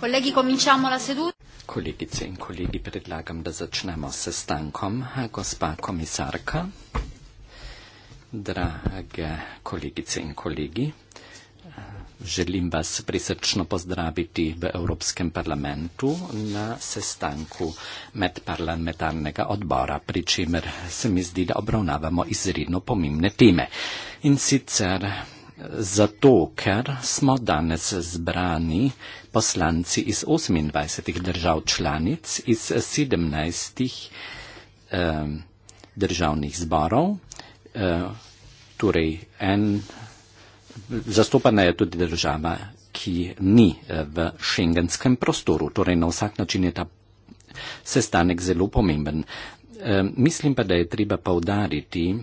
Kolegi, cominciamo la seduta. Kolegice in kolegi, predlagam, da začnemo s sestankom. Gospa komisarka, drage kolegice in kolegi, želim vas prisrčno pozdraviti v Evropskem parlamentu na sestanku medparlamentarnega odbora, pri čemer se mi zdi, da obravnavamo izredno pomembne teme. In sicer zato ker smo danes zbrani poslanci iz 28 držav članic, iz 17 eh, državnih zborov, eh, torej en, zastopana je tudi država, ki ni e, v šengenskem prostoru, torej na vsak način je ta sestanek zelo pomemben. Eh, mislim pa, da je treba povdariti,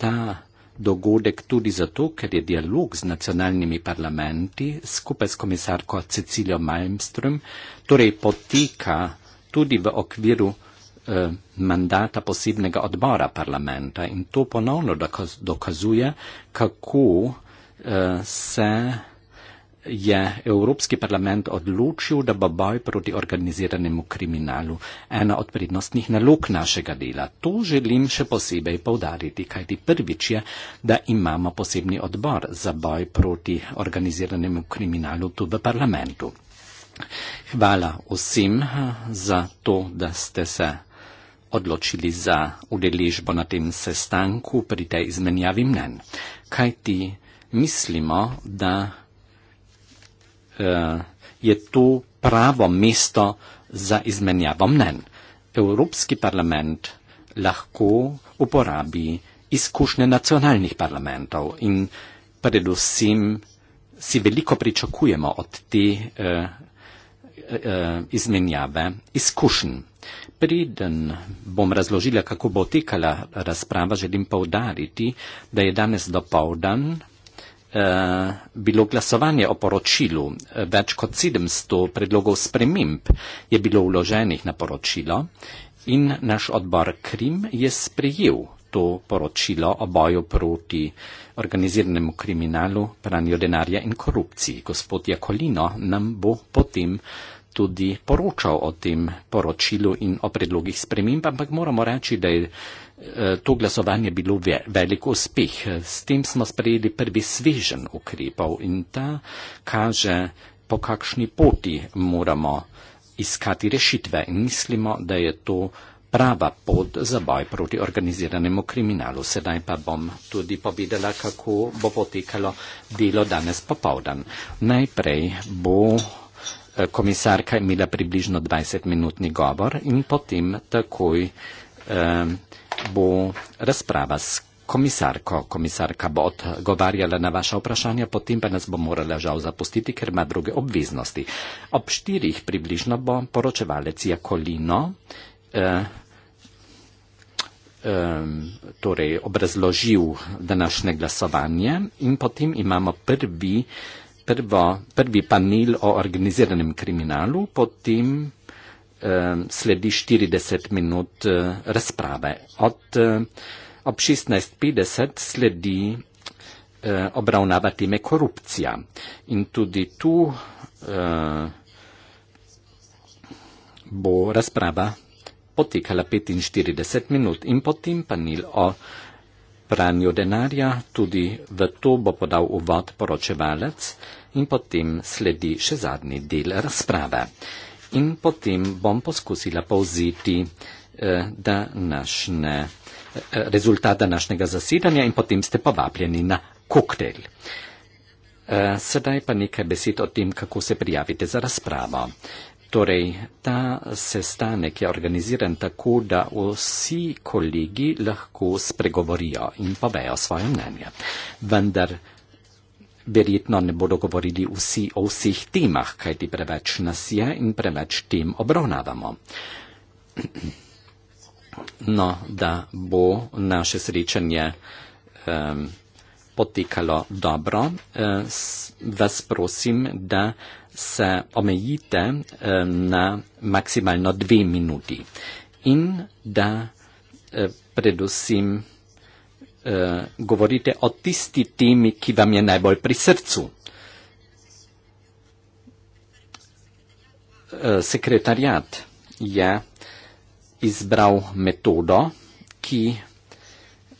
da dogodek tudi zato, ker je dialog z nacionalnimi parlamenti skupaj s komisarko Cecilijo Malmström torej poteka tudi v okviru eh, mandata posebnega odbora parlamenta in to ponovno dokazuje, kako eh, se je Evropski parlament odločil, da bo boj proti organiziranemu kriminalu ena od prednostnih nalog našega dela. To želim še posebej povdariti, kajti prvič je, da imamo posebni odbor za boj proti organiziranemu kriminalu tu v parlamentu. Hvala vsem eh, za to, da ste se odločili za udeležbo na tem sestanku pri tej izmenjavi mnen. Kajti mislimo, da Eh, je to pravo mesto za izmenjavo mnen. Evropski parlament lahko uporabi izkušnje nacionalnih parlamentov in predvsem si veliko pričakujemo od te uh, uh, izmenjave izkušenj. Preden bom razložila, kako bo tekala razprava, želim poudariti, da je danes dopoldan Eh, bilo glasovanje o poročilu. Eh, več kot 700 predlogov sprememb je bilo vloženih na poročilo in naš odbor Krim je sprejel to poročilo o boju proti organiziranemu kriminalu, pranju denarja in korupciji. Gospod Jakolino nam bo potem tudi poročal o tem poročilu in o predlogih sprememb, ampak moramo reči, da je Eh, to glasovanje bilo velik uspeh. S tem smo sprejeli prvi svežen ukrepov in ta kaže, po kakšni poti moramo iskati rešitve in mislimo, da je to prava pot za boj proti organiziranemu kriminalu. Sedaj pa bom tudi povedala, kako bo potekalo delo danes popovdan. Najprej bo eh, komisarka imela približno 20-minutni govor in potem takoj eh, bo razprava s komisarko. Komisarka bo odgovarjala na vaše vprašanje, potem pa nas bo morala žal zapustiti, ker ima druge obveznosti. Ob štirih približno bo poročevalec Jakolino. Eh, eh torej obrazložil današnje glasovanje in potem imamo prvi, prvo, prvi panel o organiziranem kriminalu, potem eh, sledi 40 minut eh, razprave. Od, eh, ob 16.50 sledi eh, obravnava time korupcija. In tudi tu eh, bo razprava potekala 45 minut in potem panel o pranju denarja, tudi v to bo podal uvod poročevalec in potem sledi še zadnji del razprave in potem bom poskusila povziti eh, današnje, eh, rezultat današnjega zasedanja in potem ste povabljeni na koktejl. Eh, sedaj pa nekaj besed o tem, kako se prijavite za razpravo. Torej, ta sestanek je organiziran tako, da vsi kolegi lahko spregovorijo in povejo svoje mnenje. Vendar verjetno ne bodo govorili vsi o vseh temah, kajti preveč nas je in preveč tem obravnavamo. No, da bo naše srečanje um, potekalo dobro, uh, vas prosim, da se omejite um, na maksimalno dve minuti in da uh, predvsem eh, govorite o tisti temi, ki vam je najbolj pri srcu. Eh, sekretarjat je izbral metodo, ki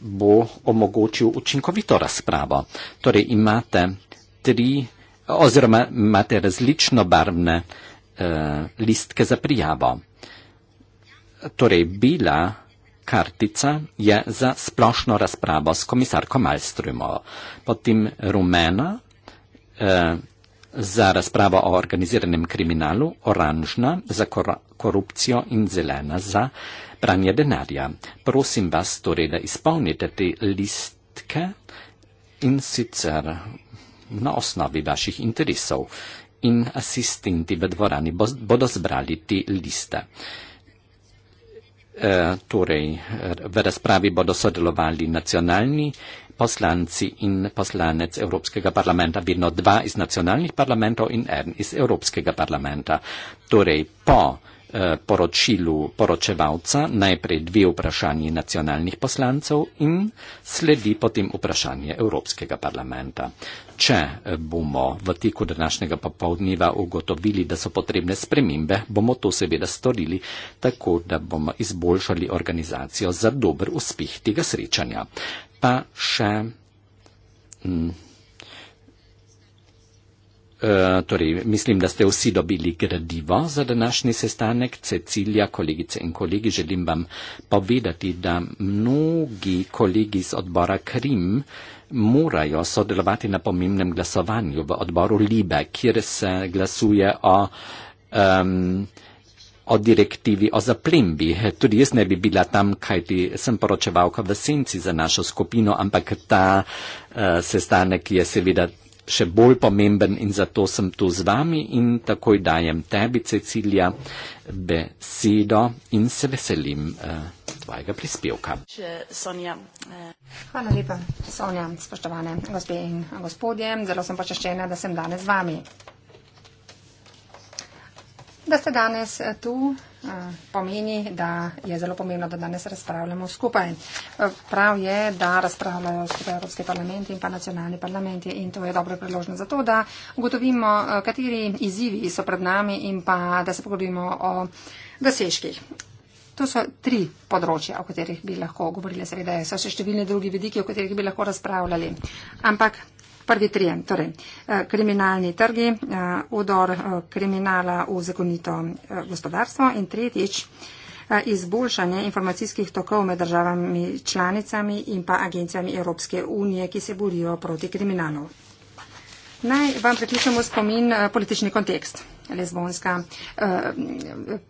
bo omogočil učinkovito razpravo. Torej imate tri oziroma imate različno barvne eh, listke za prijavo. Torej bila kartica je za splošno razpravo s komisarko Malstrumo. Potem rumena eh, za razpravo o organiziranem kriminalu, oranžna za kor korupcijo in zelena za pranje denarja. Prosim vas torej, da izpolnite te listke in sicer na osnovi vaših interesov in asistenti v dvorani bodo zbrali te liste. Eh, Eh, torej, eh, v razpravi bodo sodelovali nacionalni poslanci in poslanec Evropskega parlamenta, vedno dva iz nacionalnih parlamentov in en iz Evropskega parlamenta. Torej, po Eh, poročilu poročevalca najprej dve vprašanji nacionalnih poslancev in sledi potem vprašanje Evropskega parlamenta. Če eh, bomo v teku današnjega popovdneva ugotovili, da so potrebne spremembe, bomo to seveda storili tako, da bomo izboljšali organizacijo za dober uspeh tega srečanja. Pa še. Hm, Eh, torej, mislim, da ste vsi dobili gradivo za današnji sestanek. Cecilija, kolegice in kolegi, želim vam povedati, da mnogi kolegi z odbora Krim morajo sodelovati na pomembnem glasovanju v odboru Libe, kjer se glasuje o. Um, o direktivi o zaplembi. Tudi jaz ne bi bila tam, kajti sem poročevalka v senci za našo skupino, ampak ta uh, sestanek je seveda še bolj pomemben in zato sem tu z vami in takoj dajem tebi, Cecilija, besedo in se veselim eh, tvojega prispevka. Eh. Hvala lepa, Sonja, spoštovane gospe in gospodje. Zelo sem počaščena, da sem danes z vami. Da ste danes eh, tu pomeni, da je zelo pomembno, da danes razpravljamo skupaj. E, prav je, da razpravljajo skupaj Evropski parlament in pa nacionalni parlamenti in to je dobro priložno za to, da ugotovimo, e, kateri izzivi so pred nami in pa da se pogovorimo o dosežkih. To so tri področja, o katerih bi lahko govorili. Seveda so še številni drugi vidiki, o katerih bi lahko razpravljali. Ampak Prvi trije, torej eh, kriminalni trgi, udor eh, eh, kriminala v zakonito gospodarstvo in tretjič izboljšanje informacijskih tokov med državami članicami in pa agencijami Evropske unije, ki se borijo proti kriminalu. Naj vam priključimo spomin politični kontekst lezbonska eh,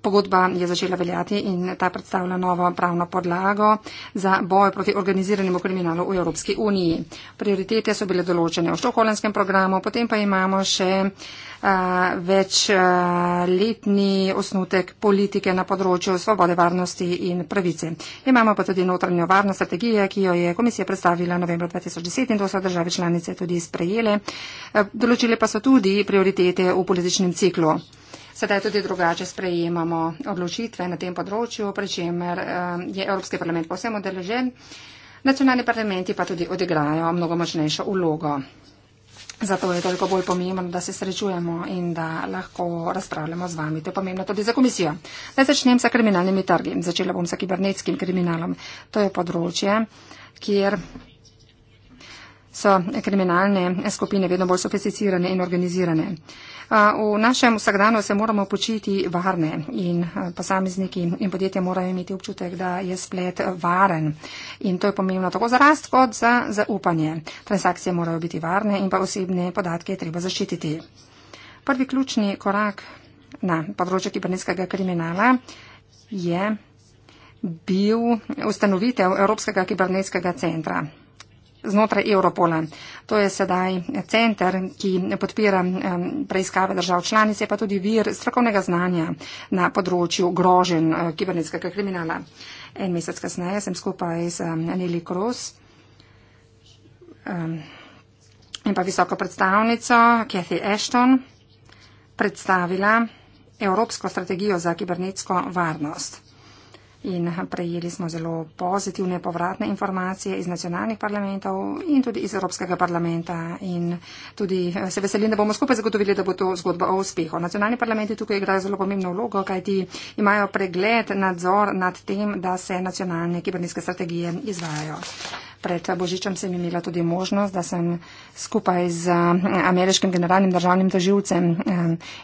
pogodba je začela veljati in ta predstavlja novo pravno podlago za boj proti organiziranemu kriminalu v Evropski uniji. Prioritete so bile določene v štokolenskem programu, potem pa imamo še eh, večletni eh, osnutek politike na področju svobode, varnosti in pravice. Imamo pa tudi notranjo varno strategijo, ki jo je komisija predstavila novembra 2010 in to so države članice tudi sprejele. Eh, določile pa so tudi prioritete v političnem ciklu ciklu. Sedaj tudi drugače sprejemamo odločitve na tem področju, pri čemer eh, je Evropski parlament posebno deležen, nacionalni parlamenti pa tudi odigrajo mnogo močnejšo ulogo. Zato je toliko bolj pomembno, da se srečujemo in da lahko razpravljamo z vami. To je pomembno tudi za komisijo. Naj začnem sa kriminalnimi targi. Začela bom sa kibernetskim kriminalom. To je področje, kjer so kriminalne skupine vedno bolj sofisticirane in organizirane. Uh, V našem vsakdanju se moramo počiti varne in posamezniki in podjetja morajo imeti občutek, da je splet varen. In to je pomembno tako za rast kot za zaupanje. Transakcije morajo biti varne in pa osebne podatke je treba zaščititi. Prvi ključni korak na področju kibernetskega kriminala je bil ustanovitev Evropskega kibernetskega centra znotraj Europola. To je sedaj center, ki podpira preiskave držav članic, je pa tudi vir strokovnega znanja na področju grožen eh, kibernetskega kriminala. En mesec kasneje sem skupaj z Anneli Kroos in pa visoko predstavnico Cathy Ashton predstavila Evropsko strategijo za kibernetsko varnost in prejeli smo zelo pozitivne povratne informacije iz nacionalnih parlamentov in tudi iz Evropskega parlamenta. In tudi eh, se veselim, da bomo skupaj zagotovili, da bo to zgodba o uspehu. Nacionalni parlamenti tukaj igrajo zelo pomembno vlogo, kajti imajo pregled, nadzor nad tem, da se nacionalne kibernetske strategije izvajajo. Pred Božičem sem imela tudi možnost, da sem skupaj z eh, ameriškim generalnim državnim toživcem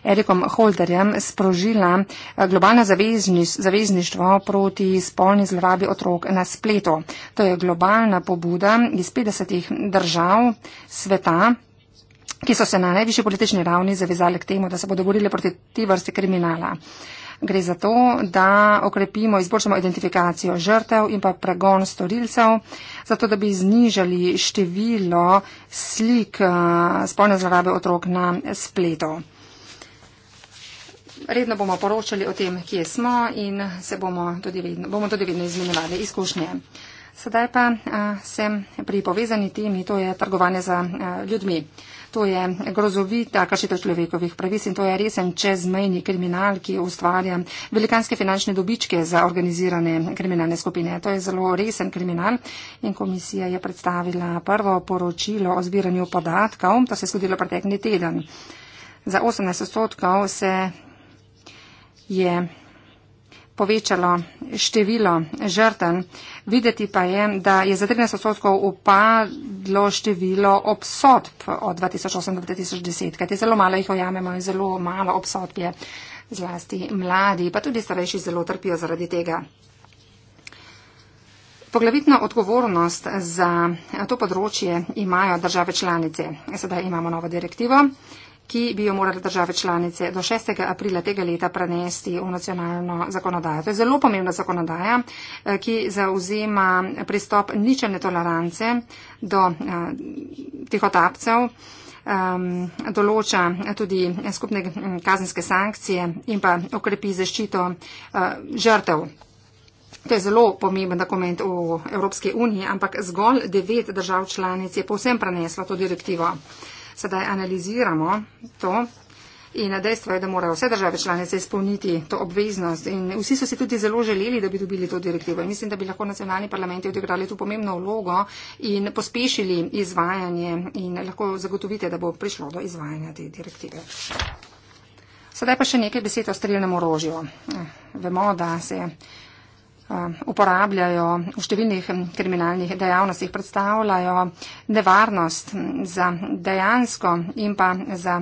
Erikom eh, Holderjem sprožila globalno zavezništvo proti proti spolni zlorabi otrok na spletu. To je globalna pobuda iz 50 držav sveta ki so se na najvišji politični ravni zavezali k temu, da se bodo borili proti te vrste kriminala. Gre za to, da okrepimo, izboljšamo identifikacijo žrtev in pa pregon storilcev, zato da bi znižali število slik eh, spolne zlorabe otrok na spletu. Redno bomo poročali o tem, kje smo in se bomo tudi vedno, bomo tudi vedno izmenjevali izkušnje. Sedaj pa a, sem pri povezani temi, to je trgovanje za a, ljudmi. To je grozovita kršitev človekovih pravic in to je resen čezmejni kriminal, ki ustvarja velikanske finančne dobičke za organizirane kriminalne skupine. To je zelo resen kriminal in komisija je predstavila prvo poročilo o zbiranju podatkov, to se je zgodilo pretekni teden. Za 18 odstotkov se je povečalo število žrtev. Videti pa je, da je za 13 odstotkov upadlo število obsodb od 2008 do 2010, kajti zelo malo jih ojamemo in zelo malo obsodb je zlasti mladi, pa tudi starejši zelo trpijo zaradi tega. Poglavitno odgovornost za to področje imajo države članice. Sedaj imamo novo direktivo ki bi jo morale države članice do 6. aprila tega leta prenesti v nacionalno zakonodajo. To je zelo pomembna zakonodaja, eh, ki zauzema pristop ničene tolerance do eh, tihotapcev, ehm, določa tudi skupne mm, kazenske sankcije in pa okrepi zaščito eh, žrtev. To je zelo pomemben dokument v Evropske uniji, ampak zgolj devet držav članic je povsem preneslo to direktivo sedaj analiziramo to. In dejstvo je, da morajo vse države članice izpolniti to obveznost. In vsi so si tudi zelo želeli, da bi dobili to direktivo. In mislim, da bi lahko nacionalni parlamenti odigrali tu pomembno vlogo in pospešili izvajanje in lahko zagotovite, da bo prišlo do izvajanja te direktive. Sedaj pa še nekaj besed o streljnem orožju. Eh, vemo, da se Eh, uporabljajo v številnih mm, kriminalnih dejavnostih, predstavljajo nevarnost mm, za dejansko in pa za,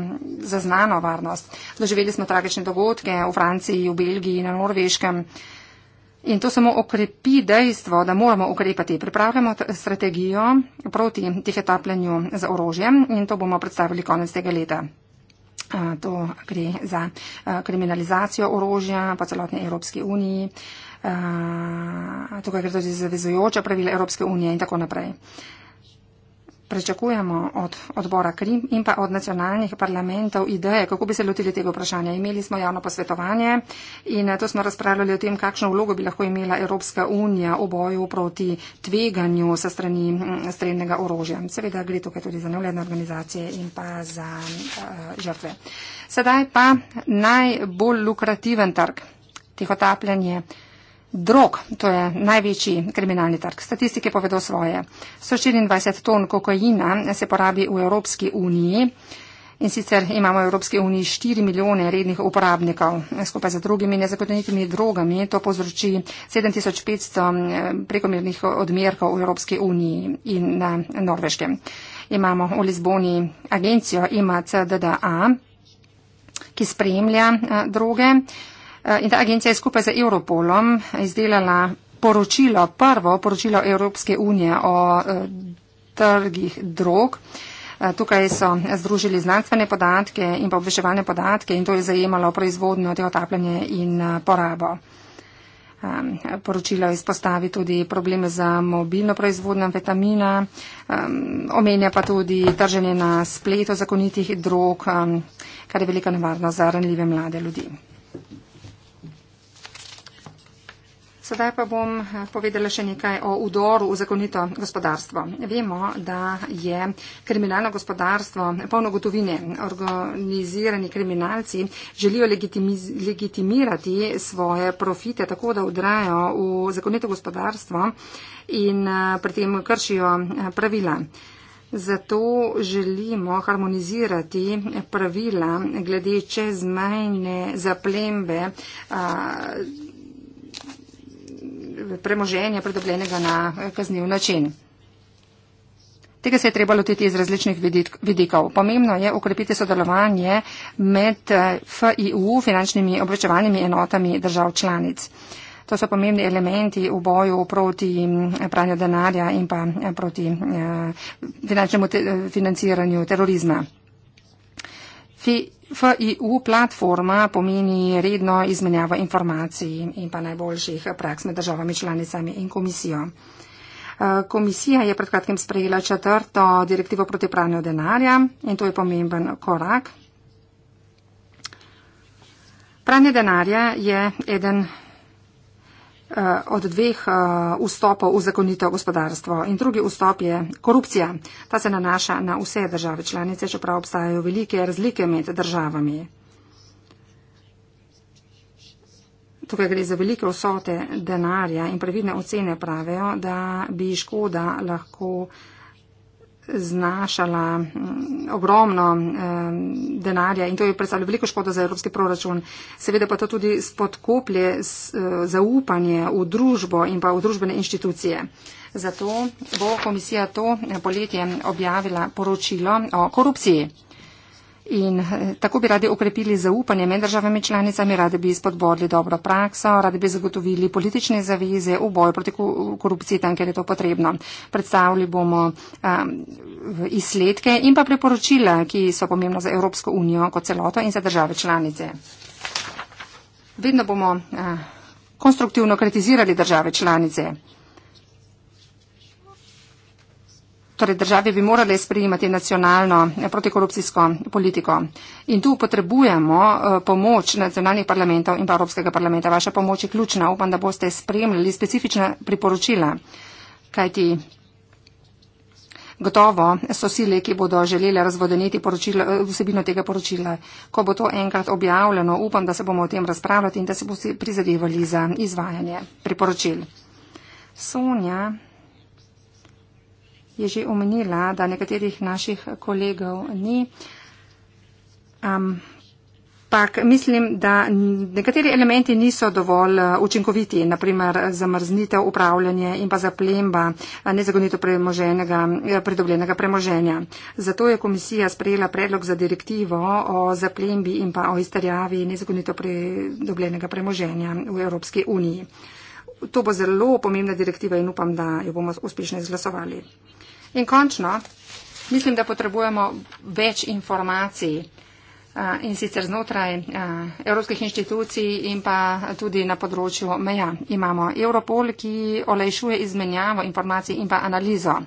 za znano varnost. Doživeli smo tragične dogodke v Franciji, v Belgiji, na Norveškem. In to samo okrepi dejstvo, da moramo ukrepati. Pripravljamo strategijo proti tihotapljanju z orožjem in to bomo predstavili konec tega leta. Eh, to gre za eh, kriminalizacijo orožja po celotni Evropski uniji. Eh, tukaj gre tudi zavezujoča pravila Evropske unije in tako naprej. Prečakujemo od odbora Krim in pa od nacionalnih parlamentov ideje, kako bi se lotili tega vprašanja. Imeli smo javno posvetovanje in eh, to smo razpravljali o tem, kakšno vlogo bi lahko imela Evropska unija v boju proti tveganju sa strani mm, strednega orožja. Seveda gre tukaj tudi za nevledne organizacije in pa za uh, žrtve. Sedaj pa najbolj lukrativen trg, tihotapljanje drog, to je največji kriminalni trg. Statistike povedo svoje. 124 ton kokaina se porabi v Evropski uniji in sicer imamo v Evropski uniji 4 milijone rednih uporabnikov. Skupaj z drugimi nezakonitimi drogami to povzroči 7500 eh, prekomernih odmerkov v Evropski uniji in na Norveškem. Imamo v Lizboni agencijo IMACDDA, ki spremlja eh, droge. Eh, in ta agencija je skupaj z Europolom izdelala poročilo, prvo poročilo Evropske unije o eh, trgih drog. Eh, tukaj so združili znanstvene podatke in pa obveševalne podatke in to je zajemalo proizvodno teotapljanje in porabo. Ehm, poročilo izpostavi tudi probleme za mobilno proizvodnjo vitamina, ehm, omenja pa tudi trženje na spletu zakonitih drog, ehm, kar je velika nevarnost za ranljive mlade ljudi. Sedaj pa bom eh, povedala še nekaj o udoru v zakonito gospodarstvo. Vemo, da je kriminalno gospodarstvo polno gotovine. Organizirani kriminalci želijo legitimirati svoje profite tako, da udrajo v zakonito gospodarstvo in eh, pri tem kršijo eh, pravila. Zato želimo harmonizirati pravila glede čezmejne zaplembe. A, premoženja predobljenega na eh, kazniv način. Tega se je treba lotiti iz različnih vidikov. Pomembno je ukrepiti sodelovanje med eh, FIU, finančnimi obvečevalnimi enotami držav članic. To so pomembni elementi v boju proti eh, pranju denarja in pa proti finančnemu te, financiranju terorizma. FIU platforma pomeni redno izmenjavo informacij in pa najboljših praks med državami članicami in komisijo. Eh, komisija je pred kratkim sprejela četrto direktivo proti pranju denarja in to je pomemben korak. Pranje denarja je eden Eh, od dveh eh, vstopov v zakonito gospodarstvo. In drugi vstop je korupcija. Ta se nanaša na vse države članice, čeprav obstajajo velike razlike med državami. Tukaj gre za velike vsote denarja in previdne ocene pravijo, da bi škoda lahko uh, znašala mm, ogromno mm, denarja in to je predstavljalo veliko škodo za evropski proračun. Seveda pa to tudi spodkoplje eh, zaupanje v družbo in pa v družbene inštitucije. Zato bo komisija to poletje objavila poročilo o korupciji. In eh, tako bi radi okrepili zaupanje med državami članicami, radi bi spodbodli dobro prakso, radi bi zagotovili politične zaveze v boju proti korupciji tam, kjer je to potrebno. Predstavili bomo um, izsledke in pa preporočila, ki so pomembna za Evropsko unijo kot celoto in za države članice. Vedno bomo uh, konstruktivno kritizirali države članice. Torej države bi morale sprejimati nacionalno eh, protikorupcijsko politiko. In tu potrebujemo eh, pomoč nacionalnih parlamentov in pa Evropskega parlamenta. Vaša pomoč je ključna. Upam, da boste spremljali specifična priporočila. Kajti gotovo so sile, ki bodo želeli razvodeniti eh, vsebino tega poročila. Ko bo to enkrat objavljeno, upam, da se bomo o tem razpravljati in da se boste prizadevali za izvajanje priporočil. Sonja je že omenila, da nekaterih naših kolegov ni. Ampak mislim, da nekateri elementi niso dovolj eh, učinkoviti, naprimer zamrznitev, upravljanje in pa zaplemba eh, nezagonito eh, pridobljenega premoženja. Zato je komisija sprejela predlog za direktivo o zaplembi in pa o izterjavi nezagonito pridobljenega premoženja v Evropski uniji. To bo zelo pomembna direktiva in upam, da jo bomo uspešno izglasovali. In končno, mislim, da potrebujemo več informacij eh, in sicer znotraj eh, evropskih inštitucij in pa tudi na področju meja. Imamo Europol, ki olajšuje izmenjavo informacij in pa analizo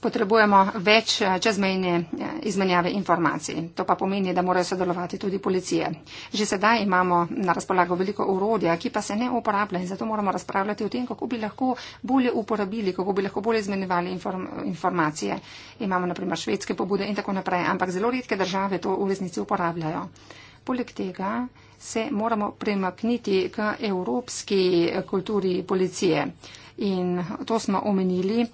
potrebujemo več eh, čezmejne eh, izmenjave informacij. To pa pomeni, da morajo sodelovati tudi policije. Že sedaj imamo na razpolago veliko urodja, ki pa se ne uporablja in zato moramo razpravljati o tem, kako bi lahko bolje uporabili, kako bi lahko bolje izmenjevali inform informacije. Imamo naprimer švedske pobude in tako naprej, ampak zelo redke države to v resnici uporabljajo. Poleg tega se moramo premakniti k evropski eh, kulturi policije. In to smo omenili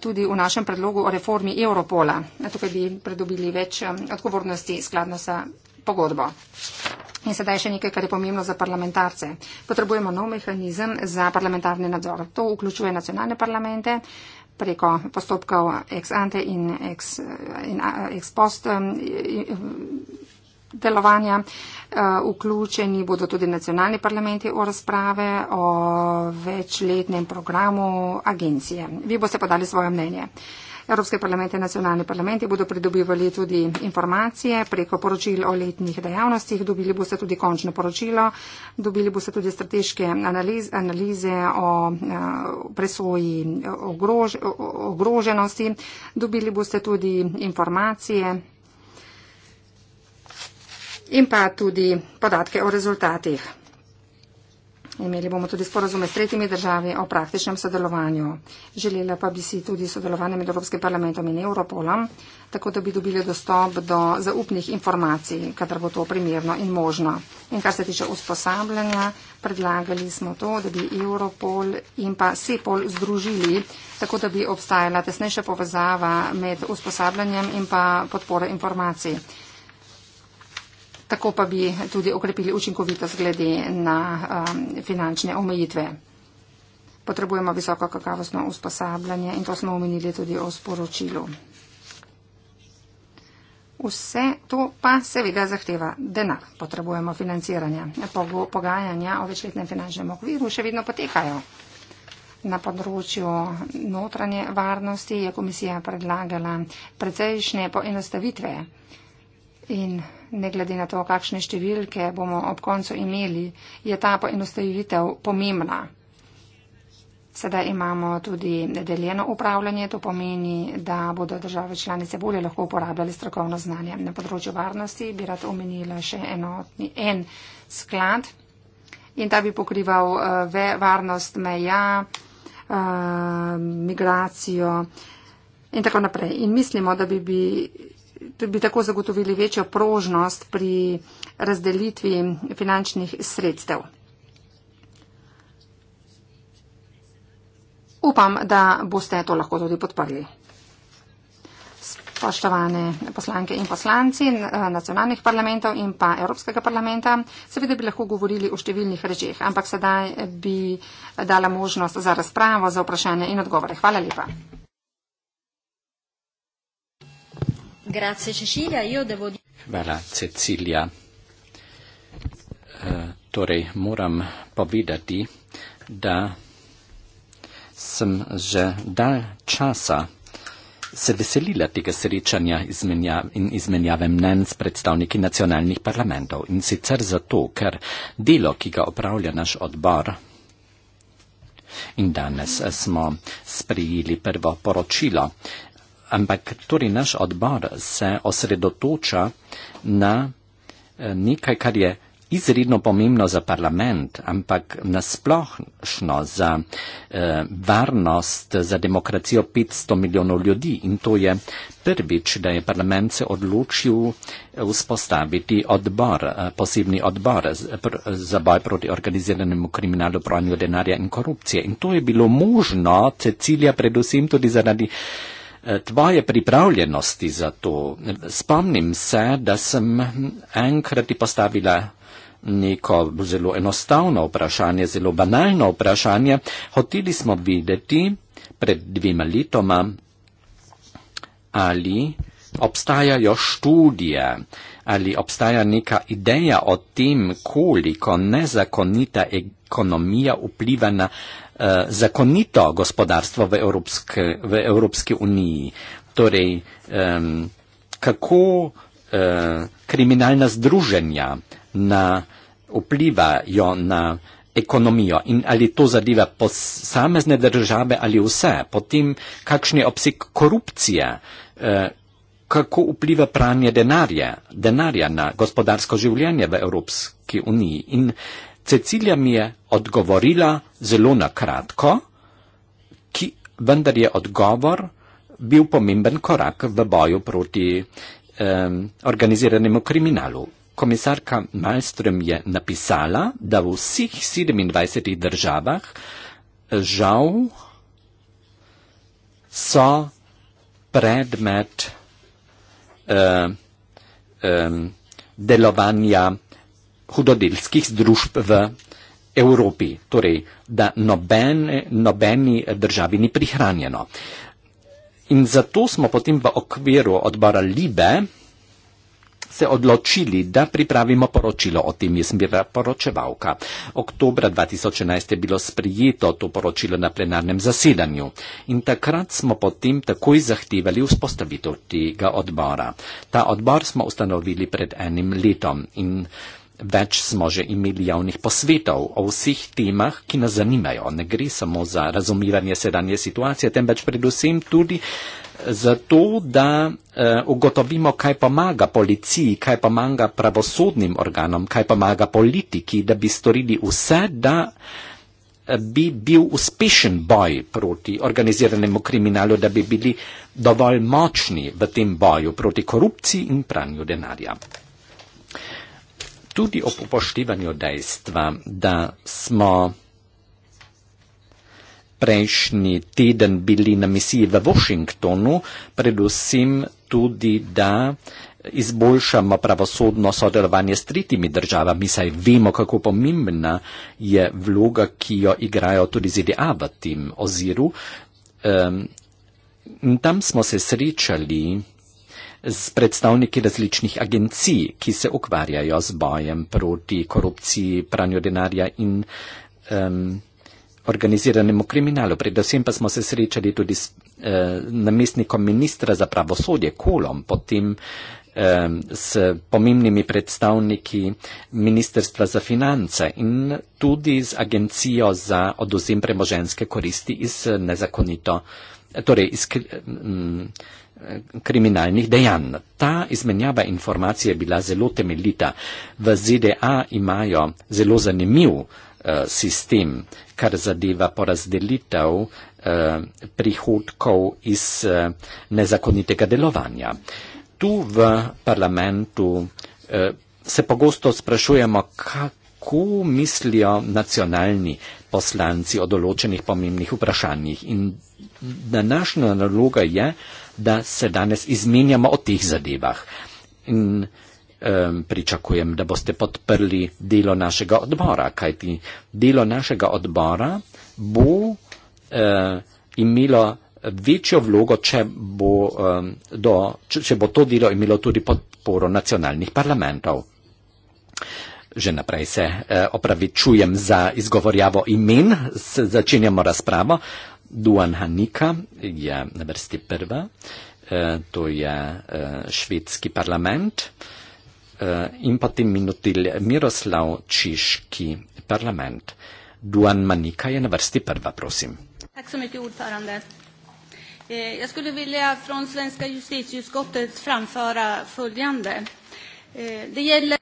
tudi v našem predlogu o reformi Europola. Tukaj bi predobili več um, odgovornosti skladno sa pogodbo. In sedaj še nekaj, kar je pomembno za parlamentarce. Potrebujemo nov mehanizem za parlamentarni nadzor. To vključuje nacionalne parlamente preko postopkov ex ante in ex, in, ex post. In, um, in, delovanja. Eh, vključeni bodo tudi nacionalni parlamenti o razprave o večletnem programu agencije. Vi boste podali svoje mnenje. Evropske parlamente in nacionalni parlamenti bodo pridobivali tudi informacije preko poročil o letnih dejavnostih, dobili boste tudi končno poročilo, dobili boste tudi strateške analize, analize o eh, presoji ogrož, ogroženosti, dobili boste tudi informacije in pa tudi podatke o rezultatih. Imeli bomo tudi sporozume s tretjimi državami o praktičnem sodelovanju. Želela pa bi si tudi sodelovanje med Evropskim parlamentom in Europolom, tako da bi dobili dostop do zaupnih informacij, kadar bo to primerno in možno. In kar se tiče usposabljanja, predlagali smo to, da bi Europol in pa Sepol združili, tako da bi obstajala tesnejša povezava med usposabljanjem in pa podporo informacij tako pa bi tudi okrepili učinkovitost glede na um, finančne omejitve. Potrebujemo visoko kakavostno usposabljanje in to smo omenili tudi o sporočilu. Vse to pa seveda zahteva denar. Potrebujemo financiranje. Pogajanja o večletnem finančnem okviru še vedno potekajo. Na področju notranje varnosti je komisija predlagala precejšnje poenostavitve in ne glede na to, kakšne številke bomo ob koncu imeli, je ta poenostavitev pomembna. Sedaj imamo tudi deljeno upravljanje, to pomeni, da bodo države članice bolje lahko uporabljali strokovno znanje. Na področju varnosti bi rad omenila še enotni en sklad in ta bi pokrival eh, ve varnost meja, eh, migracijo in tako naprej. In mislimo, da bi bi bi tako zagotovili večjo prožnost pri razdelitvi finančnih sredstev. Upam, da boste to lahko tudi podprli. Spoštovane poslanke in poslanci nacionalnih parlamentov in pa Evropskega parlamenta, seveda bi lahko govorili o številnih rečeh, ampak sedaj bi dala možnost za razpravo, za vprašanje in odgovore. Hvala lepa. Grazie Cecilia, io devo dire. Bela Cecilia, eh, torej moram povedati, da sem že dal časa se veselila tega srečanja in izmenjave mnen s predstavniki nacionalnih parlamentov. In sicer zato, ker delo, ki ga opravlja naš odbor, in danes eh, smo sprejeli prvo poročilo, ampak tudi naš odbor se osredotoča na eh, nekaj, kar je izredno pomembno za parlament, ampak nasplošno za eh, varnost, za demokracijo 500 milijonov ljudi. In to je prvič, da je parlament se odločil eh, vzpostaviti odbor, eh, posebni odbor za boj proti organiziranemu kriminalu, pranju denarja in korupcije. In to je bilo možno, Cecilija, predvsem tudi zaradi tvoje pripravljenosti za to. Spomnim se, da sem enkrat ti postavila neko zelo enostavno vprašanje, zelo banalno vprašanje. Hoteli smo videti pred dvima letoma, ali obstajajo študije, ali obstaja neka ideja o tem, koliko nezakonita ekonomija vpliva na uh, zakonito gospodarstvo v Evropske, v Evropske uniji. Torej, um, kako uh, kriminalna združenja na, vplivajo na ekonomijo in ali to zadeva posamezne države ali vse, potem kakšen je obseg korupcije, eh, kako vpliva pranje denarja, denarja na gospodarsko življenje v Evropski uniji in Cecilija mi je odgovorila zelo na kratko, ki vendar je odgovor bil pomemben korak v boju proti um, organiziranemu kriminalu. Komisarka Malmström je napisala, da v vseh 27 državah žal so predmet uh, um, delovanja hudodelskih združb v Evropi, torej, da noben, nobeni državi ni prihranjeno. In zato smo potem v okviru odbora Libe se odločili, da pripravimo poročilo o tem. Jaz sem bila poročevalka. Oktober 2011 je bilo sprijeto to poročilo na plenarnem zasedanju in takrat smo potem takoj zahtevali vzpostavitev tega odbora. Ta odbor smo ustanovili pred enim letom in Več smo že imeli javnih posvetov o vseh temah, ki nas zanimajo. Ne gre samo za razumivanje sedanje situacije, temveč predvsem tudi za to, da uh, ugotovimo, kaj pomaga policiji, kaj pomaga pravosodnim organom, kaj pomaga politiki, da bi storili vse, da eh, bi bil uspešen boj proti organiziranemu kriminalu, da bi bili dovolj močni v tem boju proti korupciji in pranju denarja tudi ob upoštevanju dejstva, da smo prejšnji teden bili na misiji v Washingtonu, predvsem tudi, da izboljšamo pravosodno sodelovanje s tretjimi državami, saj vemo, kako pomembna je vloga, ki jo igrajo tudi ZDA v tem oziru. Um, tam smo se srečali s predstavniki različnih agencij, ki se ukvarjajo z bojem proti korupciji, pranju denarja in um, organiziranemu kriminalu. Predvsem pa smo se srečali tudi s uh, namestnikom ministra za pravosodje Kolom, potem um, s pomembnimi predstavniki Ministrstva za finance in tudi z Agencijo za oduzem premoženske koristi iz eh, nezakonito, torej iz. Um, kriminalnih dejanj. Ta izmenjava informacij je bila zelo temeljita. V ZDA imajo zelo zanimiv eh, sistem, kar zadeva porazdelitev eh, prihodkov iz eh, nezakonitega delovanja. Tu v parlamentu se pogosto sprašujemo, kako mislijo nacionalni poslanci o določenih pomembnih vprašanjih. In današnja naloga je, da se danes izmenjamo o teh zadevah. In um, pričakujem, da boste podprli delo našega odbora, kajti delo našega odbora bo uh, imelo večjo vlogo, če bo, um, do, če, če bo to delo imelo tudi podporo nacionalnih parlamentov. Že naprej se eh, opravičujem za izgovorjavo imen, začenjamo razpravo. Eh, Duanhanika je na vrsti prva, e, to je e, švedski parlament e, in potem minutil Miroslav Češki parlament. Duan Manika je na vrsti prva, prosim. Jag skulle vilja från svenska justitieutskottet framföra följande. Det gäller...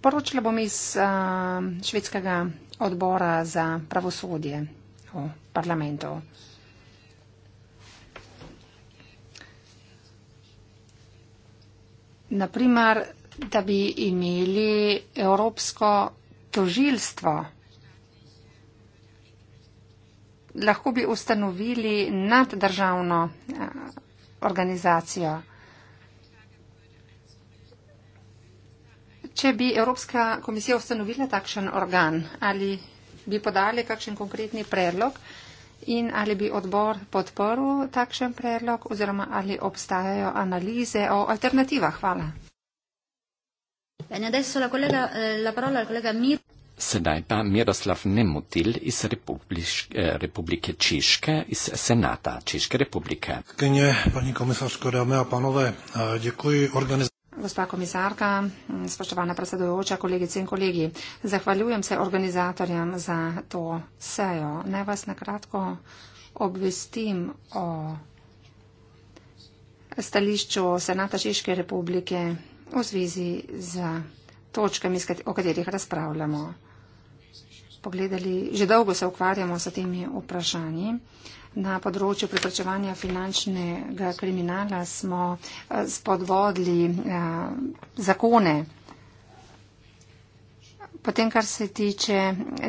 Poročila bom iz uh, švedskega odbora za pravosodje o Parlamento. Naprimer, da bi imeli Evropsko tožilstvo, lahko bi ustanovili naddržavno eh, organizacijo. Če bi Evropska komisija ustanovila takšen organ ali bi podali kakšen konkretni predlog in ali bi odbor podporil takšen predlog oziroma ali obstajajo analize o alternativah. Hvala. Eh, Sedaj pa Miroslav Nemutil iz Republike, eh, Republike Češke, iz Senata Češke republike. Kenje, paní komisarsko, dámy a panové, eh, děkuji organizaci gospa komisarka, spoštovana predsedujoča, kolegice in kolegi. Zahvaljujem se organizatorjem za to sejo. Naj vas nakratko obvestim o stališču Senata Žiške republike v zvezi z točkami, o katerih razpravljamo pogledali, že dolgo se ukvarjamo s temi vprašanji. Na področju preprečevanja finančnega kriminala smo eh, spodvodili eh, zakone. Potem, kar se tiče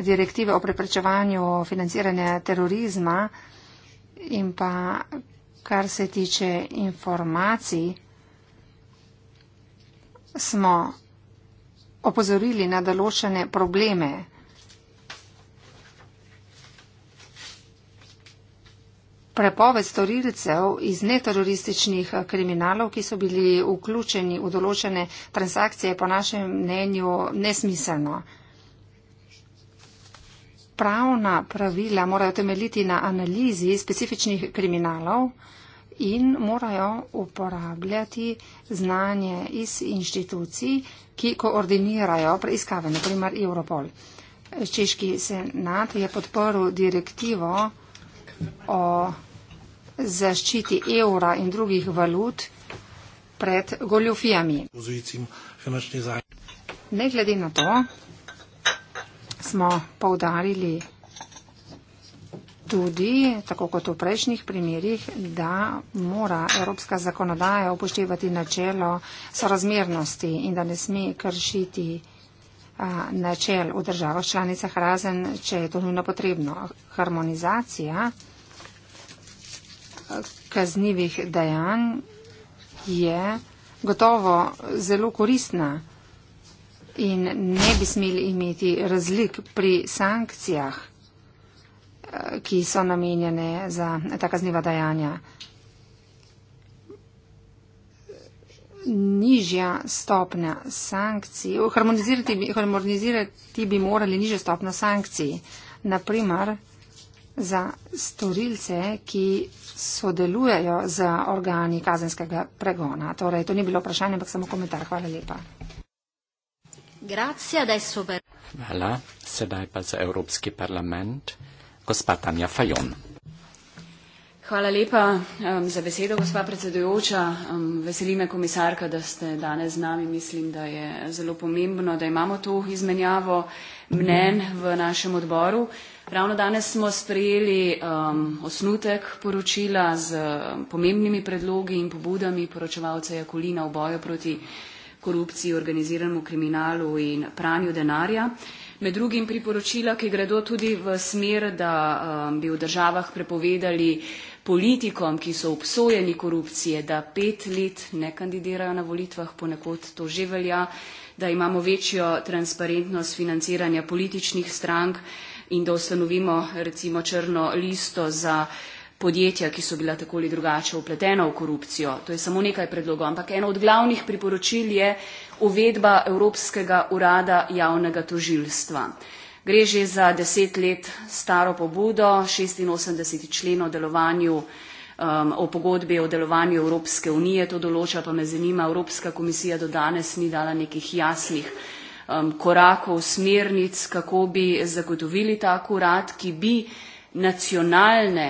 direktive o preprečevanju financiranja terorizma in pa kar se tiče informacij, smo opozorili na določene probleme prepoved storilcev iz neterorističnih kriminalov, ki so bili vključeni v določene transakcije, po našem mnenju nesmiselno. Pravna pravila morajo temeljiti na analizi specifičnih kriminalov in morajo uporabljati znanje iz inštitucij, ki koordinirajo preiskave, naprimer Europol. Češki senat je podporil direktivo o zaščiti evra in drugih valut pred goljofijami. Ne glede na to, smo povdarili tudi, tako kot v prejšnjih primerjih, da mora evropska zakonodaja upoštevati načelo sorazmernosti in da ne sme kršiti načel v državah članicah, razen če je to nujno potrebno. Harmonizacija kaznivih dejanj je gotovo zelo koristna in ne bi smeli imeti razlik pri sankcijah, eh, ki so namenjene za ta kazniva dejanja. Nižja stopnja sankcij, harmonizirati, harmonizirati bi morali nižjo stopnjo sankcij. Naprimer, za storilce, ki sodelujejo z organi kazenskega pregona. Torej, to ni bilo vprašanje, ampak samo komentar. Hvala lepa. Hvala. Sedaj pa za Evropski parlament. Gospa Tanja Fajon. Hvala lepa um, za besedo, gospa predsedujoča. Um, veseli me, komisarka, da ste danes z nami. Mislim, da je zelo pomembno, da imamo to izmenjavo mnen v našem odboru. Uh, Ravno danes smo sprejeli um, osnutek poročila z um, pomembnimi predlogi in pobudami poročevalca Jakolina v boju proti korupciji, organiziranemu kriminalu in pranju denarja. Med drugim priporočila, ki gredo tudi v smer, da um, bi v državah prepovedali politikom, ki so obsojeni korupcije, da pet let ne kandidirajo na volitvah, ponekod to že velja, da imamo večjo transparentnost financiranja političnih strank in da ustanovimo recimo črno listo za podjetja, ki so bila tako ali drugače upletena v korupcijo. To je samo nekaj predlogov, ampak eno od glavnih priporočil je uvedba Evropskega urada javnega tožilstva. Gre že za deset let staro pobudo, 86. člen o delovanju, um, o pogodbi o delovanju Evropske unije, to določa pa me zanima, Evropska komisija do danes ni dala nekih jasnih um, korakov, smernic, kako bi zagotovili tak urad, ki bi nacionalne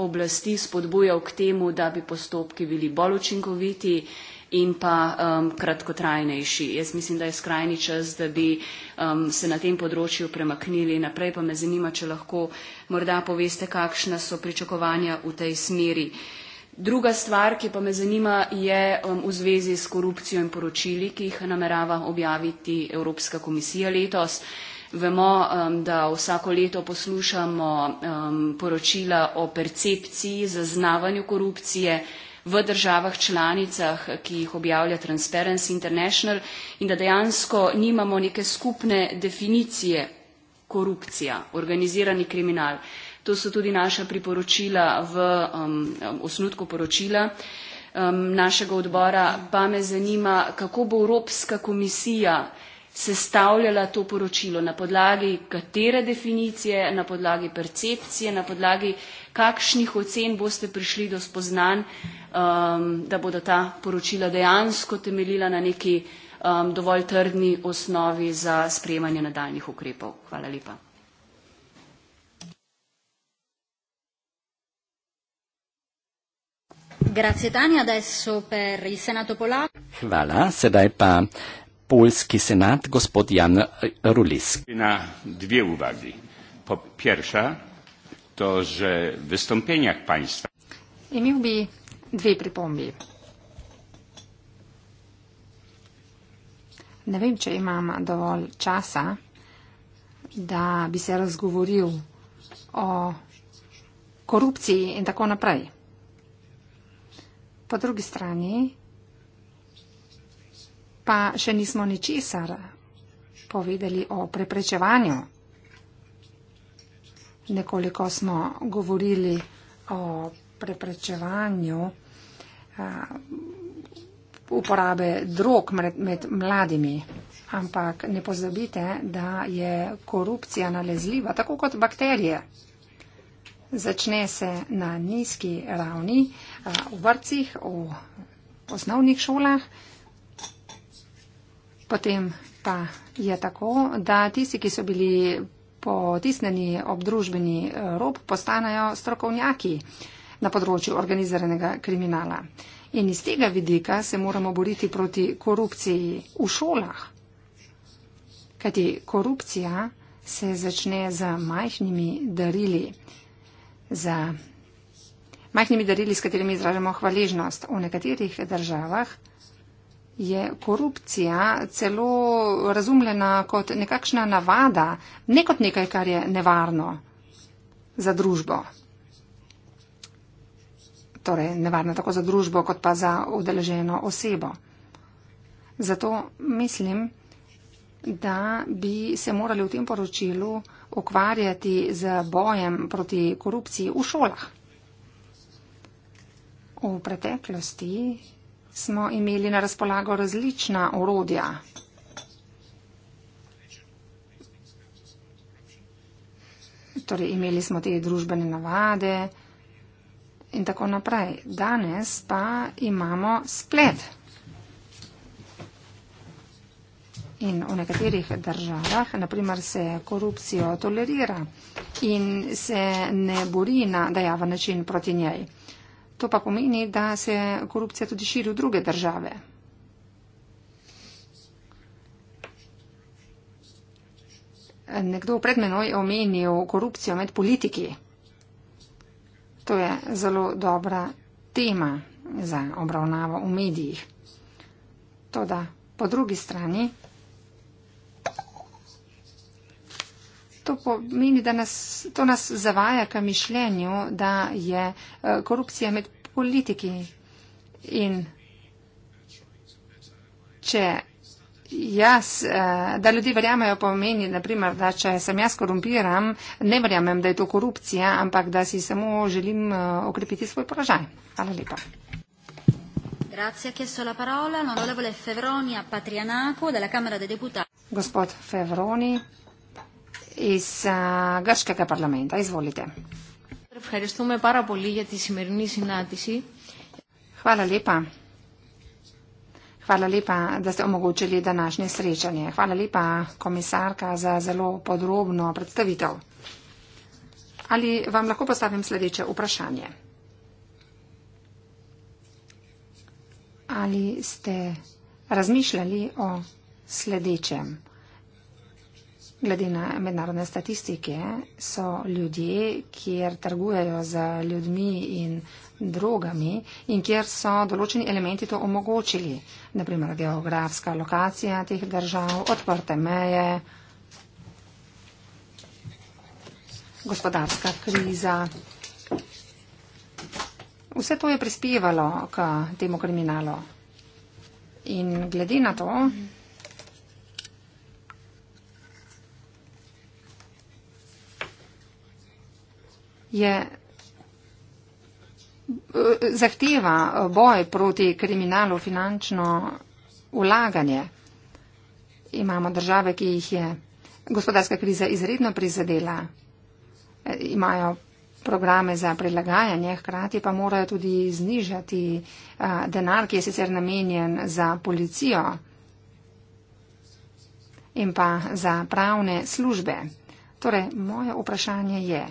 oblasti spodbujal k temu, da bi postopki bili bolj učinkoviti in pa um, kratkotrajnejši. Jaz mislim, da je skrajni čas, da bi um, se na tem področju premaknili naprej, pa me zanima, če lahko morda poveste, kakšna so pričakovanja v tej smeri. Uh, Druga stvar, ki pa me zanima, je um, v zvezi s korupcijo in poročili, ki jih namerava objaviti Evropska komisija letos. Vemo, um, da vsako leto poslušamo um, poročila o percepciji, zaznavanju korupcije v državah članicah, ki jih objavlja Transparency International in da dejansko nimamo neke skupne definicije korupcija, organizirani kriminal. To so tudi naša priporočila v um, um, osnutku poročila um, našega odbora. Pa me zanima, kako bo Evropska komisija sestavljala to poročilo, na podlagi katere definicije, na podlagi percepcije, na podlagi kakšnih ocen boste prišli do spoznan, um, da bodo ta poročila dejansko temeljila na neki um, dovolj trdni osnovi za sprejemanje nadaljnih ukrepov. Hvala lepa. Grazie Tania, adesso per il Senato polacco. Voilà, sedaj pa polski senat, gospod Jan Rulis. Na dve uvagi. Po pierwsza, to, že v vystąpieniach państwa. Imel bi dve pripombi. Ne vem, če imam dovolj časa, da bi se razgovoril o korupciji in tako naprej. Po drugi strani pa še nismo ničesar povedali o preprečevanju. Nekoliko smo govorili o preprečevanju a, uporabe drog med, med mladimi, ampak ne pozabite, da je korupcija nalezljiva, tako kot bakterije. Začne se na nizki ravni. Eh, v vrtcih, v osnovnih šolah. Potem pa je tako, da tisti, ki so bili potisneni ob družbeni eh, rob, postanejo strokovnjaki na področju organiziranega kriminala. In iz tega vidika se moramo boriti proti korupciji v šolah. Kajti korupcija se začne z majhnimi darili, z majhnimi darili, s katerimi izražamo hvaležnost. V nekaterih državah je korupcija celo razumljena kot nekakšna navada, ne kot nekaj, kar je nevarno za družbo. Torej, nevarno tako za družbo, kot pa za udeleženo osebo. Zato mislim, da bi se morali v tem poročilu ukvarjati z bojem proti korupciji v šolah. V preteklosti smo imeli na razpolago različna orodja. Torej, imeli smo te družbene navade in tako naprej. Danes pa imamo splet. In v nekaterih državah, naprimer, se korupcijo tolerira in se ne bori na dejava način proti njej. To pa pomeni, da se korupcija tudi širi v druge države. Nekdo pred menoj je omenil korupcijo med politiki. To je zelo dobra tema za obravnavo v medijih. Toda po drugi strani to pomeni, da nas, to nas zavaja k mišljenju, da je eh, korupcija med politiki in če jaz, eh, da ljudi verjamejo pomeni, naprimer, da če sem jaz korumpiram, ne verjamem, da je to korupcija, ampak da si samo želim eh, okrepiti svoj položaj. Hvala lepa. Gospod Fevroni εις Γκάσκακα Παρλαμέντα. Εισβολείτε. Ευχαριστούμε πάρα πολύ για τη σημερινή συνάντηση. Χάλα λίπα. Hvala lepa, da ste omogočili današnje srečanje. Hvala lepa, komisarka, za zelo podrobno predstavitev. Ali vam lahko postavim sledeče vprašanje? Ali ste razmišljali o sledečem? Glede na mednarodne statistike so ljudje, kjer trgujejo z ljudmi in drogami in kjer so določeni elementi to omogočili, naprimer geografska lokacija teh držav, odprte meje, gospodarska kriza. Vse to je prispevalo k temu kriminalu. In glede na to, je eh, zahteva eh, boj proti kriminalu finančno ulaganje. Imamo države, ki jih je gospodarska kriza izredno prizadela. Eh, imajo programe za prilagajanje, hkrati pa morajo tudi znižati denar, ki je sicer namenjen za policijo in pa za pravne službe. Torej, moje vprašanje je,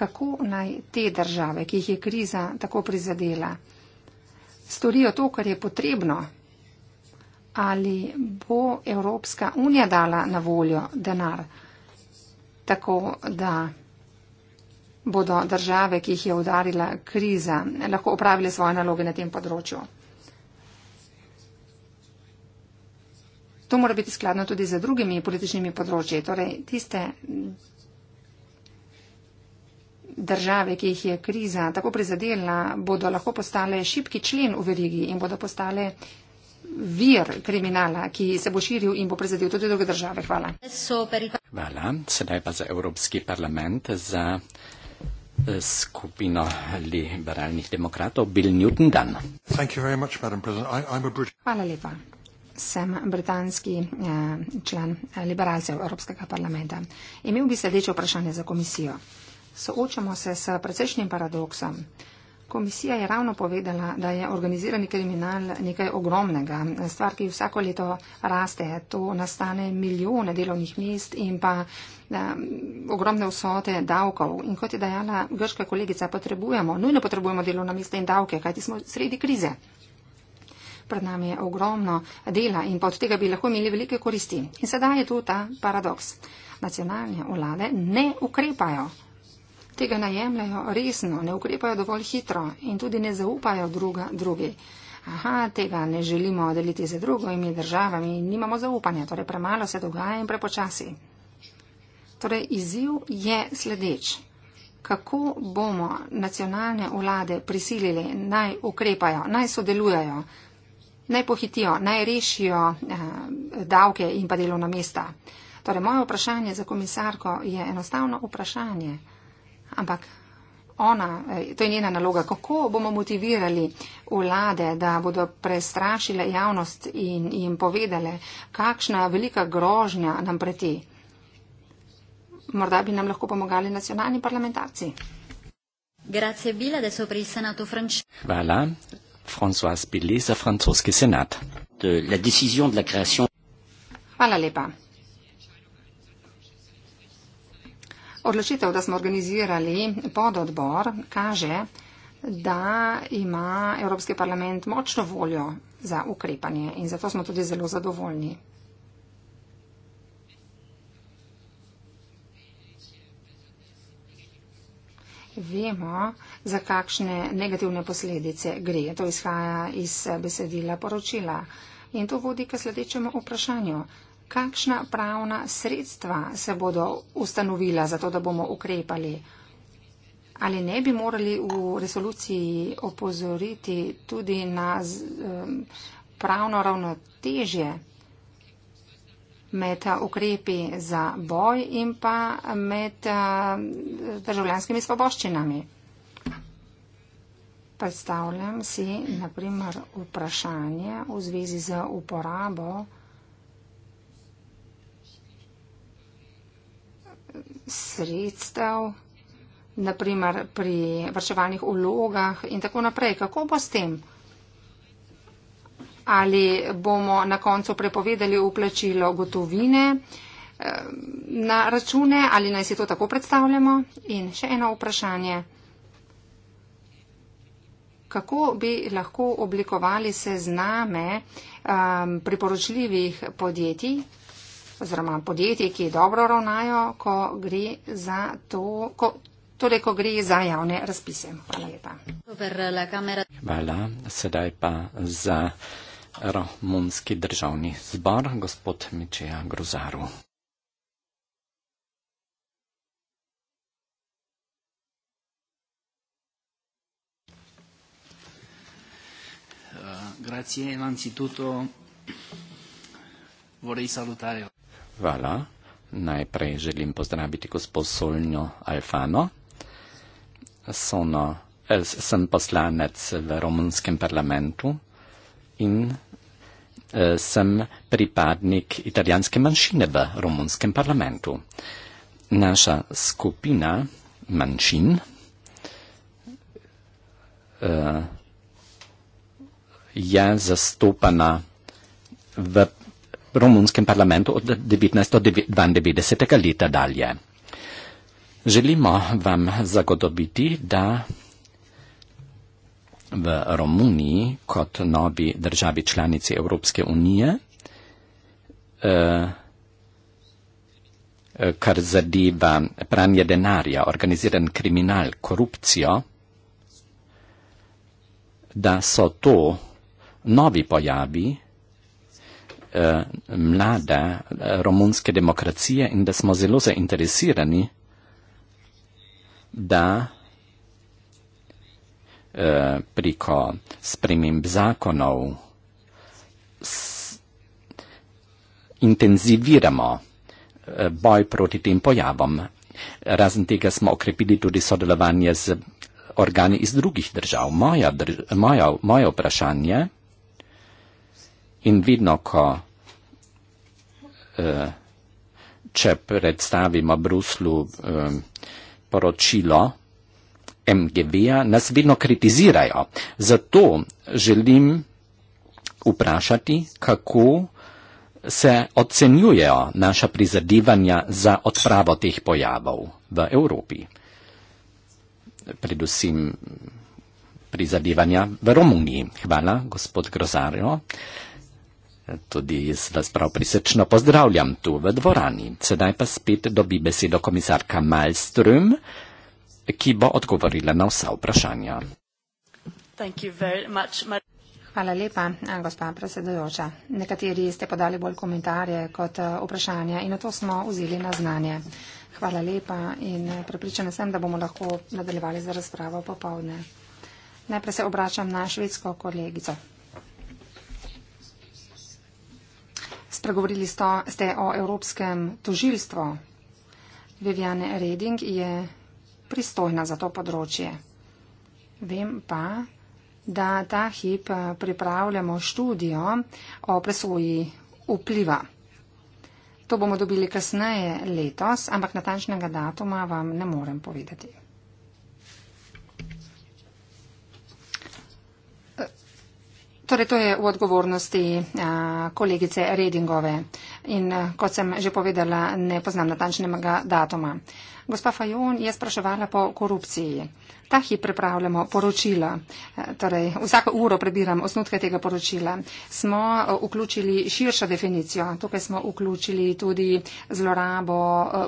kako naj te države, ki jih je kriza tako prizadela, storijo to, kar je potrebno. Ali bo Evropska unija dala na voljo denar, tako da bodo države, ki jih je udarila kriza, lahko opravile svoje naloge na tem področju. To mora biti skladno tudi z drugimi političnimi področji, torej tiste države, ki jih je kriza tako prizadela, bodo lahko postale šipki člen v verigi in bodo postale vir kriminala, ki se bo širil in bo prizadel tudi druge države. Hvala. Hvala. Sedaj pa za Evropski parlament, za eh, skupino liberalnih demokratov, Bill Newton Dunn. Much, Hvala lepa. Sem britanski eh, član eh, liberalcev Evropskega parlamenta. Imel bi sledeče vprašanje za komisijo. Soočamo se s precejšnjim paradoksom. Komisija je ravno povedala, da je organizirani kriminal nekaj ogromnega, stvar, ki vsako leto raste. To nastane milijone delovnih mest in pa da, um, ogromne vsote davkov. In kot je dejala grška kolegica, potrebujemo, nujno potrebujemo delovna mesta in davke, kajti smo sredi krize. Pred nami je ogromno dela in pa od tega bi lahko imeli velike koristi. In sedaj je tu ta paradoks. Nacionalne vlade ne ukrepajo tega ne jemljajo resno, ne ukrepajo dovolj hitro in tudi ne zaupajo druga drugi. Aha, tega ne želimo deliti z drugimi državami in nimamo zaupanja, torej premalo se dogaja in prepočasi. Torej, izziv je sledeč. Kako bomo nacionalne vlade prisilili naj ukrepajo, naj sodelujajo, naj pohitijo, naj rešijo eh, davke in pa delovna mesta? Torej, moje vprašanje za komisarko je enostavno vprašanje. Ampak ona, eh, to je njena naloga, kako bomo motivirali vlade, da bodo prestrašile javnost in jim povedale, kakšna velika grožnja nam preti. Morda bi nam lahko pomagali nacionalni parlamentarci. Hvala. François Billet za francoski senat. Hvala lepa. Odločitev, da smo organizirali pododbor, kaže, da ima Evropski parlament močno voljo za ukrepanje in zato smo tudi zelo zadovoljni. Vemo, za kakšne negativne posledice gre. To izhaja iz besedila poročila. In to vodi k sledečemu vprašanju kakšna pravna sredstva se bodo ustanovila za to, da bomo ukrepali. Ali ne bi morali v resoluciji opozoriti tudi na pravno ravnotežje med ukrepi za boj in pa med državljanskimi svoboščinami? Predstavljam si naprimer vprašanje v zvezi z uporabo sredstev, naprimer pri vrševalnih ulogah in tako naprej. Kako bo s tem? Ali bomo na koncu prepovedali uplačilo gotovine eh, na račune ali naj si to tako predstavljamo? In še eno vprašanje. Kako bi lahko oblikovali sezname um, priporočljivih podjetij, oziroma podjetij, ki dobro ravnajo, ko gre za to, ko, torej ko gre za javne razpise. Hvala lepa. Hvala. Sedaj pa za Romunski državni zbor, gospod Mičeja Grozaru. Eh, grazie, innanzitutto vorrei salutare. Hvala. Najprej želim pozdraviti gospod Solnjo Alfano. Sono, eh, sem poslanec v romunskem parlamentu in eh, sem pripadnik italijanske manjšine v romunskem parlamentu. Naša skupina manjšin eh, je zastopana v romunskem parlamentu od 1992. leta dalje. Želimo vam zagotoviti, da v Romuniji kot novi državi članici Evropske unije, eh, kar zadeva pranje denarja, organiziran kriminal, korupcijo, da so to novi pojavi, eh, mlada eh, romunske demokracije in da smo zelo zainteresirani, da eh, preko sprememb zakonov intenziviramo eh, boj proti tem pojavom. Razen tega smo okrepili tudi sodelovanje z organi iz drugih držav. Moja, drž moja, moja vprašanje je, In vidno, ko eh, če predstavimo Bruslu eh, poročilo MGV-ja, nas vidno kritizirajo. Zato želim vprašati, kako se ocenjujejo naša prizadevanja za odpravo teh pojavov v Evropi. Predvsem prizadevanja v Romuniji. Hvala, gospod Grozarjo. Tudi jaz vas prav prisrčno pozdravljam tu v dvorani. Sedaj pa spet dobi besedo komisarka Malström, ki bo odgovorila na vsa vprašanja. Hvala lepa, eh, gospa predsedojoča. Nekateri ste podali bolj komentarje kot eh, vprašanja in na to smo vzeli na znanje. Hvala lepa in eh, prepričana sem, da bomo lahko nadaljevali za razpravo popovdne. Najprej se obračam na švedsko kolegico. Spregovorili sto, ste o Evropskem tožilstvu. Viviane Reding je pristojna za to področje. Vem pa, da ta hip eh, pripravljamo študijo o presoji vpliva. To bomo dobili kasneje letos, ampak natančnega datuma vam ne morem povedati. Torej, to je v odgovornosti a, eh, kolegice Redingove in a, eh, kot sem že povedala, ne poznam natančnega datuma. Gospa Fajon je spraševala po korupciji. Ta hip pripravljamo poročila, eh, torej vsako uro prebiram osnutke tega poročila. Smo vključili širšo definicijo, tukaj smo vključili tudi zlorabo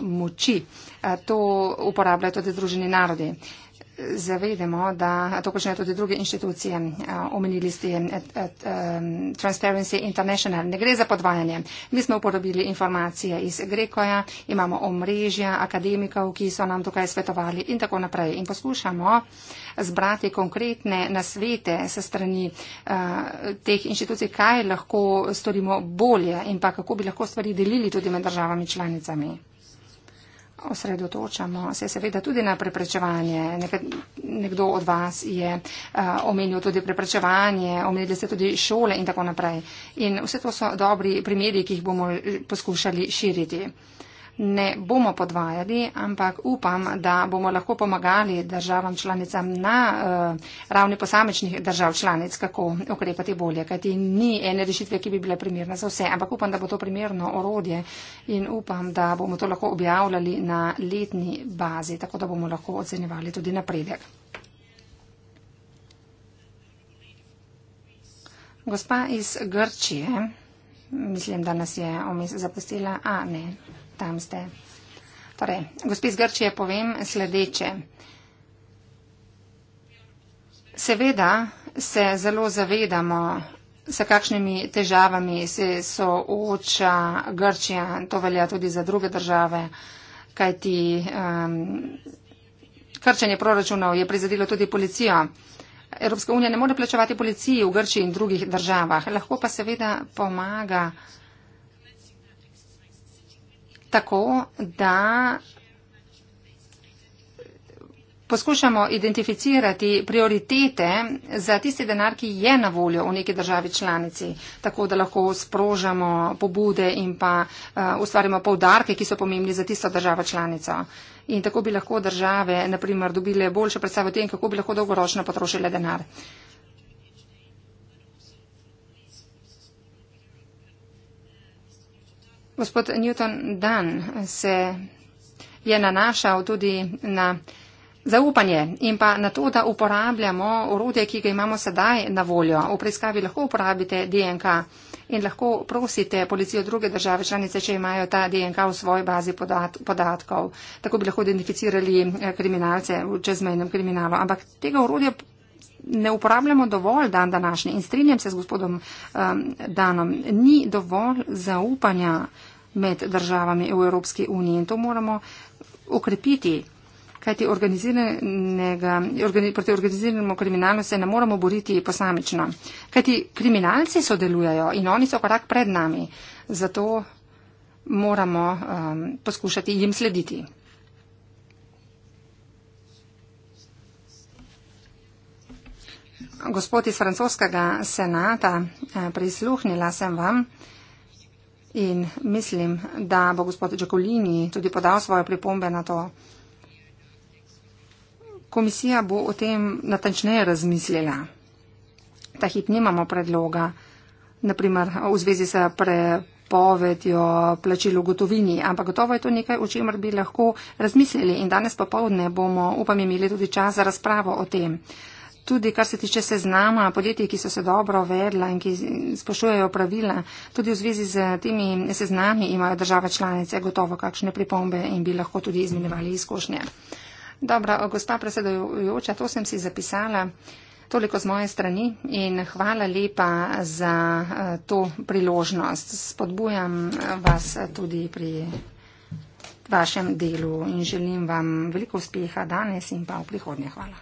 moči. To uporabljajo tudi Združeni narodi zavedamo, da to počnejo tudi druge inštitucije, omenili ste Transparency International. Ne gre za podvajanje. Mi smo uporabili informacije iz Grekoja, imamo omrežja akademikov, ki so nam tukaj svetovali in tako naprej. In poskušamo zbrati konkretne nasvete se strani teh inštitucij, kaj lahko storimo bolje in pa kako bi lahko stvari delili tudi med državami članicami osredotočamo se seveda tudi na preprečevanje. Nekdo od vas je eh, omenil tudi preprečevanje, omenili ste tudi šole in tako naprej. In vse to so dobri primeri, ki jih bomo eh, poskušali širiti ne bomo podvajali, ampak upam, da bomo lahko pomagali državam članicam na uh, ravni posamečnih držav članic, kako ukrepati bolje, kajti ni ene rešitve, ki bi bila primerna za vse, ampak upam, da bo to primerno orodje in upam, da bomo to lahko objavljali na letni bazi, tako da bomo lahko ocenjevali tudi napredek. Gospa iz Grčije, mislim, da nas je omes zapustila. A, ne tam ste. Torej, gospe iz Grčije povem sledeče. Seveda se zelo zavedamo, s kakšnimi težavami se sooča Grčija, to velja tudi za druge države, kajti um, krčenje proračunov je prizadelo tudi policijo. Evropska unija ne more plačevati policiji v Grčiji in drugih državah, lahko pa seveda pomaga tako, da poskušamo identificirati prioritete za tisti denar, ki je na voljo v neki državi članici, tako da lahko sprožamo pobude in pa uh, ustvarimo povdarke, ki so pomembni za tisto državo članico. In tako bi lahko države, naprimer, dobile boljše predstavo o tem, kako bi lahko dolgoročno potrošile denar. Uh, Gospod Newton Dan se je nanašal tudi na zaupanje in pa na to, da uporabljamo orodje, ki ga imamo sedaj na voljo. V preiskavi lahko uporabite DNK in lahko prosite policijo druge države članice, če imajo ta DNK v svoji bazi podat podatkov. Tako bi lahko identificirali eh, kriminalce v čezmejnem kriminalu. Ampak tega orodja ne uporabljamo dovolj dan današnji in strinjam se z gospodom um, Danom, ni dovolj zaupanja med državami v Evropski uniji in to moramo okrepiti, kajti proti organiziranemu kriminalu se ne moramo boriti posamično. Kajti kriminalci sodelujajo in oni so korak pred nami, zato moramo um, poskušati jim slediti. gospod iz francoskega senata, eh, prisluhnila sem vam in mislim, da bo gospod Giacolini tudi podal svoje pripombe na to. Komisija bo o tem natančneje razmislila. Ta hit nimamo predloga, naprimer v zvezi s prepovedjo plačil v gotovini, ampak gotovo je to nekaj, o čemer bi lahko razmislili in danes popovdne bomo, upam, imeli tudi čas za razpravo o tem tudi kar se tiče seznama podjetij, ki so se dobro vedla in ki spoštujejo pravila, tudi v zvezi z temi seznami imajo države članice gotovo kakšne pripombe in bi lahko tudi izmenjevali izkušnje. Dobro, gospa predsedojoča, to sem si zapisala. Toliko z moje strani in hvala lepa za eh, to priložnost. Spodbujam eh, vas tudi pri vašem delu in želim vam veliko uspeha danes in pa v prihodnje. Hvala.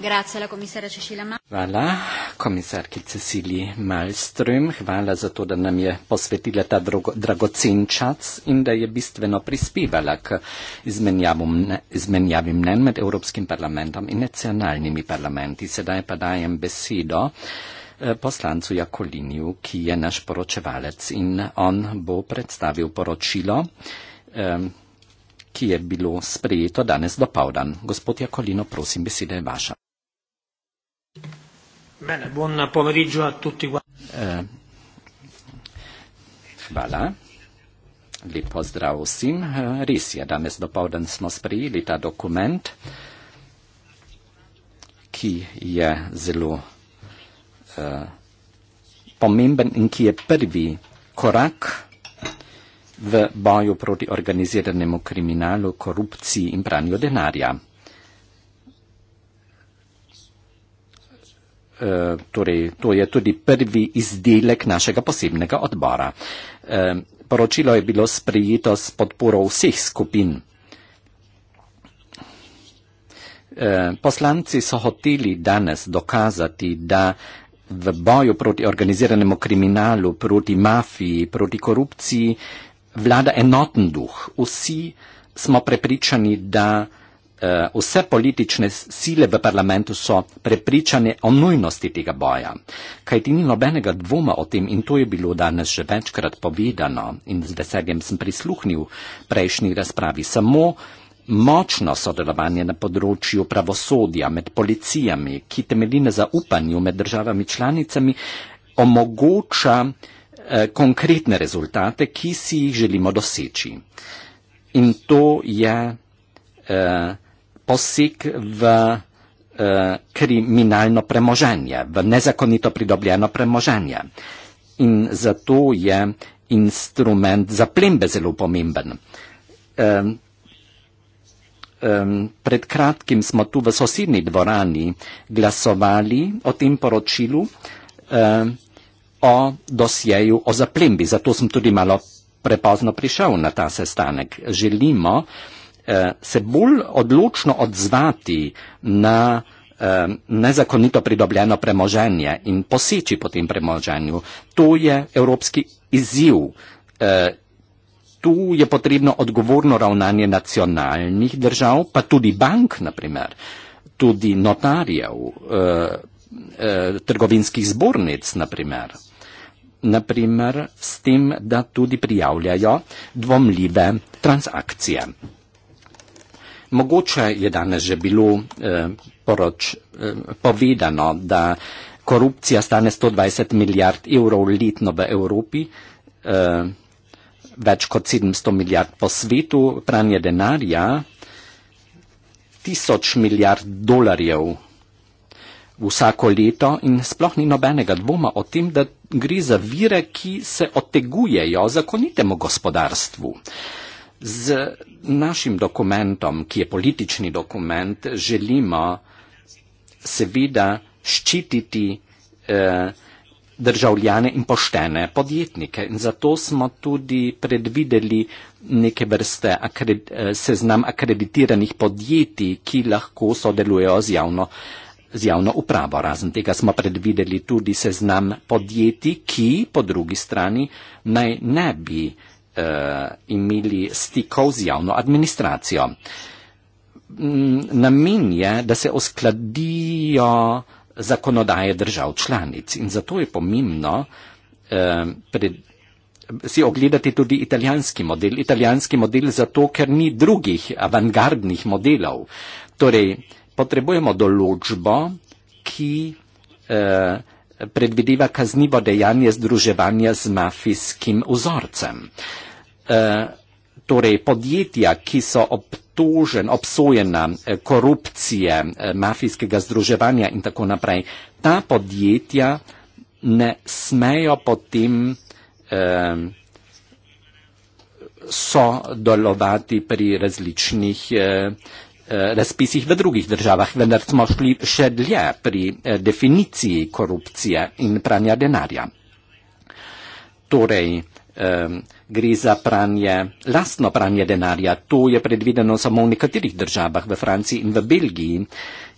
Grazie alla commissaria Cecilia Malmström. Hvala, komisarki Cecilia Malmström. Hvala za to, da nam je posvetila ta dragocen čas in da je bistveno prispevala k izmenjavi mnen med Evropskim parlamentom in nacionalnimi parlamenti. Sedaj pa dajem besedo eh, poslancu Jakoliniju, ki je naš poročevalec in on bo predstavil poročilo, ki je bilo sprejeto danes do povdan. Gospod Jakolino, prosim, beseda je vaša. Bene, buon pomeriggio a tutti quanti. Eh, voilà. Li pozdrav vsem, eh, res je, ja danes dopoveden smo sprejeli ta dokument, ki je zelo uh, pomemben in ki je prvi korak v boju proti organiziranemu kriminalu, korupciji in pranju denarja. Eh, torej, to je tudi prvi izdelek našega posebnega odbora. Eh, poročilo je bilo sprejeto s podporo vseh skupin. Eh, poslanci so hoteli danes dokazati, da v boju proti organiziranemu kriminalu, proti mafiji, proti korupciji vlada enoten duh. Vsi smo prepričani, da uh, vse politične sile v parlamentu so prepričane o nujnosti tega boja. Kaj ti ni nobenega dvoma o tem in to je bilo danes že večkrat povedano in z veseljem sem prisluhnil prejšnji razpravi. Samo Močno sodelovanje na področju pravosodja med policijami, ki temelji na zaupanju med državami članicami, omogoča eh, konkretne rezultate, ki si jih želimo doseči. In to je eh, posik v eh, kriminalno premoženje, v nezakonito pridobljeno premoženje. In zato je instrument za plembe zelo pomemben. Pred kratkim smo tu v sosednji dvorani glasovali o tem poročilu, o dosjeju o zaplembi. Zato sem tudi malo prepozno prišel na ta sestanek. Želimo, da eh, se bolj odločno odzvati na eh, nezakonito pridobljeno premoženje in poseči po tem premoženju. To je evropski izziv. Eh, Tu je potrebno odgovorno ravnanje nacionalnih držav, pa tudi bank, naprimer, tudi notarjev, eh, eh, trgovinskih zbornic, naprimer. naprimer, s tem, da tudi prijavljajo dvomljive transakcije. Mogoče je danes že bilo eh, poroč, eh, povedano, da korupcija stane 120 milijard evrov letno v Evropi, eh, več kot 700 milijard po svetu, pranje denarja, tisoč milijard dolarjev vsako leto in sploh ni nobenega dvoma o tem, da gre za vire, ki se otegujejo zakonitemu gospodarstvu. Eh, Z našim dokumentom, ki je politični dokument, želimo seveda ščititi eh, državljane in poštene podjetnike. In zato smo tudi predvideli neke vrste akred, eh, seznam akreditiranih podjetij, ki lahko sodelujejo z javno, z javno upravo. Razen tega smo predvideli tudi seznam podjetij, ki po drugi strani naj ne bi eh, uh, imeli stikov z javno administracijo. Mm, namen je, da se oskladijo zakonodaje držav članic in zato je pomembno uh, pred, si ogledati tudi italijanski model. Italijanski model zato, ker ni drugih avangardnih modelov. Torej, potrebujemo določbo, ki uh, predvideva kaznivo dejanje združevanja z mafijskim vzorcem. Uh, Eh, torej podjetja, ki so obtožen, obsojena eh, korupcije, eh, mafijskega združevanja in tako naprej, ta podjetja ne smejo potem eh, sodelovati pri različnih eh, razpisih v drugih državah, vendar smo šli še dlje pri eh, definiciji korupcije in pranja denarja. Torej, eh, gre za pranje, lastno pranje denarja. To je predvideno samo v nekaterih državah, v Franciji in v Belgiji.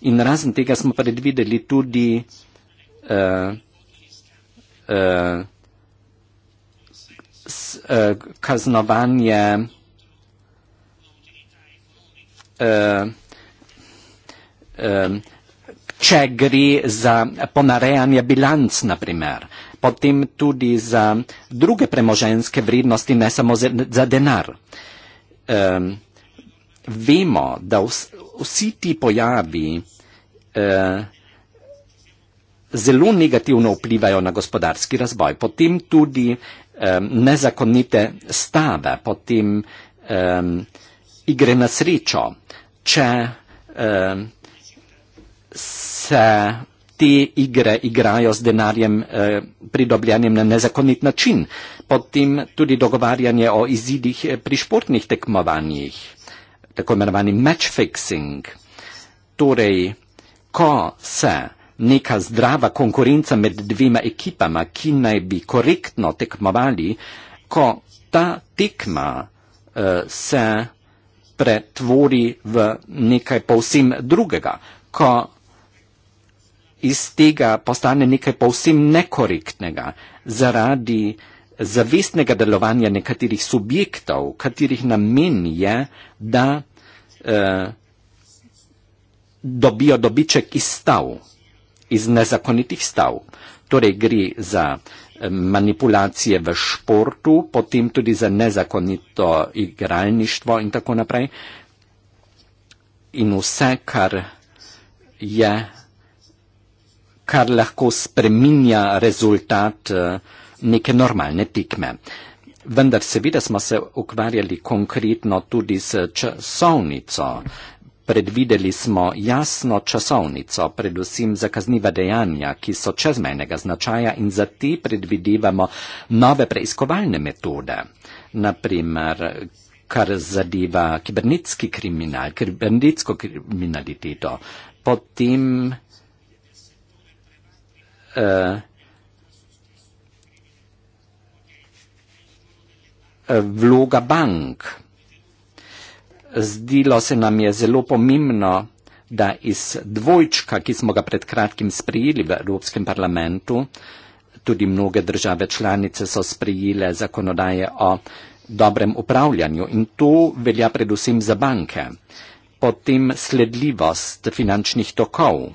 In razen tega smo predvideli tudi uh, uh, s, uh, kaznovanje uh, Če gre za ponarejanje bilanc, naprimer, potem tudi za druge premoženske vrednosti, ne samo za, za denar. Um, vemo, da vs, vsi ti pojavi uh, zelo negativno vplivajo na gospodarski razvoj, potem tudi um, nezakonite stave, potem um, igre na srečo, če um, se te igre igrajo z denarjem eh, pridobljenim na nezakonit način, potem tudi dogovarjanje o izidih eh, pri športnih tekmovanjih, tako imenovani match fixing. Torej, ko se neka zdrava konkurenca med dvema ekipama, ki naj bi korektno tekmovali, ko ta tekma eh, se pretvori v nekaj povsem drugega, ko iz tega postane nekaj povsem nekorektnega zaradi zavestnega delovanja nekaterih subjektov, katerih namen je, da eh, dobijo dobiček iz stav, iz nezakonitih stav. Torej gre za eh, manipulacije v športu, potem tudi za nezakonito igralništvo in tako naprej. In vse, kar je kar lahko spreminja rezultat eh, neke normalne tekme. Vendar seveda smo se ukvarjali konkretno tudi s časovnico. Predvideli smo jasno časovnico, predvsem za kazniva dejanja, ki so čezmejnega značaja in za te predvidevamo nove preiskovalne metode. Naprimer, kar zadeva kibernetski kriminal, kibernetsko kriminaliteto, potem Eh, eh, vloga bank. Zdilo se nam je zelo pomembno, da iz dvojčka, ki smo ga pred kratkim sprijeli v Evropskem parlamentu, tudi mnoge države članice so sprijele zakonodaje o dobrem upravljanju in to velja predvsem za banke. Potem sledljivost finančnih tokov.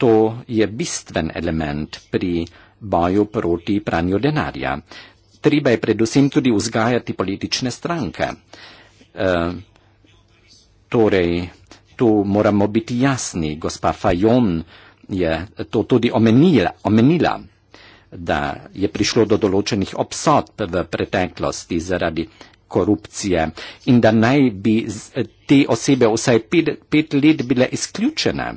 To je bistven element pri boju proti pranju denarja. Treba je predvsem tudi vzgajati politične stranke. E, torej, tu moramo biti jasni, gospa Fajon je to tudi omenila, omenila da je prišlo do določenih obsodb v preteklosti zaradi korupcije in da naj bi te osebe vsaj pet, pet let bile izključene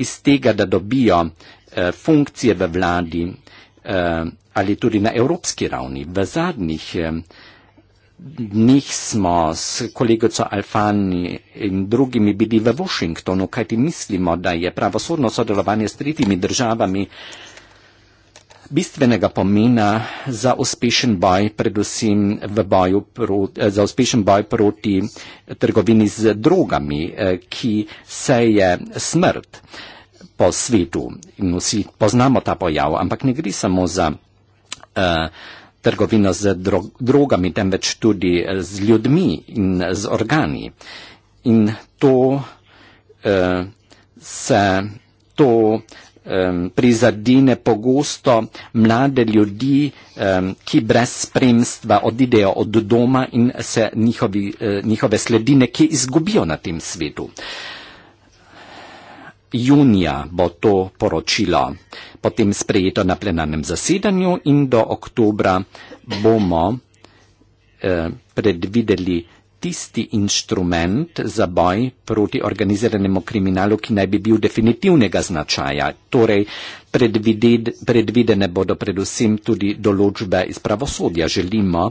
iz tega, da dobijo eh, funkcije v vladi eh, ali tudi na evropski ravni. V zadnjih eh, dneh smo s kolegico Alfani in drugimi bili v Washingtonu, kajti mislimo, da je pravosodno sodelovanje s tretjimi državami eh, bistvenega pomena za uspešen boj, predvsem boju, eh, za uspešen boj proti trgovini z drogami, eh, ki se je smrt po svetu. In vsi poznamo ta pojav, ampak ne gre samo za uh, trgovino z drogami, temveč tudi z ljudmi in z organi. In to uh, se. To Um, prizadene pogosto mlade ljudi, um, ki brez spremstva odidejo od doma in se njihovi, uh, njihove sledine, ki izgubijo na tem svetu. Junija bo to poročilo potem sprejeto na plenarnem zasedanju in do oktobra bomo eh, predvideli tisti inštrument za boj proti organiziranemu kriminalu, ki naj bi bil definitivnega značaja. Torej, predvided, predvidene bodo predvsem tudi določbe iz pravosodja. Želimo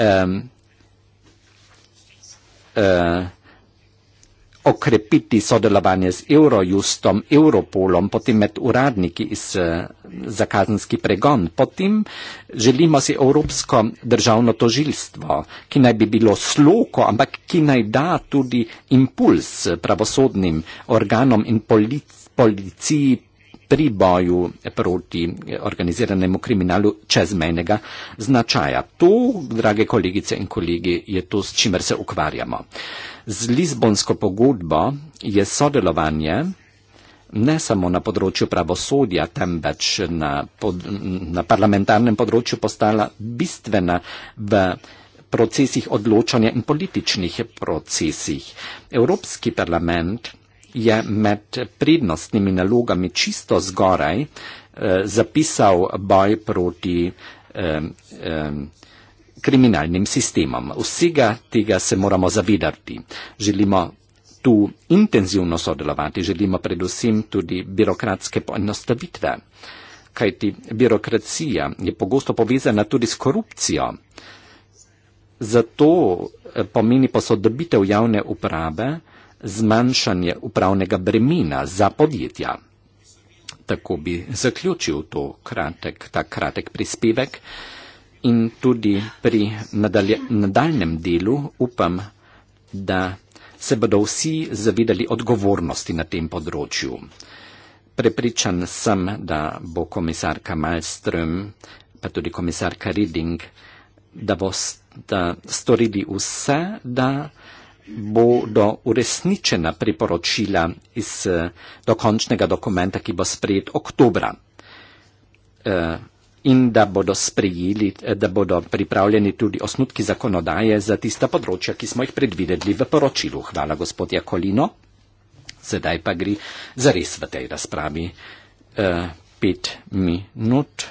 um, uh, okrepiti sodelovanje z Eurojustom, Europolom, potem med uradniki iz, eh, za kazenski pregon. Potem želimo si Evropsko državno tožilstvo, ki naj bi bilo sloko, ampak ki naj da tudi impuls pravosodnim organom in polic, policiji pri boju proti organiziranemu kriminalu čezmejnega značaja. To, drage kolegice in kolegi, je to, s čimer se ukvarjamo. Z Lizbonsko pogodbo je sodelovanje ne samo na področju pravosodja, temveč na, pod, na parlamentarnem področju postala bistvena v procesih odločanja in političnih procesih. Evropski parlament je med prednostnimi nalogami čisto zgoraj eh, zapisal boj proti eh, eh, kriminalnim sistemom. Vsega tega se moramo zavedati. Želimo tu intenzivno sodelovati, želimo predvsem tudi birokratske poenostavitve, kajti birokracija je pogosto povezana tudi s korupcijo. Zato eh, pomeni posodobitev javne uprave eh, zmanjšanje upravnega bremena za podjetja. Tako bi zaključil to kratek, ta kratek prispevek in tudi pri nadalje, nadaljnem delu upam, da se bodo vsi zavedali odgovornosti na tem področju. Prepričan sem, da bo komisarka Malmström, pa tudi komisarka Reding, da bo da storili vse, da bodo uresničena priporočila iz eh, dokončnega dokumenta, ki bo sprejet oktobra eh, in da bodo, sprejeli, eh, da bodo pripravljeni tudi osnutki zakonodaje za tista področja, ki smo jih predvideli v poročilu. Hvala, gospod Jakolino. Sedaj pa gre za res v tej razpravi. E, pet minut.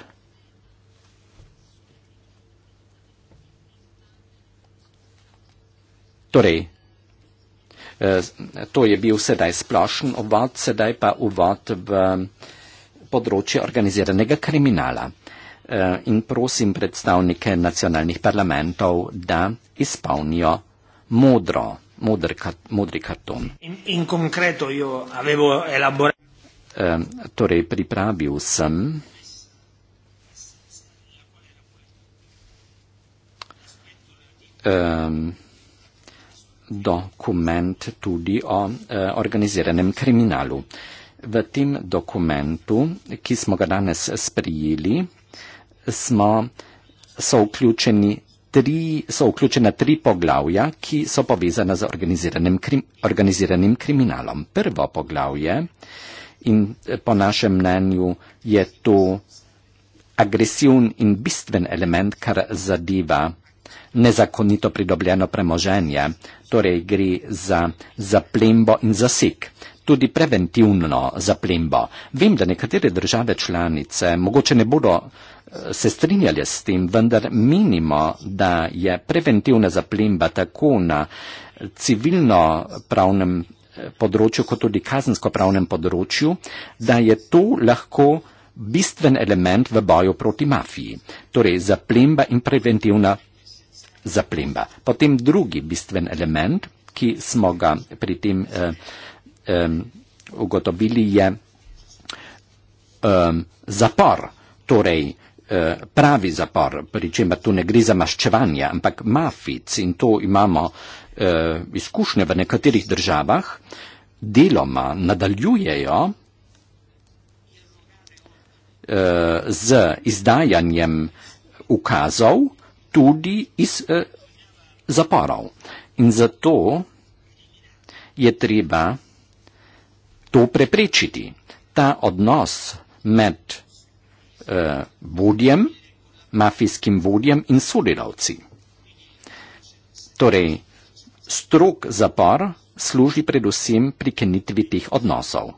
Torej, Eh, to je bil sedaj splošen uvod, sedaj pa uvod v področje organiziranega kriminala. Eh, in prosim predstavnike nacionalnih parlamentov, da izpolnijo modro, modri karton. In, in konkreto jo avevo elaborat. Eh, torej, pripravil sem. Um, dokument tudi o eh, organiziranem kriminalu. V tem dokumentu, ki smo ga danes sprijeli, smo, so, tri, so vključena tri poglavja, ki so povezana z organiziranim, krim, organiziranim kriminalom. Prvo poglavje in e, po našem mnenju je to agresiven in bistven element, kar zadeva nezakonito pridobljeno premoženje, torej gre za zaplembo in zasik, tudi preventivno zaplembo. Vem, da nekatere države članice mogoče ne bodo eh, se strinjali s tem, vendar menimo, da je preventivna zaplemba tako na eh, civilno pravnem eh, področju, kot tudi kazensko pravnem področju, da je to lahko bistven element v boju proti mafiji. Torej, zaplemba in preventivna zaplemba. Potem drugi bistven element, ki smo ga pri tem eh, eh, ugotovili, je eh, zapor, torej eh, pravi zapor, pri čemer tu ne gre za maščevanje, ampak mafic in to imamo eh, izkušnje v nekaterih državah, deloma nadaljujejo eh, z izdajanjem ukazov, tudi iz eh, zaporov. In zato je treba to preprečiti. Ta odnos med eh, vodjem, mafijskim vodjem in sodelavci. Torej, strok zapor služi predvsem prikenitvi teh odnosov.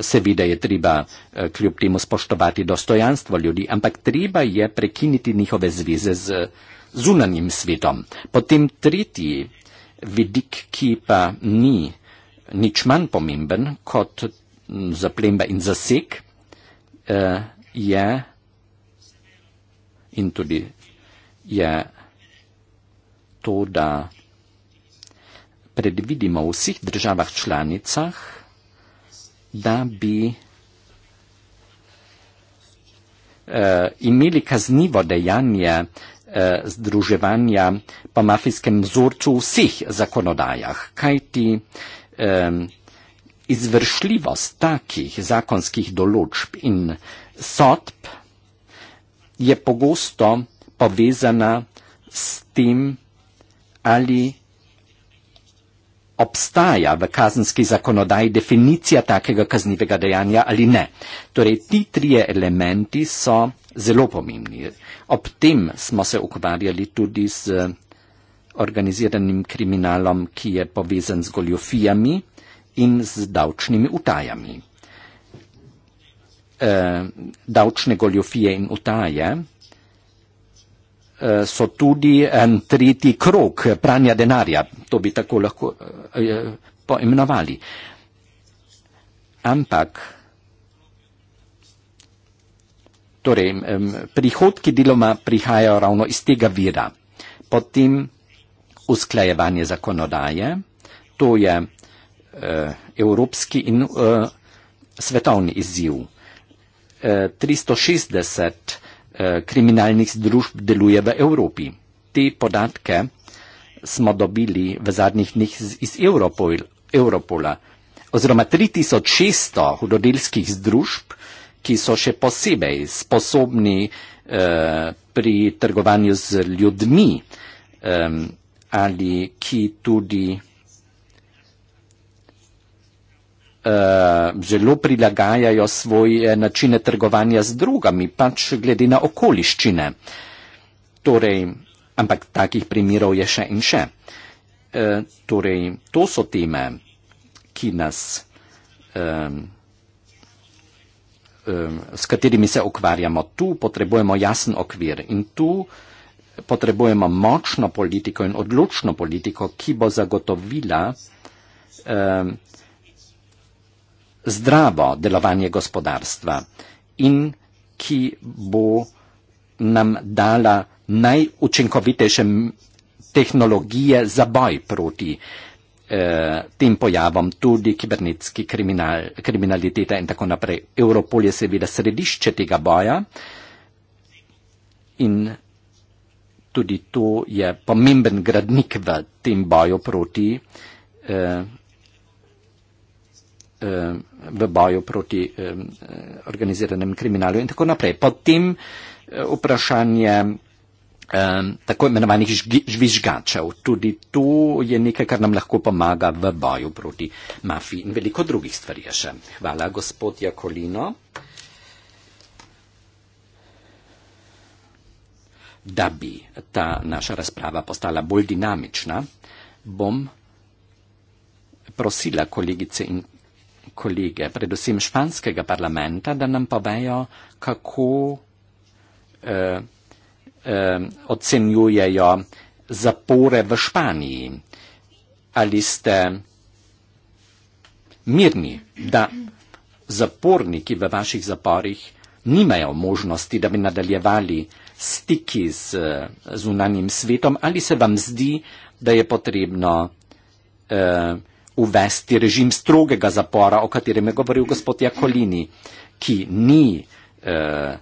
Seveda je treba eh, kljub temu spoštovati dostojanstvo ljudi, ampak treba je prekiniti njihove zveze z zunanjim svetom. Potem tretji vidik, ki pa ni nič manj pomemben kot zaplemba in zasek, eh, je in tudi je to, da predvidimo v vseh državah članicah, da bi uh, imeli kaznivo dejanje uh, združevanja po mafijskem vzorcu v vseh zakonodajah, kajti um, izvršljivost takih zakonskih določb in sodb je pogosto povezana s tem, ali obstaja v kazenski zakonodaji definicija takega kaznivega dejanja ali ne. Torej, ti trije elementi so zelo pomembni. Ob tem smo se ukvarjali tudi z organiziranim kriminalom, ki je povezan z goljofijami in z davčnimi utajami. E, davčne goljofije in utaje Eh, so tudi en tretji krok pranja denarja, to bi tako lahko eh, eh, poimenovali. Ampak torej, prihodki deloma prihajajo ravno iz tega vira. Potem usklajevanje zakonodaje, to je evropski in svetovni izziv. 360 Eh, kriminalnih združb deluje v Evropi. Te podatke smo dobili v zadnjih dneh iz Europol, Europola, oziroma 3600 hudodelskih združb, ki so še posebej sposobni eh, pri trgovanju z ljudmi eh, ali ki tudi Eh, zelo prilagajajo svoje načine trgovanja z drugami, pač glede na okoliščine. Torej, ampak takih primerov je še in še. E, torej, to so teme, ki nas, e, e, s katerimi se ukvarjamo. Tu potrebujemo jasen okvir in tu potrebujemo močno politiko in odločno politiko, ki bo zagotovila e, zdravo delovanje gospodarstva in ki bo nam dala najučinkovitejše tehnologije za boj proti eh, tem pojavom, tudi kibernetski kriminal, kriminalitete in tako naprej. Europol je seveda središče tega boja in tudi to je pomemben gradnik v tem boju proti eh, eh, v boju proti um, organiziranem kriminalu in tako naprej. Potem eh, vprašanje um, tako imenovanih žvižgačev. Tudi to je nekaj, kar nam lahko pomaga v boju proti mafiji in veliko drugih stvari še. Hvala, gospod Jakolino. Da bi ta naša razprava postala bolj dinamična, bom prosila kolegice in kolege, predvsem španskega parlamenta, da nam povejo, kako eh, eh, ocenjujejo zapore v Španiji. Ali ste mirni, da zaporniki v vaših zaporih nimajo možnosti, da bi nadaljevali stiki z eh, zunanjim svetom, ali se vam zdi, da je potrebno eh, uvesti režim strogega zapora, o katerem je govoril gospod Jakolini, ki ni eh,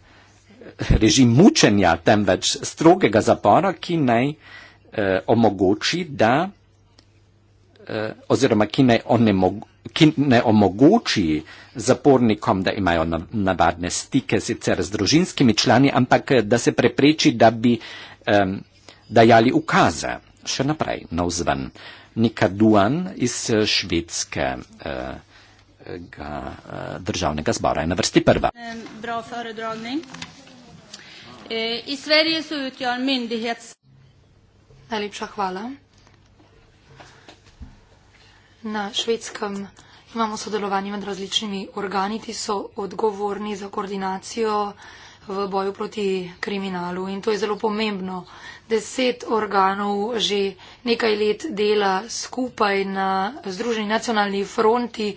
režim mučenja, temveč strogega zapora, ki naj eh, omogoči, da eh, oziroma ki naj onemog ki ne omogoči zapornikom, da imajo navadne stike sicer z družinskimi člani, ampak eh, da se prepreči, da bi um, dajali ukaze še naprej navzven. No Nikaduan iz eh, švedske eh, državnega zbora je na vrsti prva. Eh, Najlepša hvala. Na švedskem imamo sodelovanje med različnimi organi, ki so odgovorni za koordinacijo v boju proti kriminalu. In to je zelo pomembno. Deset organov že nekaj let dela skupaj na Združeni nacionalni fronti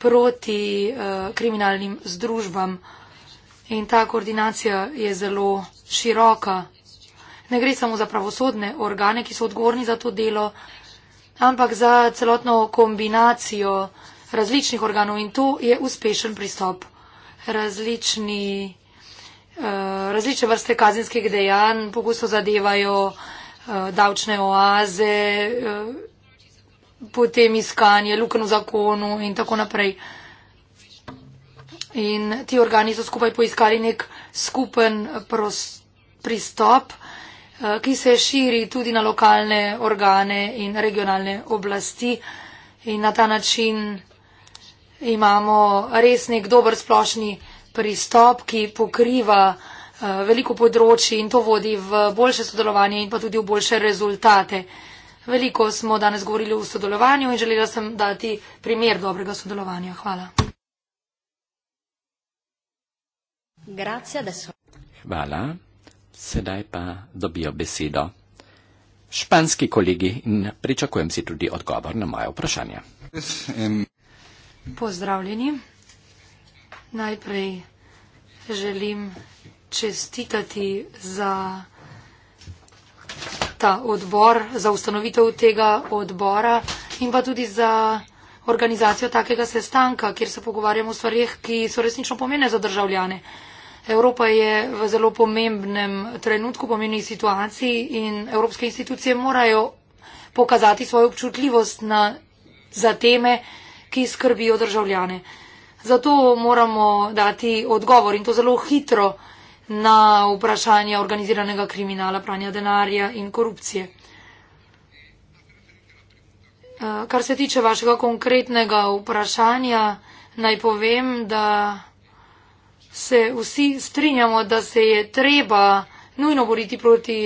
proti uh, kriminalnim združbam. In ta koordinacija je zelo široka. Ne gre samo za pravosodne organe, ki so odgovorni za to delo, ampak za celotno kombinacijo različnih organov. In to je uspešen pristop. Različni Eh, različne vrste kazenskih dejanj, pogosto zadevajo eh, davčne oaze, eh, potem iskanje lukn v zakonu in tako naprej. In ti organi so skupaj poiskali nek skupen pristop, ki se širi tudi na lokalne organe in regionalne oblasti. In na ta način imamo res nek dober splošni pristop, ki pokriva eh, veliko področji in to vodi v boljše sodelovanje in pa tudi v boljše rezultate. Veliko smo danes govorili o sodelovanju in želela sem dati primer dobrega sodelovanja. Hvala. Hvala. Sedaj pa dobijo besedo španski kolegi in pričakujem si tudi odgovor na moje vprašanje. Pozdravljeni najprej želim čestitati za ta odbor, za ustanovitev tega odbora in pa tudi za organizacijo takega sestanka, kjer se pogovarjamo o stvarih, ki so resnično pomene za državljane. Evropa je v zelo pomembnem trenutku, pomembni situaciji in evropske institucije morajo pokazati svojo občutljivost na, za teme, ki skrbijo državljane. Zato moramo dati odgovor in to zelo hitro na vprašanje organiziranega kriminala, pranja denarja in korupcije. Eh, kar se tiče vašega konkretnega vprašanja, naj povem, da se vsi strinjamo, da se je treba nujno boriti proti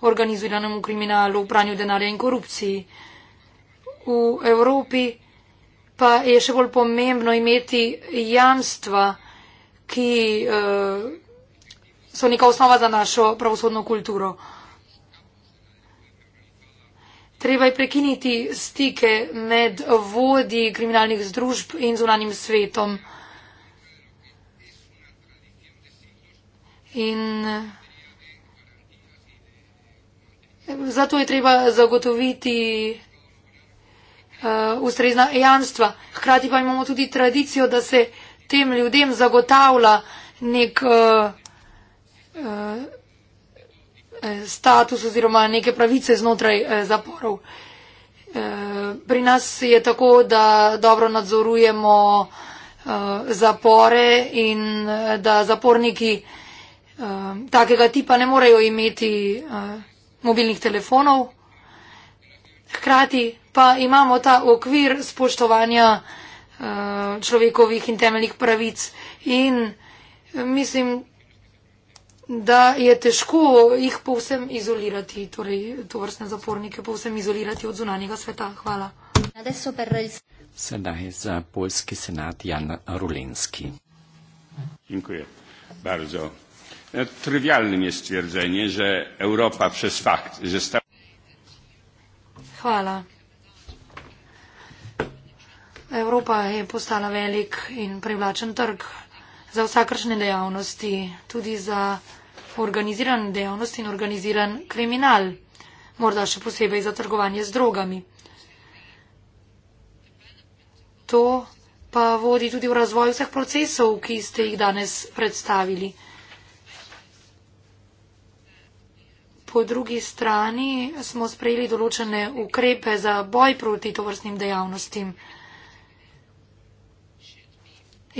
organiziranemu kriminalu, pranju denarja in korupciji. V Evropi pa je še bolj pomembno imeti jamstva, ki uh, so neka osnova za našo pravosodno kulturo. Treba je prekiniti stike med vodji kriminalnih združb in zunanim svetom. In eh, zato je treba zagotoviti Eh, ustrezna ejanstva. Hkrati pa imamo tudi tradicijo, da se tem ljudem zagotavlja nek uh, uh, status oziroma neke pravice znotraj uh, zaporov. Uh, pri nas je tako, da dobro nadzorujemo uh, zapore in uh, da zaporniki uh, takega tipa ne morejo imeti uh, mobilnih telefonov. Hkrati pa imamo ta okvir spoštovanja uh, človekovih in temeljnih pravic in eh, mislim, da je težko jih povsem izolirati, torej to vrstne zapornike povsem izolirati od zunanjega sveta. Hvala. Sedaj za polski senat Jan Rulenski. Dziękuję bardzo. E, trywialnym jest stwierdzenie, że Europa przez fakt, że stała. Hvala. Evropa je postala velik in privlačen trg za vsakršne dejavnosti, tudi za organiziran dejavnost in organiziran kriminal, morda še posebej za trgovanje z drogami. To pa vodi tudi v razvoj vseh procesov, ki ste jih danes predstavili. Po drugi strani smo sprejeli določene ukrepe za boj proti tovrstnim dejavnostim.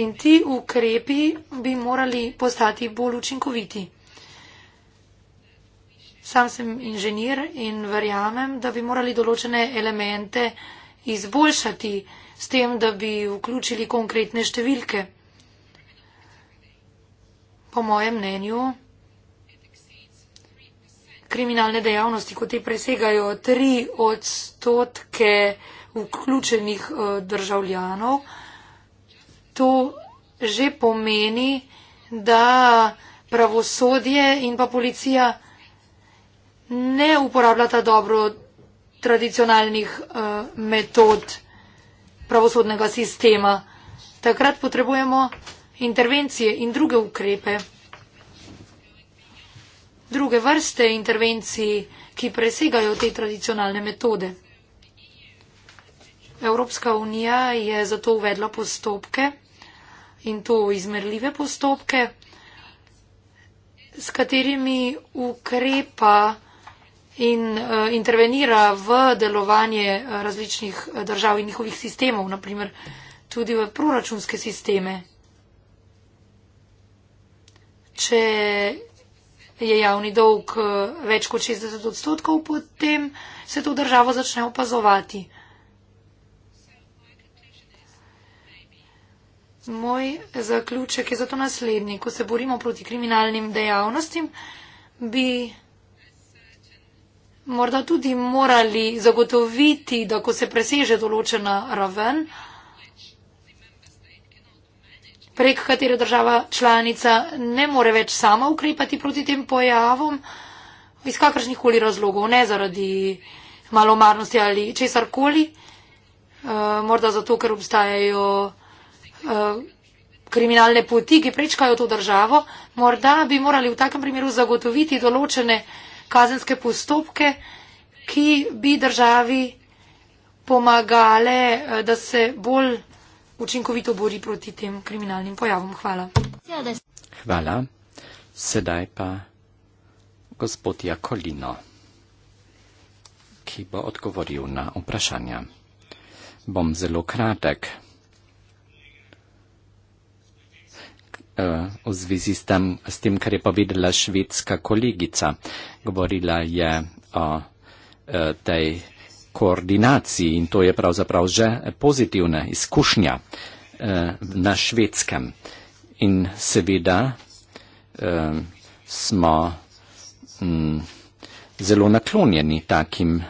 In ti ukrepi bi morali postati bolj učinkoviti. Sam sem inženir in verjamem, da bi morali določene elemente izboljšati s tem, da bi vključili konkretne številke. Po mojem mnenju kriminalne dejavnosti, ko te presegajo tri odstotke vključenih eh, državljanov, to že pomeni, da pravosodje in pa policija ne uporabljata dobro tradicionalnih eh, metod pravosodnega sistema. Takrat potrebujemo intervencije in druge ukrepe druge vrste intervencij, ki presegajo te tradicionalne metode. Evropska unija je zato uvedla postopke in to izmerljive postopke, s katerimi ukrepa in uh, intervenira v delovanje eh, različnih eh, držav in njihovih sistemov, naprimer tudi v proračunske sisteme. Če je javni dolg eh, več kot 60 odstotkov, potem se to državo začne opazovati. Moj zaključek je zato naslednji. Ko se borimo proti kriminalnim dejavnostim, bi morda tudi morali zagotoviti, da ko se preseže določena raven, prek katere država članica ne more več sama ukrepati proti tem pojavom, iz kakršnih koli razlogov, ne zaradi malomarnosti ali česar koli, eh, morda zato, ker obstajajo eh, kriminalne poti, ki prečkajo to državo, morda bi morali v takem primeru zagotoviti določene kazenske postopke, ki bi državi pomagale, eh, da se bolj učinkovito bori proti tem kriminalnim pojavom. Hvala. Hvala. Sedaj pa gospod Jakolino, ki bo odgovoril na vprašanja. Bom zelo kratek. Eh, v zvezi s tem, s tem, kar je povedala švedska kolegica, govorila je o eh, tej koordinaciji in to je pravzaprav že pozitivna izkušnja eh, na švedskem. In seveda eh, smo hm, zelo naklonjeni takim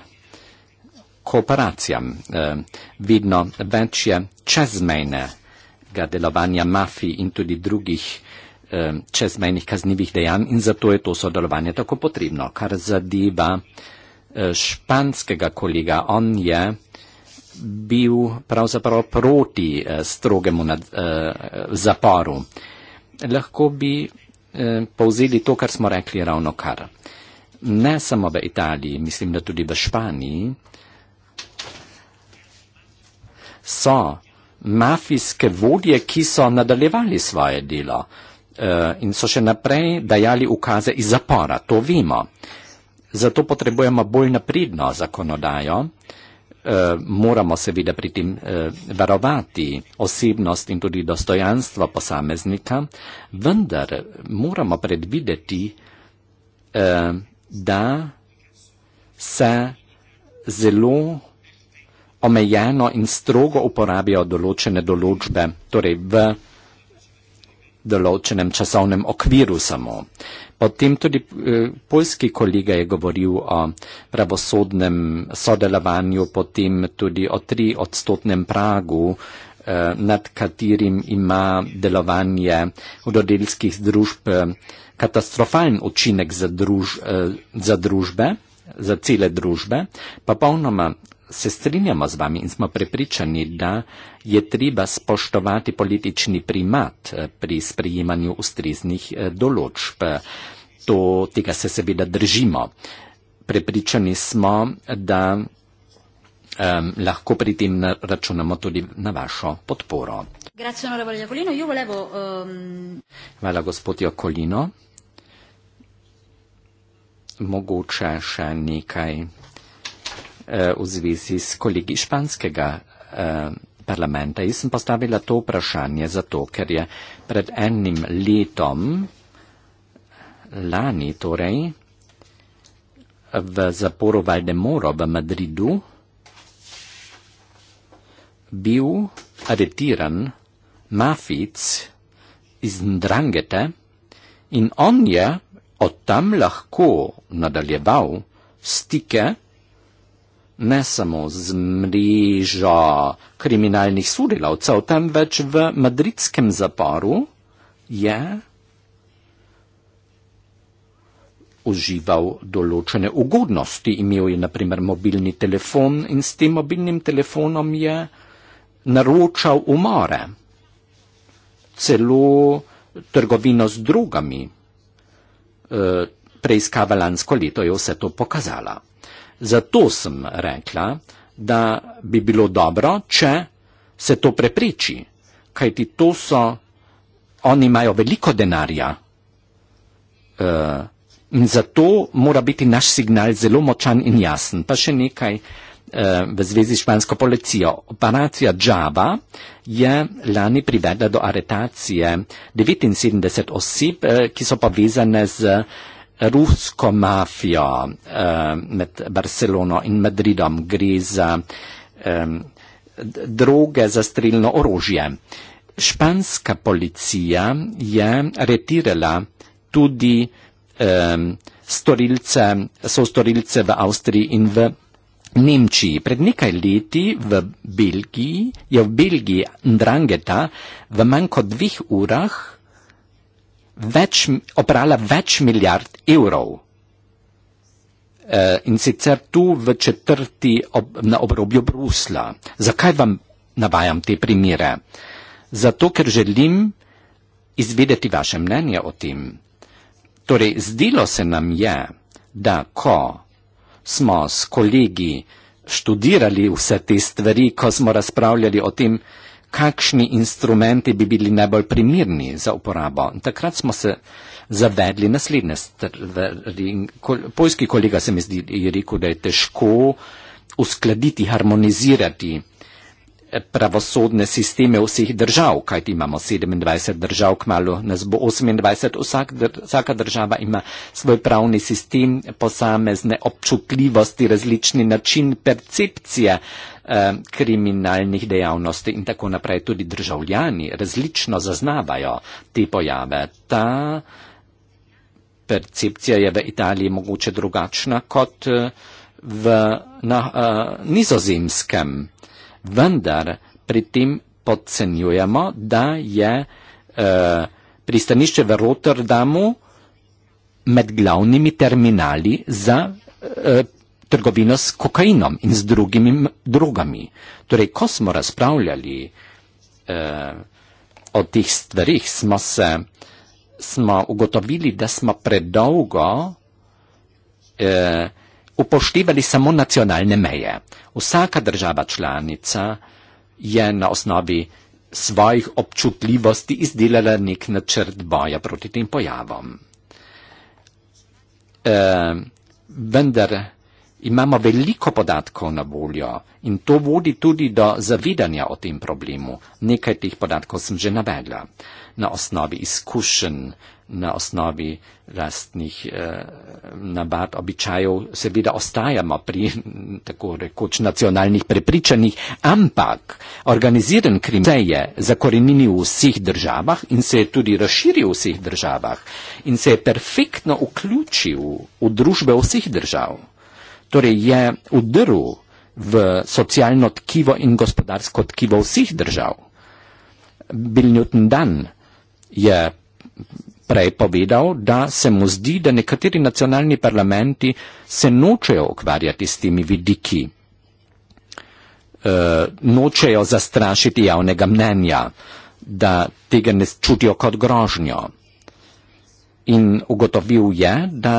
kooperacijam. Eh, vedno več je čezmejnega delovanja mafij in tudi drugih eh, čezmejnih kaznivih dejanj in zato je to sodelovanje tako potrebno, kar zadeva eh, Eh, španskega kolega. On je bil pravzaprav proti eh, strogemu nad, eh, zaporu. Lahko bi eh, povzeli to, kar smo rekli ravno kar. Ne samo v Italiji, mislim, da tudi v Španiji so mafijske vodje, ki so nadaljevali svoje delo eh, in so še naprej dajali ukaze iz zapora. To vemo. Eh, Zato potrebujemo bolj napredno zakonodajo, e, moramo seveda pri tem e, varovati osebnost in tudi dostojanstvo posameznika, vendar moramo predvideti, e, da se zelo omejeno in strogo uporabijo določene določbe, torej v določenem časovnem okviru samo. Potem tudi eh, poljski kolega je govoril o pravosodnem sodelovanju, potem tudi o tri odstotnem pragu, eh, nad katerim ima delovanje vododelskih družb eh, katastrofalen učinek za, druž, za družbe, za cele družbe, pa polnoma se strinjamo z vami in smo prepričani, da je treba spoštovati politični primat eh, pri sprejemanju ustreznih eh, določb. To, tega se seveda držimo. Prepričani smo, da um, lahko pri tem računamo tudi na vašo podporo. Ehm, Hvala, gospod Jokolino. Mogoče še nekaj Eh, v zvezi s kolegi španskega eh, parlamenta. Jaz sem postavila to vprašanje zato, ker je pred enim letom, lani torej, v zaporu Valdemoro v Madridu bil aretiran mafic iz Ndrangete in on je od tam lahko nadaljeval stike ne samo z mrežo kriminalnih sodelavcev, temveč v madridskem zaporu je užival določene ugodnosti. Imel je naprimer mobilni telefon in s tem mobilnim telefonom je naročal umore, celo trgovino z drugami. E, eh, preiskava lansko leto je vse to pokazala. Zato sem rekla, da bi bilo dobro, če se to prepriči, kajti to so, oni imajo veliko denarja uh, in zato mora biti naš signal zelo močan in jasen. Pa še nekaj eh, v zvezi s špansko policijo. Operacija Java je lani privedla do aretacije 79 oseb, eh, ki so povezane z rusko mafijo eh, med Barcelono in Madridom, gre za droge za strelno orožje. Španska policija je retirala tudi storilce, so storilce v Avstriji in v Nemčiji. Pred nekaj leti v Belgiji je v Belgiji Ndrangeta v manj kot dveh urah več, oprala več milijard evrov. Eh, in sicer tu v četrti ob, na obrobju Brusla. Zakaj vam navajam te primere? Zato, ker želim izvedeti vaše mnenje o tem. Torej, zdelo se nam je, da ko smo s kolegi študirali vse te stvari, ko smo razpravljali o tem, uh, kakšni instrumenti bi bili najbolj primirni za uporabo. Takrat smo se zavedli naslednje stvari. Kol, Poljski kolega se mi zdi, je rekel, da je težko uskladiti, harmonizirati eh, pravosodne sisteme vseh držav, kajti imamo 27 držav, kmalo nas bo 28, vsak, vsaka država ima svoj pravni sistem, posamezne občutljivosti, različni način percepcije Eh, kriminalnih dejavnosti in tako naprej. Tudi državljani različno zaznavajo te pojave. Ta percepcija je v Italiji mogoče drugačna kot eh, v, na uh, nizozemskem. Vendar pri tem podcenjujemo, da je uh, pristanišče v Rotterdamu med glavnimi terminali za uh, trgovino s kokainom in z drugimi drugami. Torej, ko smo razpravljali eh, o teh stvarih, smo, se, smo ugotovili, da smo predolgo eh, upoštevali samo nacionalne meje. Vsaka država članica je na osnovi svojih občutljivosti izdelala nek načrt boja proti tem pojavom. Eh, vendar, Imamo veliko podatkov na voljo in to vodi tudi do zavedanja o tem problemu. Nekaj teh podatkov sem že navedla. Na osnovi izkušenj, na osnovi lastnih eh, nabad, običajev, seveda ostajamo pri tako rekoč nacionalnih prepričanjih, ampak organiziran krim se je zakoreninil v vseh državah in se je tudi razširil v vseh državah in se je perfektno vključil v družbe vseh držav torej je udrl v socialno tkivo in gospodarsko tkivo vsih držav. Bill Newton Dan je prej povedal, da se mu zdi, da nekateri nacionalni parlamenti se nočejo ukvarjati s temi vidiki, e, nočejo zastrašiti javnega mnenja, da tega ne čutijo kot grožnjo. In ugotovil je, da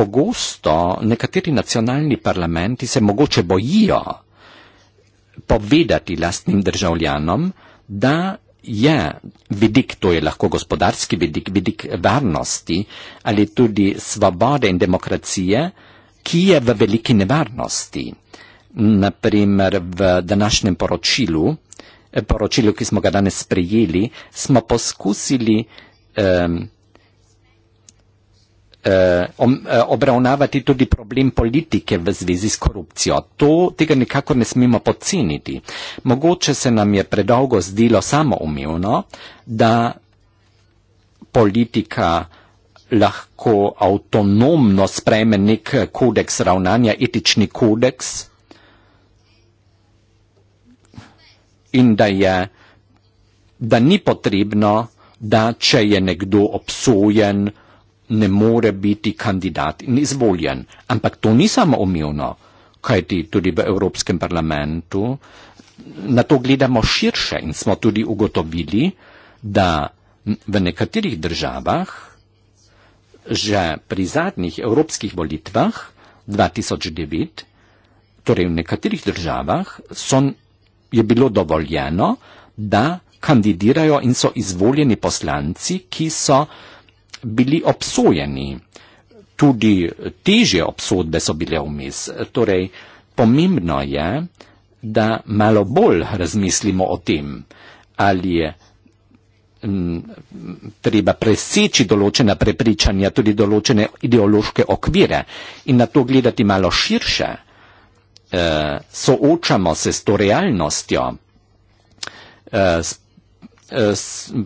pogosto nekateri nacionalni parlamenti se mogoče bojijo povedati lastnim državljanom, da je vidik, to je lahko gospodarski vidik, vidik varnosti ali tudi svobode in demokracije, ki je v veliki nevarnosti. Naprimer v današnjem poročilu, poročilu, ki smo ga danes sprejeli, smo poskusili eh, eh, om, eh, obravnavati tudi problem politike v zvezi s korupcijo. To, tega nekako ne smemo podceniti. Mogoče se nam je predolgo zdelo samoumevno, da politika lahko avtonomno spreme nek kodeks ravnanja, etični kodeks in da, je, da ni potrebno, da če je nekdo obsojen, ne more biti kandidat in izvoljen. Ampak to ni samo omilno, kajti tudi v Evropskem parlamentu na to gledamo širše in smo tudi ugotovili, da v nekaterih državah že pri zadnjih evropskih volitvah 2009, torej v nekaterih državah, so, je bilo dovoljeno, da kandidirajo in so izvoljeni poslanci, ki so bili obsojeni, tudi težje obsodbe so bile vmes. Torej, pomembno je, da malo bolj razmislimo o tem, ali je treba preseči določena prepričanja, tudi določene ideološke okvire in na to gledati malo širše. E, soočamo se s to realnostjo, e,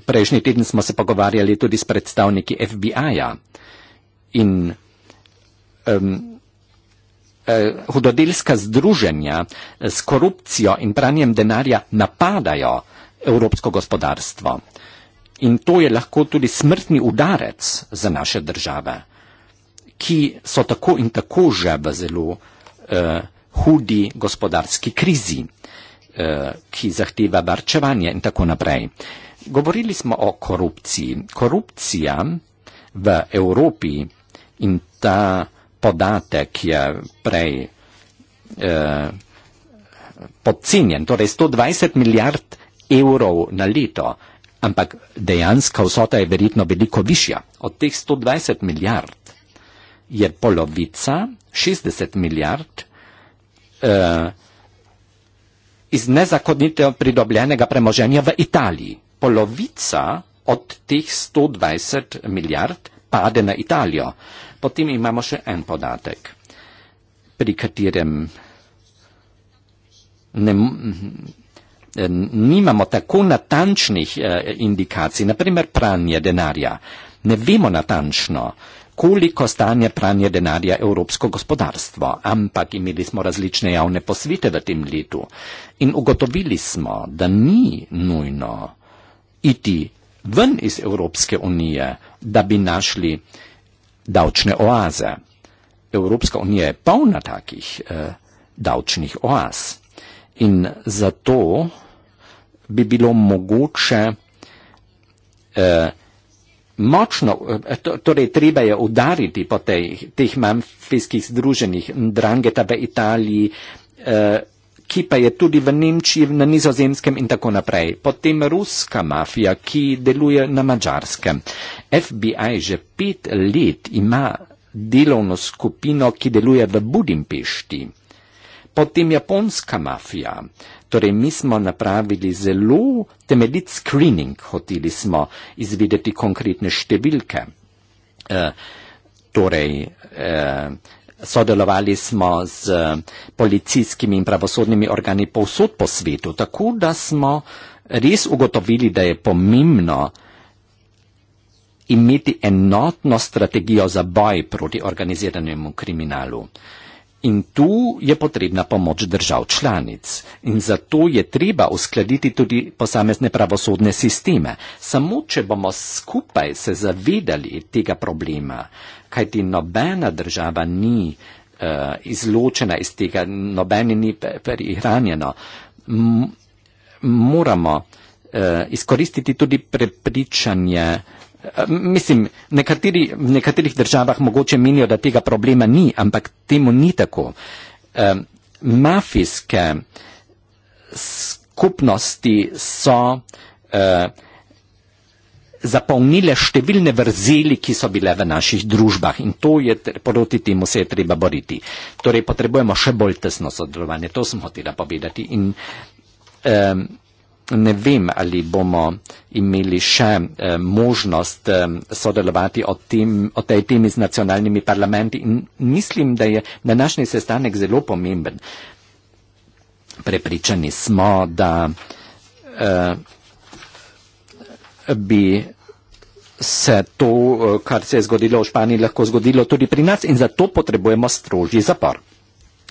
prejšnji teden smo se pogovarjali tudi s predstavniki FBI-ja in um, uh, hudodelska združenja e, s korupcijo in pranjem denarja napadajo evropsko gospodarstvo. In to je lahko tudi smrtni udarec za naše države, ki so tako in tako že v zelo uh, hudi gospodarski krizi. Eh, ki zahteva varčevanje in tako naprej. Govorili smo o korupciji. Korupcija v Evropi in ta podatek je prej eh, podcenjen, torej 120 milijard evrov na leto, ampak dejanska vsota je verjetno veliko višja. Od teh 120 milijard je polovica, 60 milijard, eh, iz nezakonito pridobljenega premoženja v Italiji. Polovica od teh 120 milijard pade na Italijo. Potem imamo še en podatek, pri katerem ne, nimamo tako natančnih eh, indikacij, naprimer pranje denarja. Ne vemo natančno, koliko stanje pranje denarja evropsko gospodarstvo, ampak imeli smo različne javne posvite v tem letu in ugotovili smo, da ni nujno iti ven iz Evropske unije, da bi našli davčne oaze. Evropska unija je polna takih eh, davčnih oaz in zato bi bilo mogoče eh, Močno, eh, torej treba je udariti po tej, teh mafijskih združenih, drangeta v Italiji, eh, ki pa je tudi v Nemčiji, na nizozemskem in tako naprej. Potem ruska mafija, ki deluje na mačarskem. FBI že pet let ima delovno skupino, ki deluje v Budimpešti. Potem japonska mafija, Torej, mi smo napravili zelo temeljit screening, hoteli smo izvedeti konkretne številke. E, torej, e, sodelovali smo z policijskimi in pravosodnimi organi povsod po svetu, tako da smo res ugotovili, da je pomembno imeti enotno strategijo za boj proti organiziranemu kriminalu. In tu je potrebna pomoč držav članic. In zato je treba uskladiti tudi posamezne pravosodne sisteme. Samo, če bomo skupaj se zavedali tega problema, kajti nobena država ni uh, izločena iz tega, nobeni ni prihranjeno, moramo uh, izkoristiti tudi prepričanje uh, mislim, nekateri, v nekaterih državah mogoče menijo, da tega problema ni, ampak temu ni tako. Mafijske skupnosti so e, zapolnile številne vrzeli, ki so bile v naših družbah in to je, proti temu se je treba boriti. Torej, potrebujemo še bolj tesno sodelovanje, to sem hotela povedati. In, um, ne vem, ali bomo imeli še eh, možnost eh, sodelovati o, tem, o tej temi z nacionalnimi parlamenti in mislim, da je današnji sestanek zelo pomemben. Prepričani smo, da eh, bi se to, eh, kar se je zgodilo v Španiji, lahko zgodilo tudi pri nas in zato potrebujemo strožji zapor.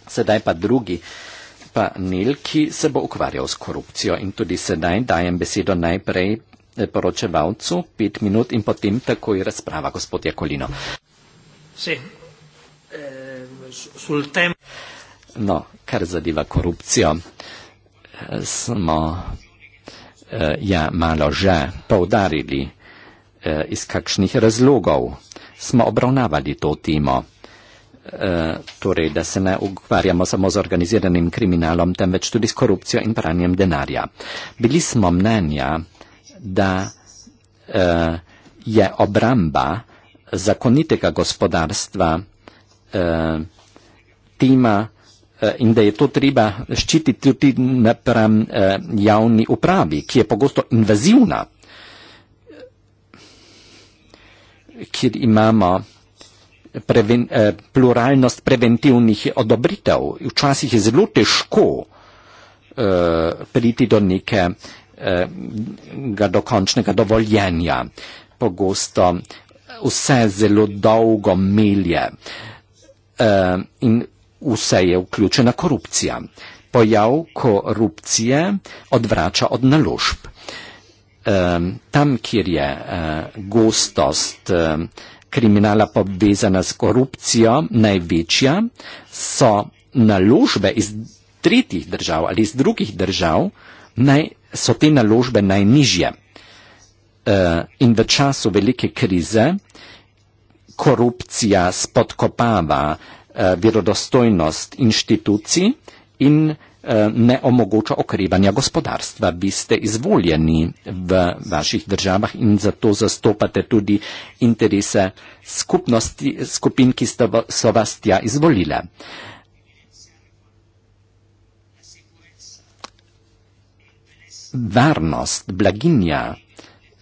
Sedaj pa drugi. Eh, Filipa Nil, ki se bo ukvarjal s korupcijo. In tudi sedaj dajem besedo najprej eh, poročevalcu, pet minut in potem takoj razprava, gospod Jakolino. Eh, no, kar zadeva korupcijo, eh, smo ja malo že poudarili, iz kakšnih razlogov smo obravnavali to temo. Eh, torej, da se ne ukvarjamo samo z organiziranim kriminalom, temveč tudi s korupcijo in pranjem denarja. Bili smo mnenja, da eh, je obramba zakonitega gospodarstva eh, tima in da je to treba ščititi tudi napram javni upravi, ki je pogosto invazivna, kjer imamo preven, eh, pluralnost preventivnih odobritev. Včasih je zelo težko eh, priti do nekega eh, dokončnega dovoljenja. Pogosto vse zelo dolgo melje in vse je vključena korupcija. Pojav korupcije odvrača od naložb. Tam, kjer je gostost kriminala povezana s korupcijo največja, so naložbe iz tretjih držav ali iz drugih držav, naj, so te naložbe najnižje. E, in v času velike krize korupcija spodkopava e, verodostojnost inštitucij in Eh, ne omogoča okrevanja gospodarstva. Vi ste izvoljeni v vaših državah in zato zastopate tudi interese skupnosti, skupin, ki ste v, so vas tja izvolile. Varnost, blaginja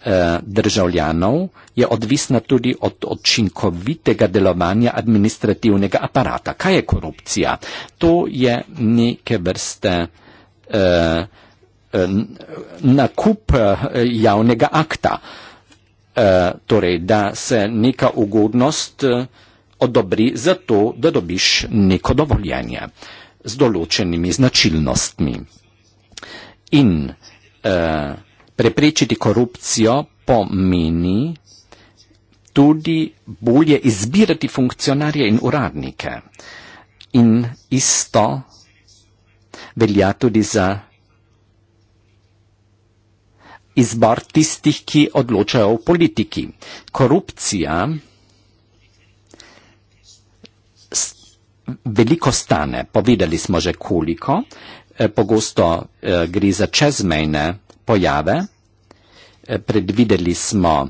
Eh, državljanov je odvisna tudi od učinkovitega delovanja administrativnega aparata. Kaj je korupcija? To je neke vrste eh, eh, nakup javnega akta. Torej, da se neka ugodnost odobri za to, da dobiš neko dovoljenje z določenimi značilnostmi. In eh, preprečiti korupcijo pomeni tudi bolje izbirati funkcionarje in uradnike. In isto velja tudi za izbor tistih, ki odločajo v politiki. Korupcija veliko stane, povedali smo že koliko, e, pogosto e, gre za čezmejne pojave. Eh, predvideli smo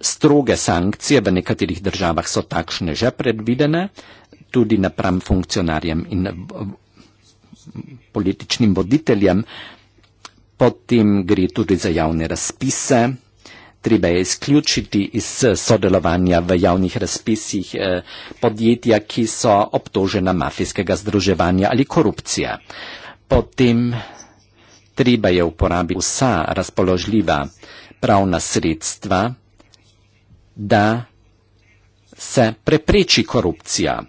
stroge sankcije, v nekaterih državah so takšne že predvidene, tudi napram funkcionarjem in eh, političnim voditeljem. Potem gre tudi za javne razpise. Treba je izključiti iz sodelovanja v javnih razpisih eh, podjetja, ki so obtožena mafijskega združevanja ali korupcije. Potem treba je uporabiti vsa razpoložljiva pravna sredstva, da se prepreči korupcija.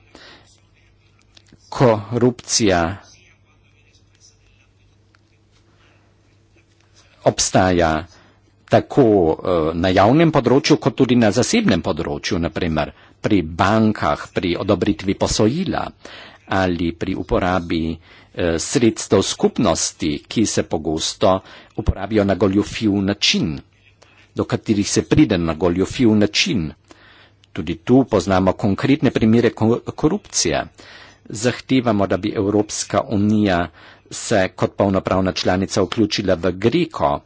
Korupcija obstaja tako eh, na javnem področju, kot tudi na zasebnem področju, naprimer pri bankah, pri odobritvi posojila ali pri uporabi Eh, sredstev skupnosti, ki se pogosto uporabijo na goljofiv način, do katerih se pride na goljofiv način. Tudi tu poznamo konkretne primere korupcije. Zahtevamo, da bi Evropska unija se kot polnopravna članica vključila v Greko,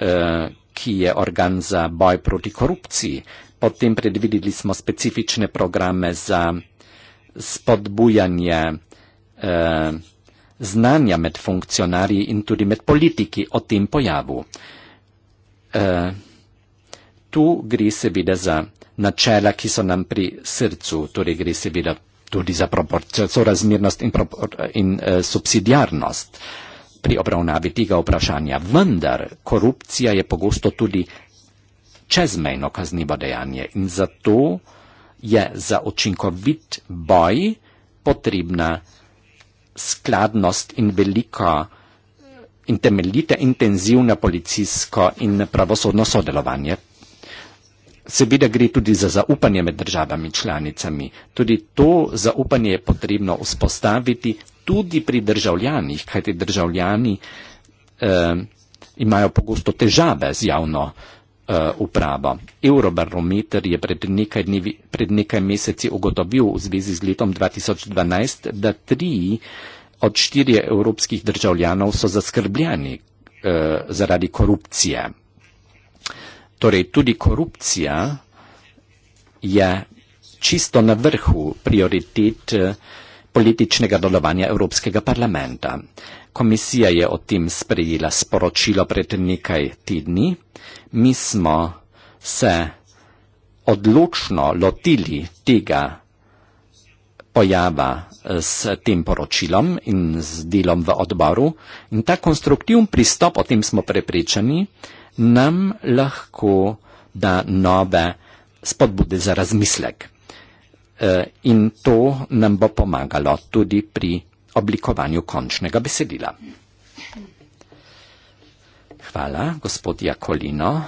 eh, ki je organ za boj proti korupciji. Potem predvideli smo specifične programe za spodbujanje eh, znanja med funkcionarji in tudi med politiki o tem pojavu. Eh, tu gre seveda za načela, ki so nam pri srcu, torej gre seveda tudi za sorazmernost in, propor, in eh, subsidiarnost pri obravnavi tega vprašanja. Vendar korupcija je pogosto tudi čezmejno kaznivo dejanje in zato je za učinkovit boj potrebna skladnost in veliko in temeljite intenzivno policijsko in pravosodno sodelovanje. Seveda gre tudi za zaupanje med državami članicami. Tudi to zaupanje je potrebno vzpostaviti tudi pri državljanih, kajti državljani eh, imajo pogosto težave z javno eh, Eh, upravo. Eurobarometer je pred nekaj, dnevi, pred nekaj meseci ugotovil v zvezi z letom 2012, da tri od štirje evropskih državljanov so zaskrbljeni uh, zaradi korupcije. Torej, tudi korupcija je čisto na vrhu prioritet eh, političnega delovanja Evropskega parlamenta komisija je o tem sprejela sporočilo pred nekaj tedni. Mi smo se odločno lotili tega pojava eh, s tem poročilom in z delom v odboru in ta konstruktivn pristop, o tem smo prepričani, nam lahko da nove spodbude za razmislek. Eh, in to nam bo pomagalo tudi pri oblikovanju končnega besedila. Hvala, gospod Jakolino.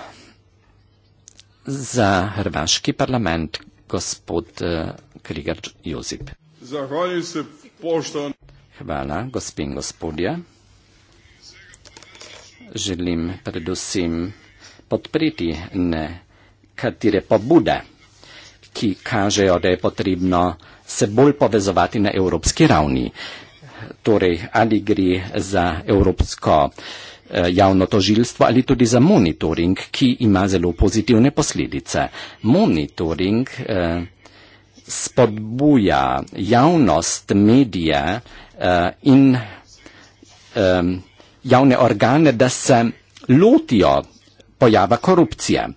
Za hrvaški parlament, gospod eh, Krigar Jozip. Zahvaljujem se poštovani. Hvala, gospod in gospodje. Želim predvsem podpreti nekatere pobude, ki kažejo, da je potrebno se bolj povezovati na evropski ravni torej ali gre za evropsko eh, javno tožilstvo ali tudi za monitoring, ki ima zelo pozitivne posledice. Monitoring eh, spodbuja javnost, medije eh, in eh, javne organe, da se lotijo pojava korupcije.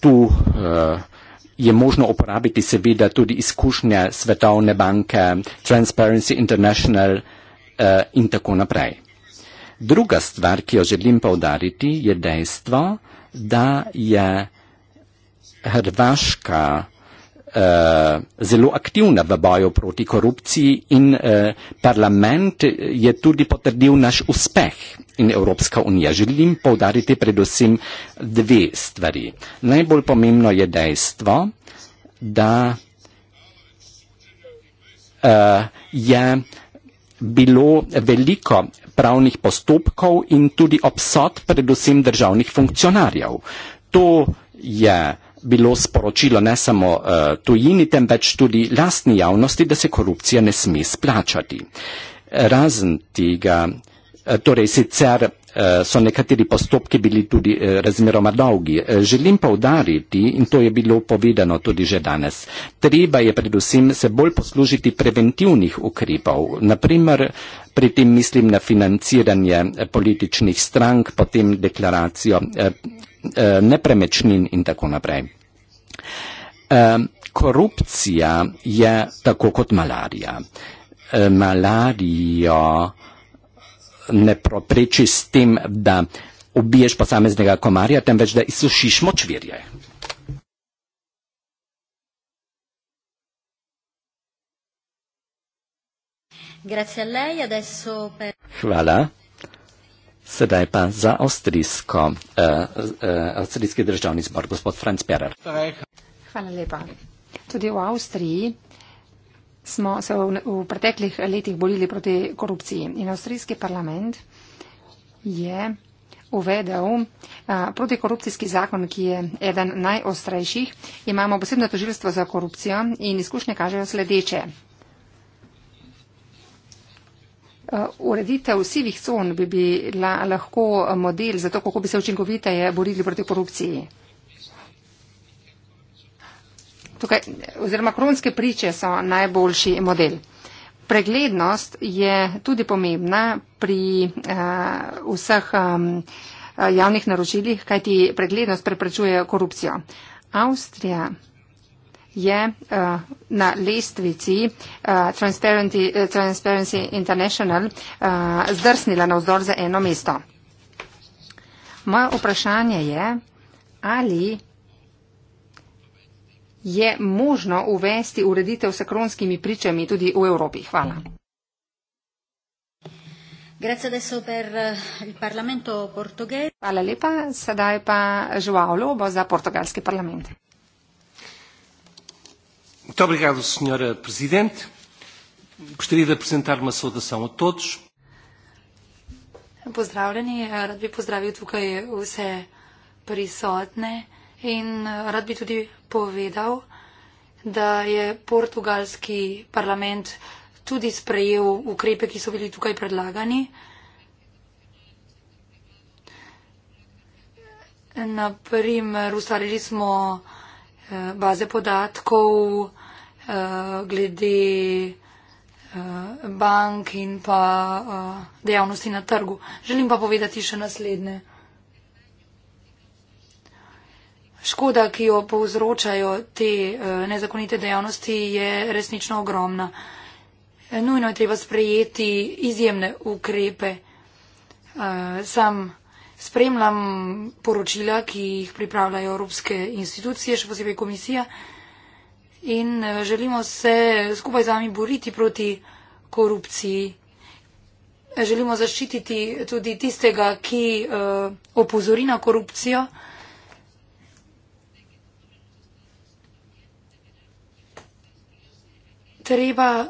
Tu eh, je možno uporabiti seveda tudi izkušnje Svetovne banke, Transparency International eh, in tako naprej. Druga stvar, ki jo želim povdariti, je dejstvo, da je Hrvaška Eh, zelo aktivna v boju proti korupciji in eh, parlament je tudi potrdil naš uspeh in Evropska unija. Želim povdariti predvsem dve stvari. Najbolj pomembno je dejstvo, da eh, je bilo veliko pravnih postopkov in tudi obsod predvsem državnih funkcionarjev. To je bilo sporočilo ne samo uh, tujini, temveč tudi lastni javnosti, da se korupcija ne sme splačati. Razen tega, eh, torej sicer Eh, so nekateri postopki bili tudi eh, razmeroma dolgi. Eh, želim pa udariti, in to je bilo povedano tudi že danes, treba je predvsem se bolj poslužiti preventivnih ukrepov. Naprimer, pri tem mislim na financiranje političnih strank, potem deklaracijo nepremečnin in tako naprej. Korupcija je tako kot malarija. Malarijo ne propriči s tim da ubiješ posameznega komarja, temveč da izsušiš močvirje. Hvala. Sedaj pa za avstrijsko, eh, eh, avstrijski državni zbor, gospod Franz Perer. Hvala lepa. Tudi v Avstriji smo se v, v preteklih letih borili proti korupciji in avstrijski parlament je uvedel a, protikorupcijski zakon, ki je eden najostrejših. Imamo posebno toživstvo za korupcijo in izkušnje kažejo sledeče. Ureditev sivih con bi bila lahko model za to, kako bi se učinkoviteje borili proti korupciji tukaj, oziroma kronske priče so najboljši model. Preglednost je tudi pomembna pri uh, vseh um, javnih naročilih, kajti preglednost preprečuje korupcijo. Avstrija je uh, na lestvici uh, Transparency, uh, Transparency International uh, zdrsnila navzdor za eno mesto. Moje vprašanje je, ali je možno uvesti ureditev s kronskimi pričami tudi v Evropi. Hvala. Eh, Hvala lepa. Sedaj pa Žuav Lobo za portugalski parlament. Pozdravljeni, rad bi pozdravil tukaj vse prisotne. In eh, rad bi tudi povedal, da je portugalski parlament tudi sprejel ukrepe, ki so bili tukaj predlagani. Naprimer, ustvarili smo eh, baze podatkov eh, glede bank in pa dejavnosti na trgu. Želim pa povedati še naslednje. škoda, ki jo povzročajo te eh, nezakonite dejavnosti, je resnično ogromna. Eh, nujno je treba sprejeti izjemne ukrepe. Eh, sam spremljam poročila, ki jih pripravljajo evropske institucije, še posebej komisija. In želimo se skupaj z vami boriti proti korupciji. Želimo zaščititi tudi tistega, ki uh, opozori na korupcijo. treba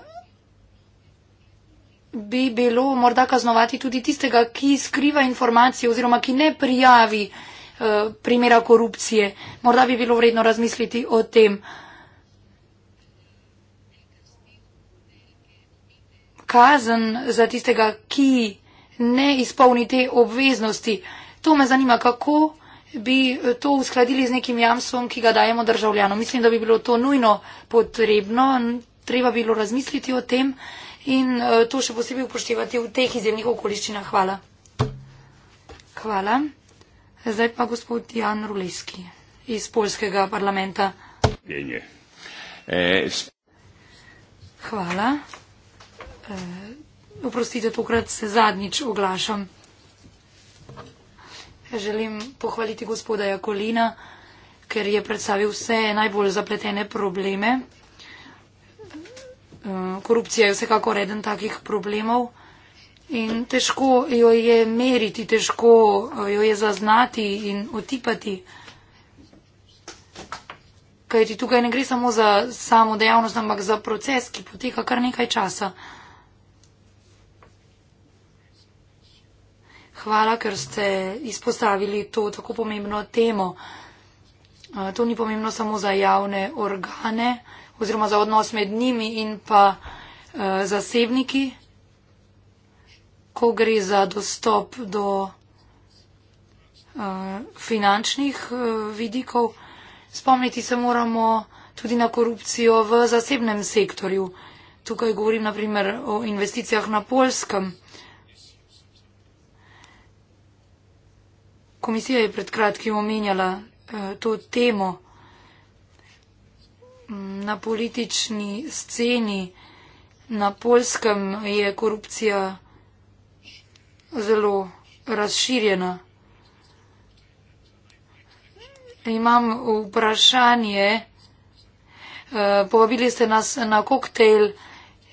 bi bilo morda kaznovati tudi tistega, ki skriva informacije oziroma ki ne prijavi eh, primera korupcije. Morda bi bilo vredno razmisliti o tem, kazen za tistega, ki ne izpolni te obveznosti. To me zanima, kako bi to uskladili z nekim jamstvom, ki ga dajemo državljanom. Mislim, da bi bilo to nujno potrebno, treba bilo razmisliti o tem in uh, to še posebej upoštevati v teh izjemnih okoliščinah. Hvala. Hvala. Zdaj pa gospod Jan Rulejski iz Polskega parlamenta. E, Hvala. E, oprostite, tokrat se zadnjič oglašam. Želim pohvaliti gospoda Jakolina, ker je predstavil vse najbolj zapletene probleme. Eh, korupcija je vsekakor eden takih problemov in težko jo je meriti, težko eh, jo je zaznati in otipati. Kaj ti tukaj ne gre samo za samo dejavnost, ampak za proces, ki poteka kar nekaj časa. Hvala, ker ste izpostavili to tako pomembno temo. Eh, to ni pomembno samo za javne organe oziroma za odnos med njimi in pa uh, zasebniki, ko gre za dostop do uh, finančnih uh, vidikov. Spomniti se moramo tudi na korupcijo v zasebnem sektorju. Tukaj govorim naprimer o investicijah na polskem. Komisija je pred kratkim omenjala uh, to temo na politični sceni na polskem je korupcija zelo razširjena. Imam vprašanje. Eh, povabili ste nas na koktejl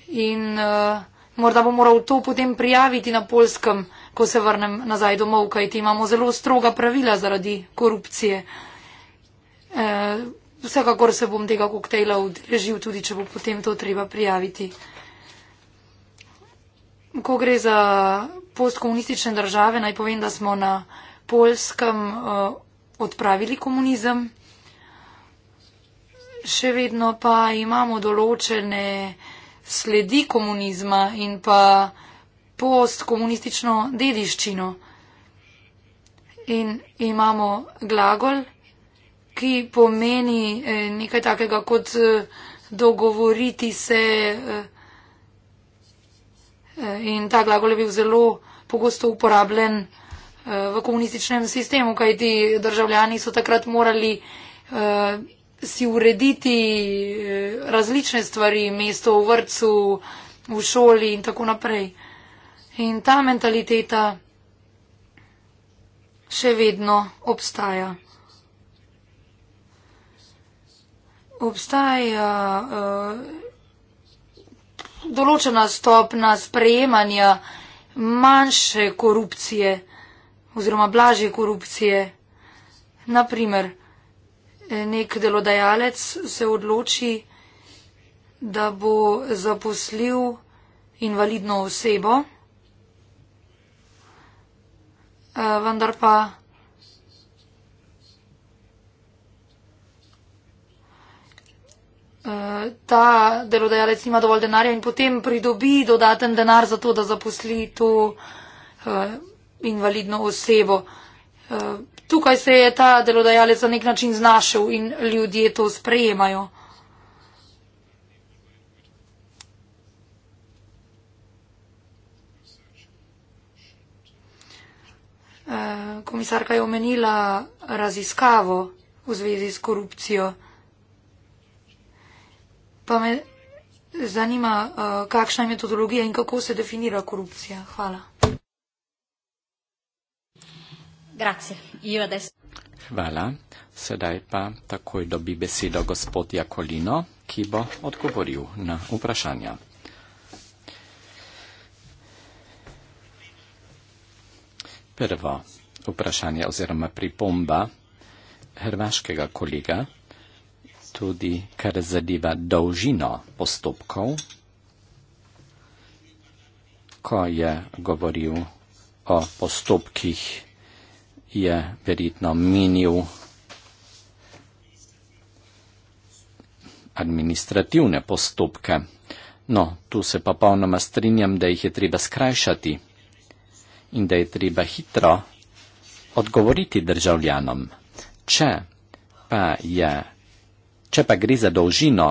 in eh, morda bom moral to potem prijaviti na polskem, ko se vrnem nazaj domov, kajti imamo zelo stroga pravila zaradi korupcije. Eh, Vsekakor se bom tega koktejla udeležil, tudi če bo potem to treba prijaviti. Ko gre za postkomunistične države, naj povem, da smo na Polskem uh, eh, odpravili komunizem. Še vedno pa imamo določene sledi komunizma in pa postkomunistično dediščino. In imamo glagol ki pomeni eh, nekaj takega kot eh, dogovoriti se. Eh, in ta glagol je bil zelo pogosto uporabljen v komunističnem sistemu, kajti državljani so takrat morali si urediti različne stvari, mesto v vrtu, v šoli in tako naprej. In ta mentaliteta še vedno obstaja. obstaja uh, določena stopna sprejemanja manjše korupcije oziroma blažje korupcije. Naprimer, nek delodajalec se odloči, da bo zaposlil invalidno osebo, eh, vendar pa. Eh, ta delodajalec nima dovolj denarja in potem pridobi dodaten denar za to, da zaposli to uh, invalidno osebo. Uh, tukaj se je ta delodajalec na nek način znašel in ljudje to sprejemajo. Komisarka je omenila raziskavo v zvezi s korupcijo pa me zanima, eh, kakšna je metodologija in kako se definira korupcija. Hvala. Hvala. Sedaj pa takoj dobi besedo gospod Jakolino, ki bo odgovoril na vprašanja. Prvo vprašanje oziroma pripomba hrvaškega kolega tudi kar zadeva dolžino postopkov, ko je govoril o postopkih, je verjetno menil administrativne postopke. No, tu se popolnoma strinjam, da jih je treba skrajšati in da je treba hitro odgovoriti državljanom. Če pa je Če pa gre za dolžino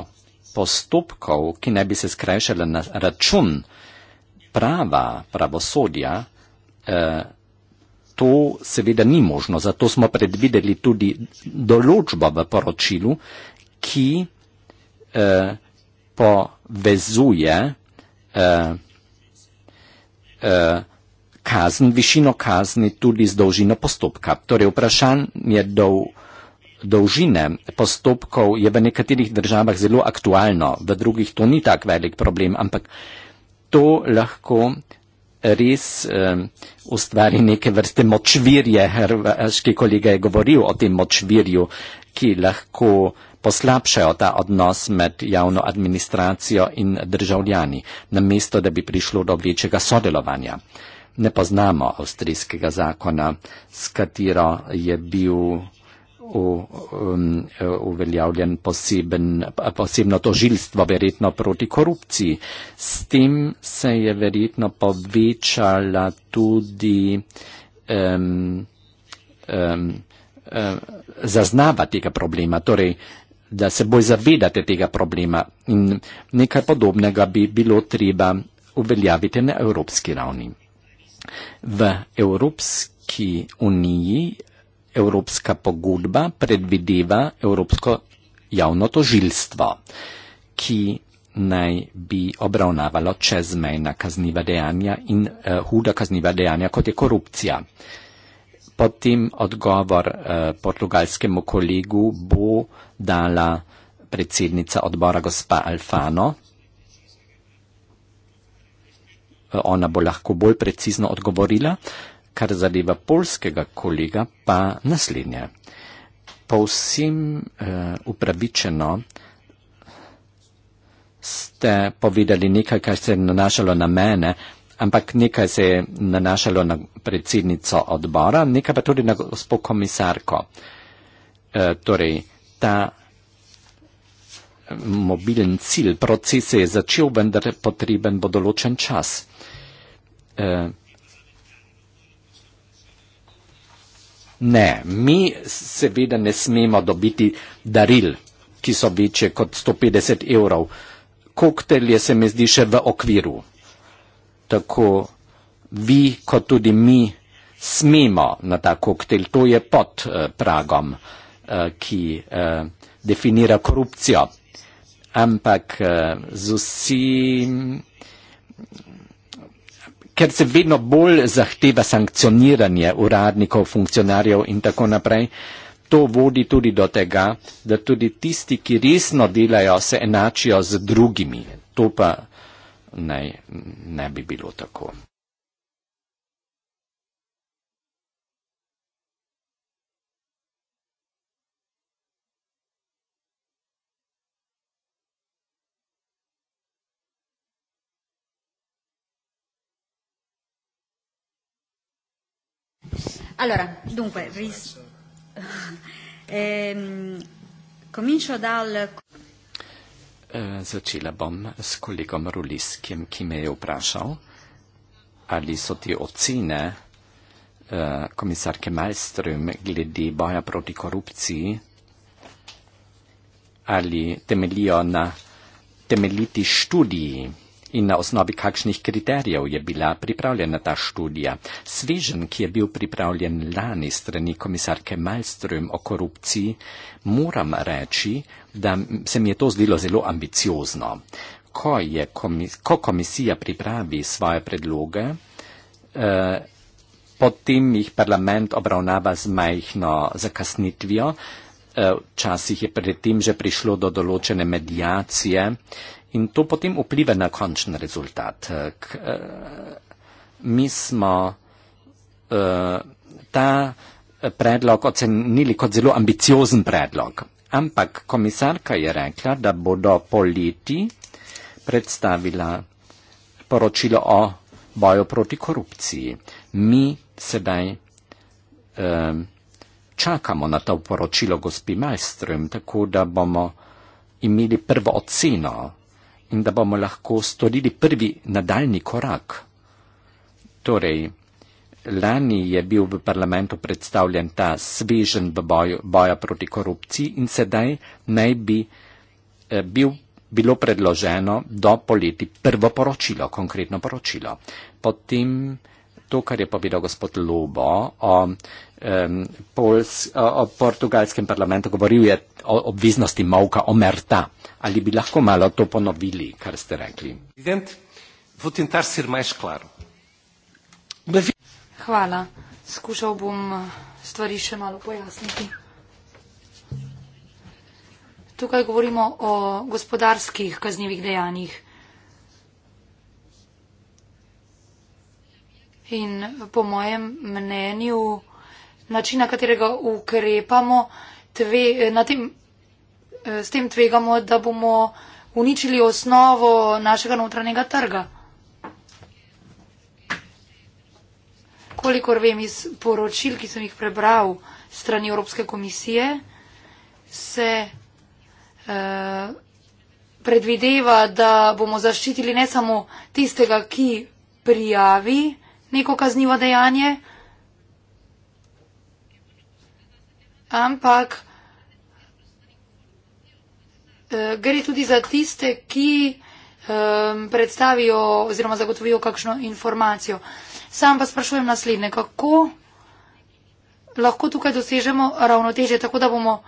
postopkov, ki naj bi se skrajšale na račun prava, pravosodja, eh, to seveda ni možno. Zato smo predvideli tudi določbo v poročilu, ki eh, povezuje eh, kazn, višino kazni tudi z dolžino postopka. Torej, vprašanje dolžine dolžine postopkov je v nekaterih državah zelo aktualno, v drugih to ni tak velik problem, ampak to lahko res eh, ustvari neke vrste močvirje. Hrvaški kolega je govoril o tem močvirju, ki lahko poslabšajo ta odnos med javno administracijo in državljani, namesto da bi prišlo do večjega sodelovanja. Ne poznamo avstrijskega zakona, s katero je bil v, um, uveljavljen poseben, posebno tožilstvo, verjetno proti korupciji. S tem se je verjetno povečala tudi um, um, um, zaznava tega problema, torej, da se bolj zavedate tega problema in nekaj podobnega bi bilo treba uveljaviti na evropski ravni. V Evropski uniji evropska pogodba predvideva evropsko javno tožilstvo, ki naj bi obravnavalo čezmejna kazniva dejanja in uh, huda kazniva dejanja, kot je korupcija. Potem odgovor uh, portugalskemu kolegu bo dala predsednica odbora gospa Alfano. Eh, ona bo lahko bolj precizno odgovorila. Uh, kar zadeva polskega kolega, pa naslednje. Povsem uh, upravičeno ste povedali nekaj, kar se je nanašalo na mene, ampak nekaj se je nanašalo na predsednico odbora, nekaj pa tudi na gospod komisarko. Uh, torej, ta eh, mobilen cilj, proces je začel, vendar potreben bo določen čas. Uh, Ne, mi seveda ne smemo dobiti daril, ki so večje kot 150 evrov. Koktel je se mi zdi še v okviru. Tako vi, kot tudi mi, smemo na ta koktel. To je pod uh, pragom, uh, ki uh, definira korupcijo. Ampak uh, z vsem ker se vedno bolj zahteva sankcioniranje uradnikov, funkcionarjev in tako naprej. To vodi tudi do tega, da tudi tisti, ki resno delajo, se enačijo z drugimi. To pa naj ne bi bilo tako. Allora, dunque, ris- ehm, comincio dal... Eh, Začelabom s kolegom Ruliskim, ki me je vprašal, ali so te ocene eh, komisarke Malmström glede boja proti korupciji, ali temeljijo na temeljiti študiji. In na osnovi kakšnih kriterijev je bila pripravljena ta študija? Svežen, ki je bil pripravljen lani strani komisarke Malstrom o korupciji, moram reči, da se mi je to zdelo zelo ambiciozno. Ko, je, ko komisija pripravi svoje predloge, eh, potem jih parlament obravnava z majhno zakasnitvijo, eh, včasih je predtem že prišlo do določene medijacije, eh, in to potem vpliva na končen rezultat. K, uh, mi smo uh, ta predlog ocenili kot zelo ambiciozen predlog, ampak komisarka je rekla, da bodo poleti predstavila poročilo o boju proti korupciji. Mi sedaj eh, čakamo na to poročilo gospi Majstrom, tako da bomo imeli prvo oceno in da bomo lahko storili prvi nadaljni korak. Torej, Lani je bil v parlamentu predstavljen ta svežen v boju, boja proti korupciji in sedaj naj bi eh, bil, bilo predloženo do poleti prvo poročilo, konkretno poročilo. Potem to, kar je povedal gospod Lobo o Pols, o portugalskem parlamentu govoril je o obveznosti mavka omerta. Ali bi lahko malo to ponovili, kar ste rekli? Hvala. Skušal bom eh, stvari še malo pojasniti. Tukaj govorimo o gospodarskih kaznjivih dejanjih. In po mojem mnenju, način, na katerega ukrepamo, tve, na tem, eh, s tem tvegamo, da bomo uničili osnovo našega notranjega trga. Kolikor vem iz poročil, ki sem jih prebral strani Evropske komisije, se uh, predvideva, da bomo zaščitili ne samo tistega, ki prijavi neko kaznivo dejanje, ampak uh, gre tudi za tiste, ki um, predstavijo oziroma zagotovijo kakšno informacijo. Sam pa sprašujem naslednje, kako lahko tukaj dosežemo ravnoteže, tako da bomo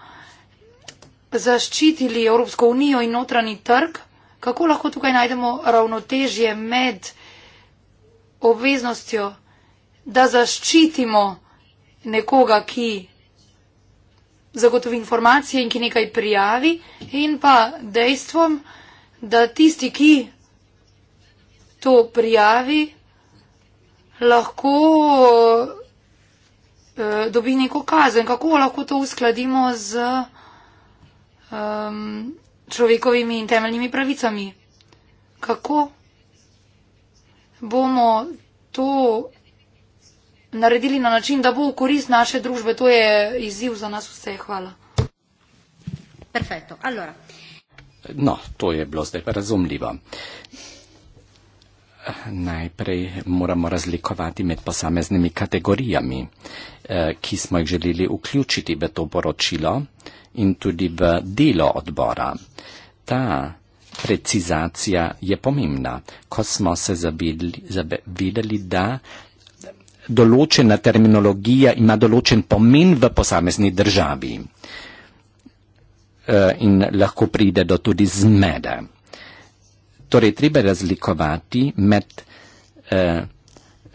zaščitili Evropsko unijo in notranji trg, kako lahko tukaj najdemo ravnotežje med obveznostjo, da zaščitimo nekoga, ki zagotovi informacije in ki nekaj prijavi in pa dejstvom, da tisti, ki to prijavi, lahko eh, dobi neko kazen. Kako lahko to uskladimo z eh, človekovimi in temeljnimi pravicami? Kako bomo to naredili na način, da bo v korist naše družbe. To je izziv za nas vse. Hvala. Perfetto. Allora. No, to je bilo zdaj razumljivo. Najprej moramo razlikovati med posameznimi kategorijami, eh, ki smo jih želeli vključiti v to poročilo in tudi v delo odbora. Ta precizacija je pomembna, ko smo se zavedeli, da določena terminologija ima določen pomen v posamezni državi eh, in lahko pride do tudi zmede. Torej, treba razlikovati med eh,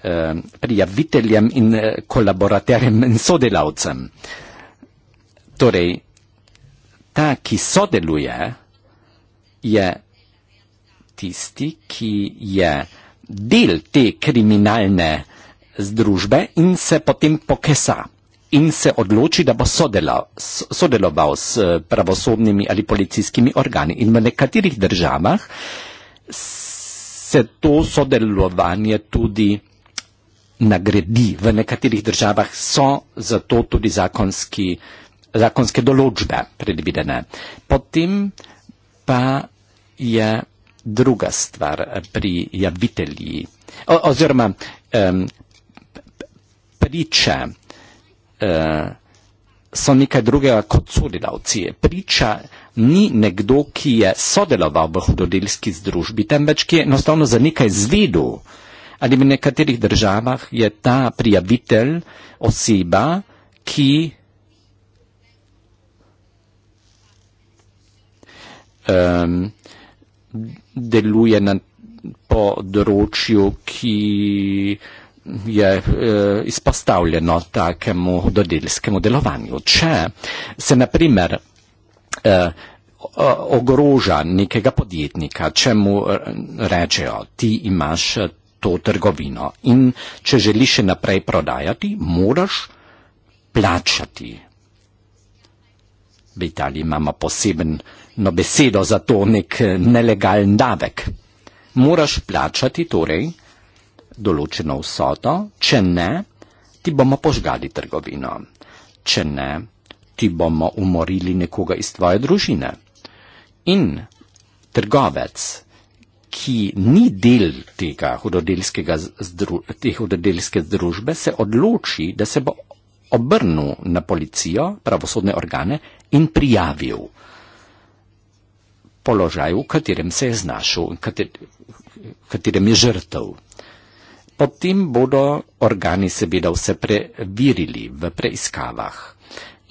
eh, prijaviteljem in kolaboraterjem in sodelavcem. Torej, ta, ki sodeluje, je tisti, ki je del te kriminalne uh, z družbe in se potem pokesa in se odloči, da bo sodelal, sodeloval s eh, pravosodnimi ali policijskimi organi. In v nekaterih državah se to sodelovanje tudi nagradi. V nekaterih državah so zato tudi zakonski, zakonske določbe predvidene. Potem pa je druga stvar pri javitelji. O, oziroma, priče eh, so nekaj drugega kot sodelavci. Priča ni nekdo, ki je sodeloval v hudodelski združbi, temveč ki je enostavno za nekaj zvedel. Ali v nekaterih državah je ta prijavitelj oseba, ki um, deluje na področju, ki uh, je eh, izpostavljeno takemu dodelskemu delovanju. Če se na primer eh, ogroža nekega podjetnika, če mu eh, rečejo, ti imaš to trgovino in če želiš še naprej prodajati, moraš plačati. V Italiji imamo posebno besedo za to nek nelegalen davek. Moraš plačati torej določeno vsoto, če ne, ti bomo požgali trgovino, če ne, ti bomo umorili nekoga iz tvoje družine. In trgovec, ki ni del tega hudodelskega, te hudodelske družbe, se odloči, da se bo obrnil na policijo, pravosodne organe in prijavil položaju, v katerem se je znašel, v katerem je žrtev potem bodo organi seveda vse preverili v preiskavah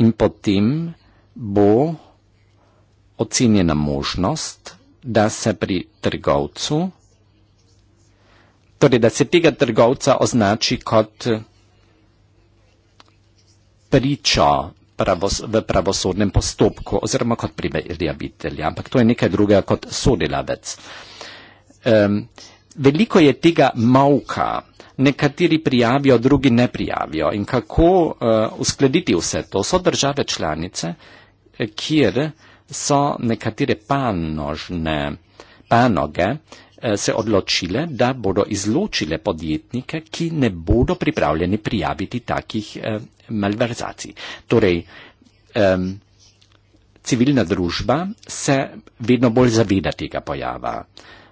in potem bo ocenjena možnost, da se pri trgovcu, torej da se tega trgovca označi kot pričo pravos, v pravosodnem postopku oziroma kot preverjavitelj, ampak to je nekaj drugega kot sodelavec. Um, veliko je tega mavka, nekateri prijavijo, drugi ne prijavijo. In kako eh, uskladiti uh, vse to? So države članice, eh, kjer so nekatere panožne panoge uh, se odločile, da bodo izločile podjetnike, ki ne bodo pripravljeni prijaviti takih uh, malverzacij. Torej, um, civilna družba se vedno bolj zaveda tega pojava. Uh,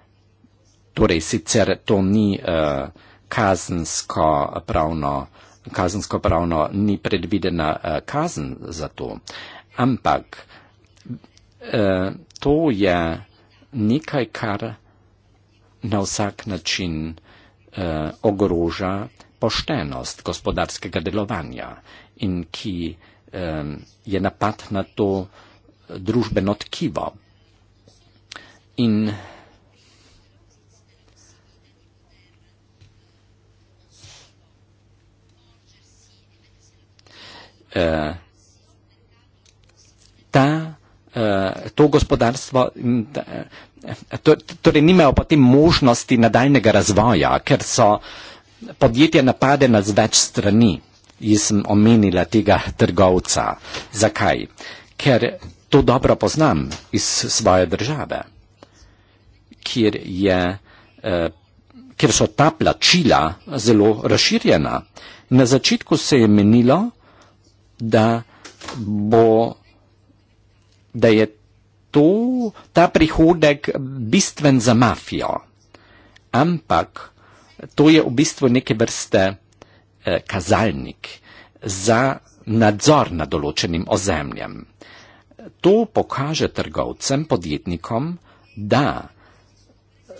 Torej, sicer to ni uh, kazensko pravno, kazensko pravno ni predvidena uh, kazen za to, ampak uh, to je nekaj, kar na vsak način uh, ogroža poštenost gospodarskega delovanja in ki um, je napad na to družbeno tkivo. In uh, Eh, ta, eh, to gospodarstvo, eh, torej nimajo potem možnosti nadaljnega razvoja, ker so podjetja napadena z več strani. Jaz sem omenila tega trgovca. Zakaj? Ker to dobro poznam iz svoje države, kjer, je, kjer so ta plačila zelo razširjena. Na začetku se je menilo, da bo, da je to, ta prihodek bistven za mafijo. Ampak to je v bistvu neke vrste eh, kazalnik za nadzor nad določenim ozemljem. To pokaže trgovcem, podjetnikom, da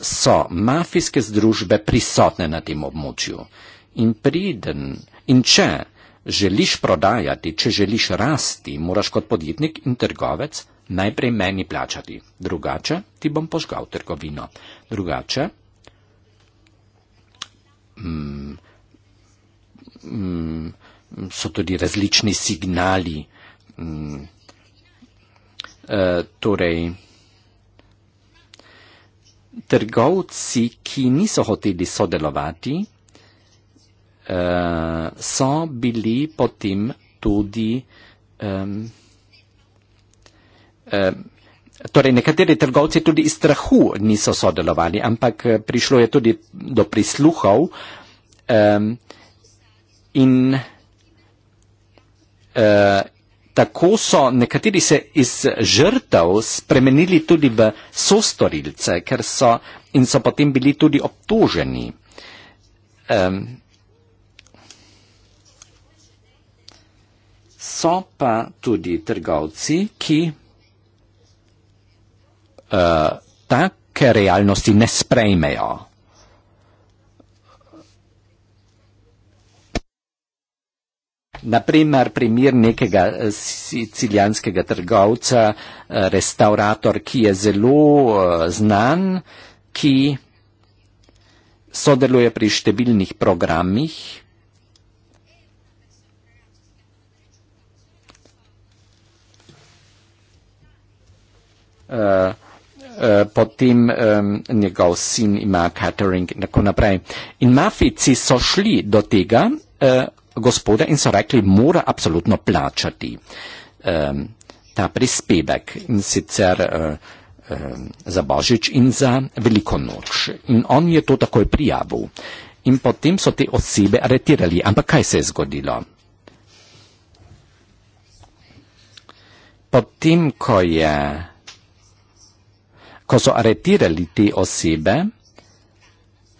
so mafijske združbe prisotne na tem območju. In, priden, in če želiš prodajati, če želiš rasti, moraš kot podjetnik in trgovec najprej meni plačati. Drugače ti bom požgal trgovino. Drugače. Mm, mm, so tudi različni signali. Mm, eh, torej, trgovci, ki niso hoteli sodelovati, uh, so bili potem tudi. Um, Torej, nekateri trgovci tudi iz strahu niso sodelovali, ampak eh, prišlo je tudi do prisluhov um, in uh, tako so nekateri se iz žrtev spremenili tudi v sostorilce so, in so potem bili tudi obtoženi. Um, so pa tudi trgovci, ki uh, take realnosti ne sprejmejo. Naprimer, primer nekega eh, sicilijanskega trgovca, eh, restaurator, ki je zelo znan, ki sodeluje pri številnih programih, Eh, eh, potem um, njegov sin ima catering in tako naprej. In mafici so šli do tega uh, gospoda in so rekli, mora absolutno plačati um, ta prispevek in sicer uh, um, za božič in za veliko noč. In on je to takoj prijavil. In potem so te osebe aretirali. Ampak kaj se je zgodilo? Potem, ko je ko so aretirali te osebe,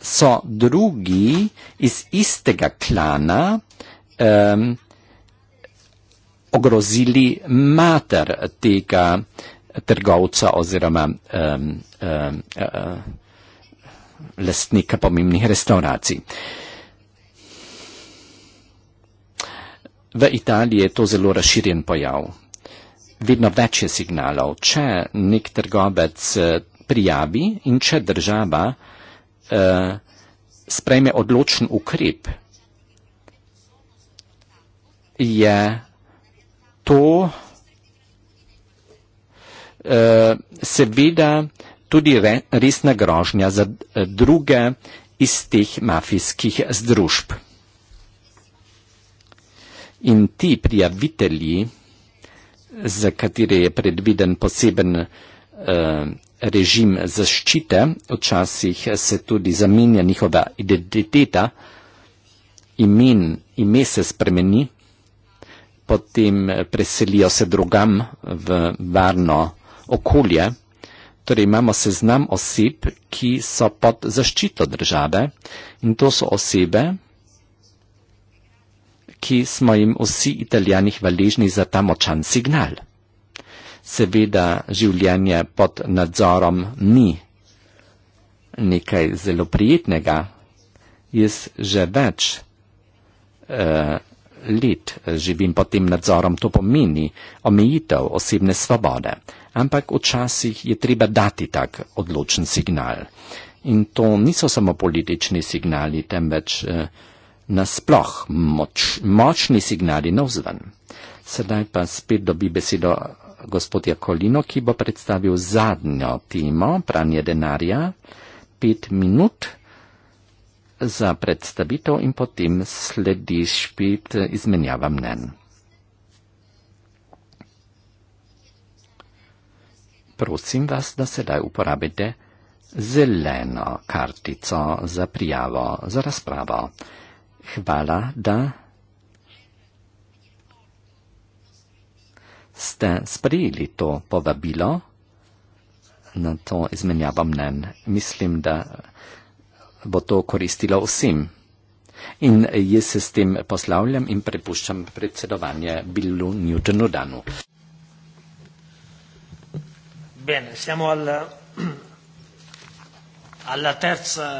so drugi iz istega klana um, ogrozili mater tega trgovca oziroma um, um, uh, lastnika pomembnih restauracij. V Italiji je to zelo razširjen pojav vedno več je signalov. Če nek trgovec eh, prijavi in če država eh, sprejme odločen ukrep, je to eh, seveda tudi re, resna grožnja za eh, druge iz teh mafijskih združb. In ti prijavitelji, za katere je predviden poseben eh, režim zaščite, včasih se tudi zamenja njihova identiteta, imen, ime se spremeni, potem eh, preselijo se drugam v varno okolje. Torej imamo seznam oseb, ki so pod zaščito države in to so osebe, ki smo jim vsi italijani hvaležni za ta močan signal. Seveda življenje pod nadzorom ni nekaj zelo prijetnega. Jaz že več uh, let eh, živim pod tem nadzorom, to pomeni omejitev osebne svobode. Ampak včasih je treba dati tak odločen signal. In to niso samo politični signali, temveč uh, nasploh moč, močni signali navzven. Sedaj pa spet dobi besedo gospod Jakolino, ki bo predstavil zadnjo timo pranje denarja, pet minut za predstavitev in potem sledi špit izmenjava mnen. Prosim vas, da sedaj uporabite zeleno kartico za prijavo, za razpravo. Hvala, da ste sprejeli to povabilo na to izmenjavo mnen. Mislim, da bo to koristilo vsem. In jaz se s tem poslavljam in prepuščam predsedovanje Billu Newtonu Danu. Bene, siamo al, alla terza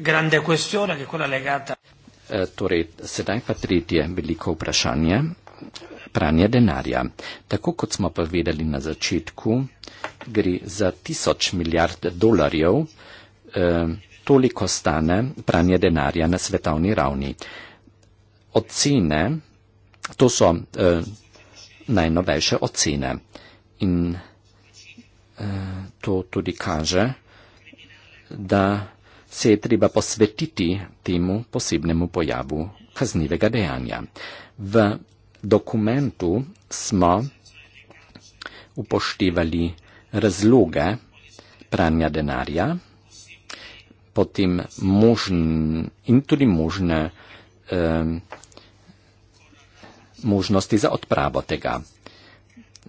grande questione che è quella legata. Eh, torej, sedaj pa tretje veliko vprašanje, pranje denarja. Tako kot smo povedali na začetku, gre za tisoč milijard dolarjev, eh, toliko stane pranje denarja na svetovni ravni. Ocene, to so eh, najnovejše ocene in eh, to tudi kaže, da se je treba posvetiti temu posebnemu pojavu kaznivega dejanja. V dokumentu smo upoštevali razloge pranja denarja, potem možn in tudi možne, eh, možnosti za odpravo tega.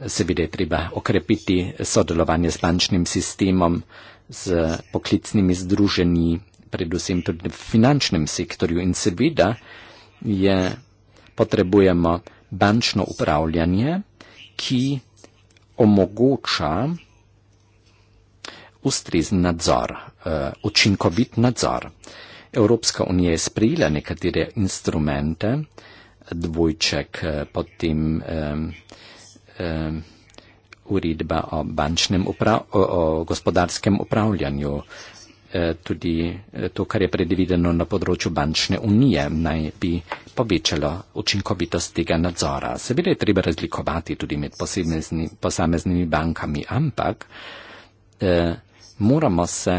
Seveda je treba okrepiti sodelovanje z bančnim sistemom, z poklicnimi združenji, predvsem tudi v finančnem sektorju in seveda je potrebujemo bančno upravljanje, ki omogoča ustrezen nadzor, eh, učinkovit nadzor. Evropska unija je sprejela nekatere instrumente, dvojček eh, potem. Eh, eh, uredba o bančnem uprav, o, o gospodarskem upravljanju, e, tudi e, to, kar je predvideno na področju bančne unije, naj bi povečalo učinkovitost tega nadzora. Seveda je treba razlikovati tudi med posamezni, posameznimi bankami, ampak eh, moramo se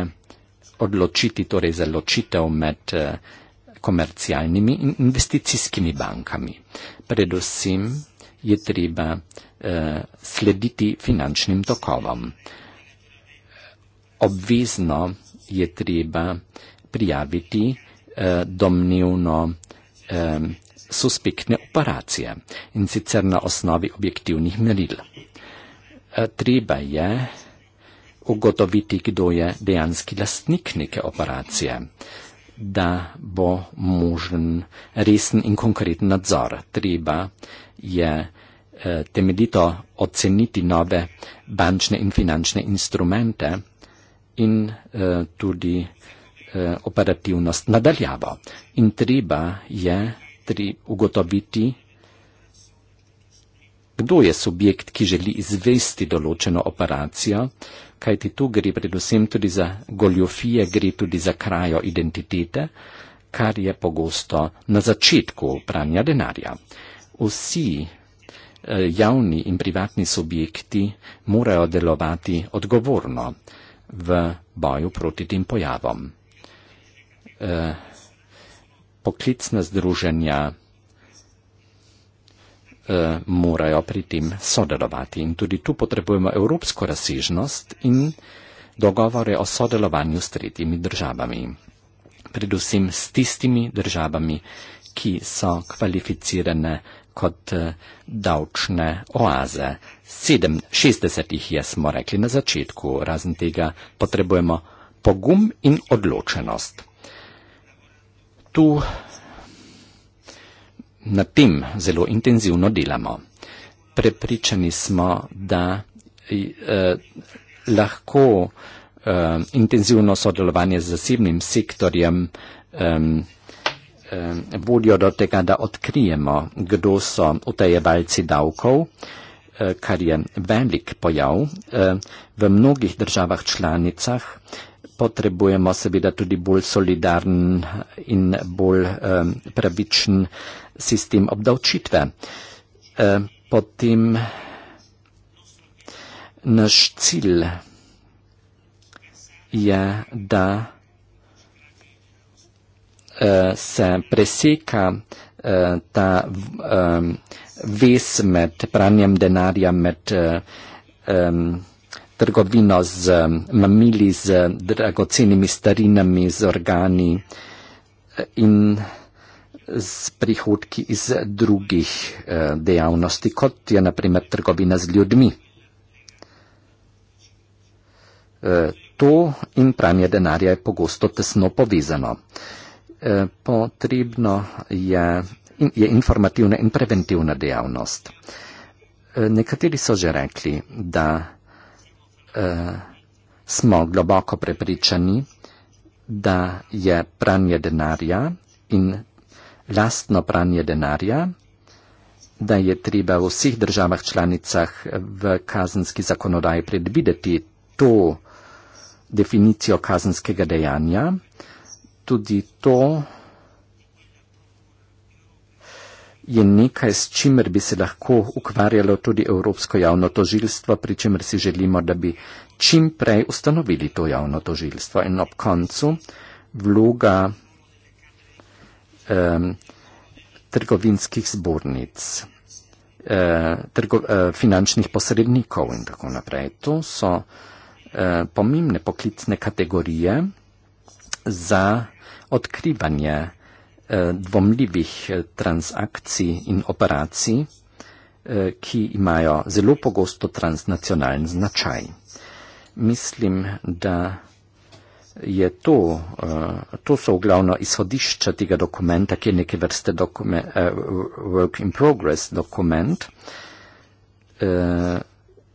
odločiti torej za ločitev med e, komercialnimi in investicijskimi bankami. Predvsem je treba eh, slediti finančnim tokovom. Obvezno je treba prijaviti eh, domnevno eh, suspektne operacije in sicer na osnovi objektivnih meril. Eh, treba je ugotoviti, kdo je dejanski lastnik neke operacije, da bo možen resen in konkreten nadzor. Treba je eh, Eh, temeljito oceniti nove bančne in finančne instrumente in eh, tudi eh, operativnost nadaljavo. In treba je tri ugotoviti, kdo je subjekt, ki želi izvesti določeno operacijo, kajti tu gre predvsem tudi za goljofije, gre tudi za krajo identitete, kar je pogosto na začetku pranja denarja. Vsi Eh, javni in privatni subjekti morajo delovati odgovorno v boju proti tem pojavom. Eh, poklicna združenja eh, morajo pri tem sodelovati in tudi tu potrebujemo evropsko razsežnost in dogovore o sodelovanju s tretjimi državami, predvsem s tistimi državami, ki so kvalificirane kot eh, davčne oaze. 67 jih je, smo rekli na začetku, razen tega potrebujemo pogum in odločenost. Tu na tem zelo intenzivno delamo. Prepričani smo, da eh, lahko eh, intenzivno sodelovanje z zasebnim sektorjem eh, eh, volijo do tega, da odkrijemo, kdo so utajevalci davkov, eh, kar je velik pojav. Eh, v mnogih državah članicah potrebujemo seveda tudi bolj solidarn in bolj eh, pravičen sistem obdavčitve. Eh, potem naš cilj je, da se preseka eh, ta ves med pranjem denarja, med trgovino z mamili, z dragocenimi starinami, z organi eh, in z prihodki iz drugih eh, dejavnosti, kot je naprimer trgovina z ljudmi. To in pranje denarja je pogosto tesno povezano. Eh, potrebno je, je informativna in preventivna dejavnost. Eh, nekateri so že rekli, da eh, smo globoko prepričani, da je pranje denarja in lastno pranje denarja, da je treba v vseh državah članicah v kazenski zakonodaji predvideti to definicijo kazenskega dejanja. Eh, tudi to je nekaj, s čimer bi se lahko ukvarjalo tudi Evropsko javno tožilstvo, pri čemer si želimo, da bi čim prej ustanovili to javno tožilstvo. In ob koncu vloga um, trgovinskih zbornic, uh, trgo, uh, finančnih posrednikov in tako naprej. To so uh, pomembne poklicne kategorije za odkrivanja eh, dvomljivih eh, transakcij in operacij, eh, ki imajo zelo pogosto transnacionalen značaj. Mislim, da je to, to so v glavno izhodišča tega dokumenta, ki je neke vrste dokumen, work in progress dokument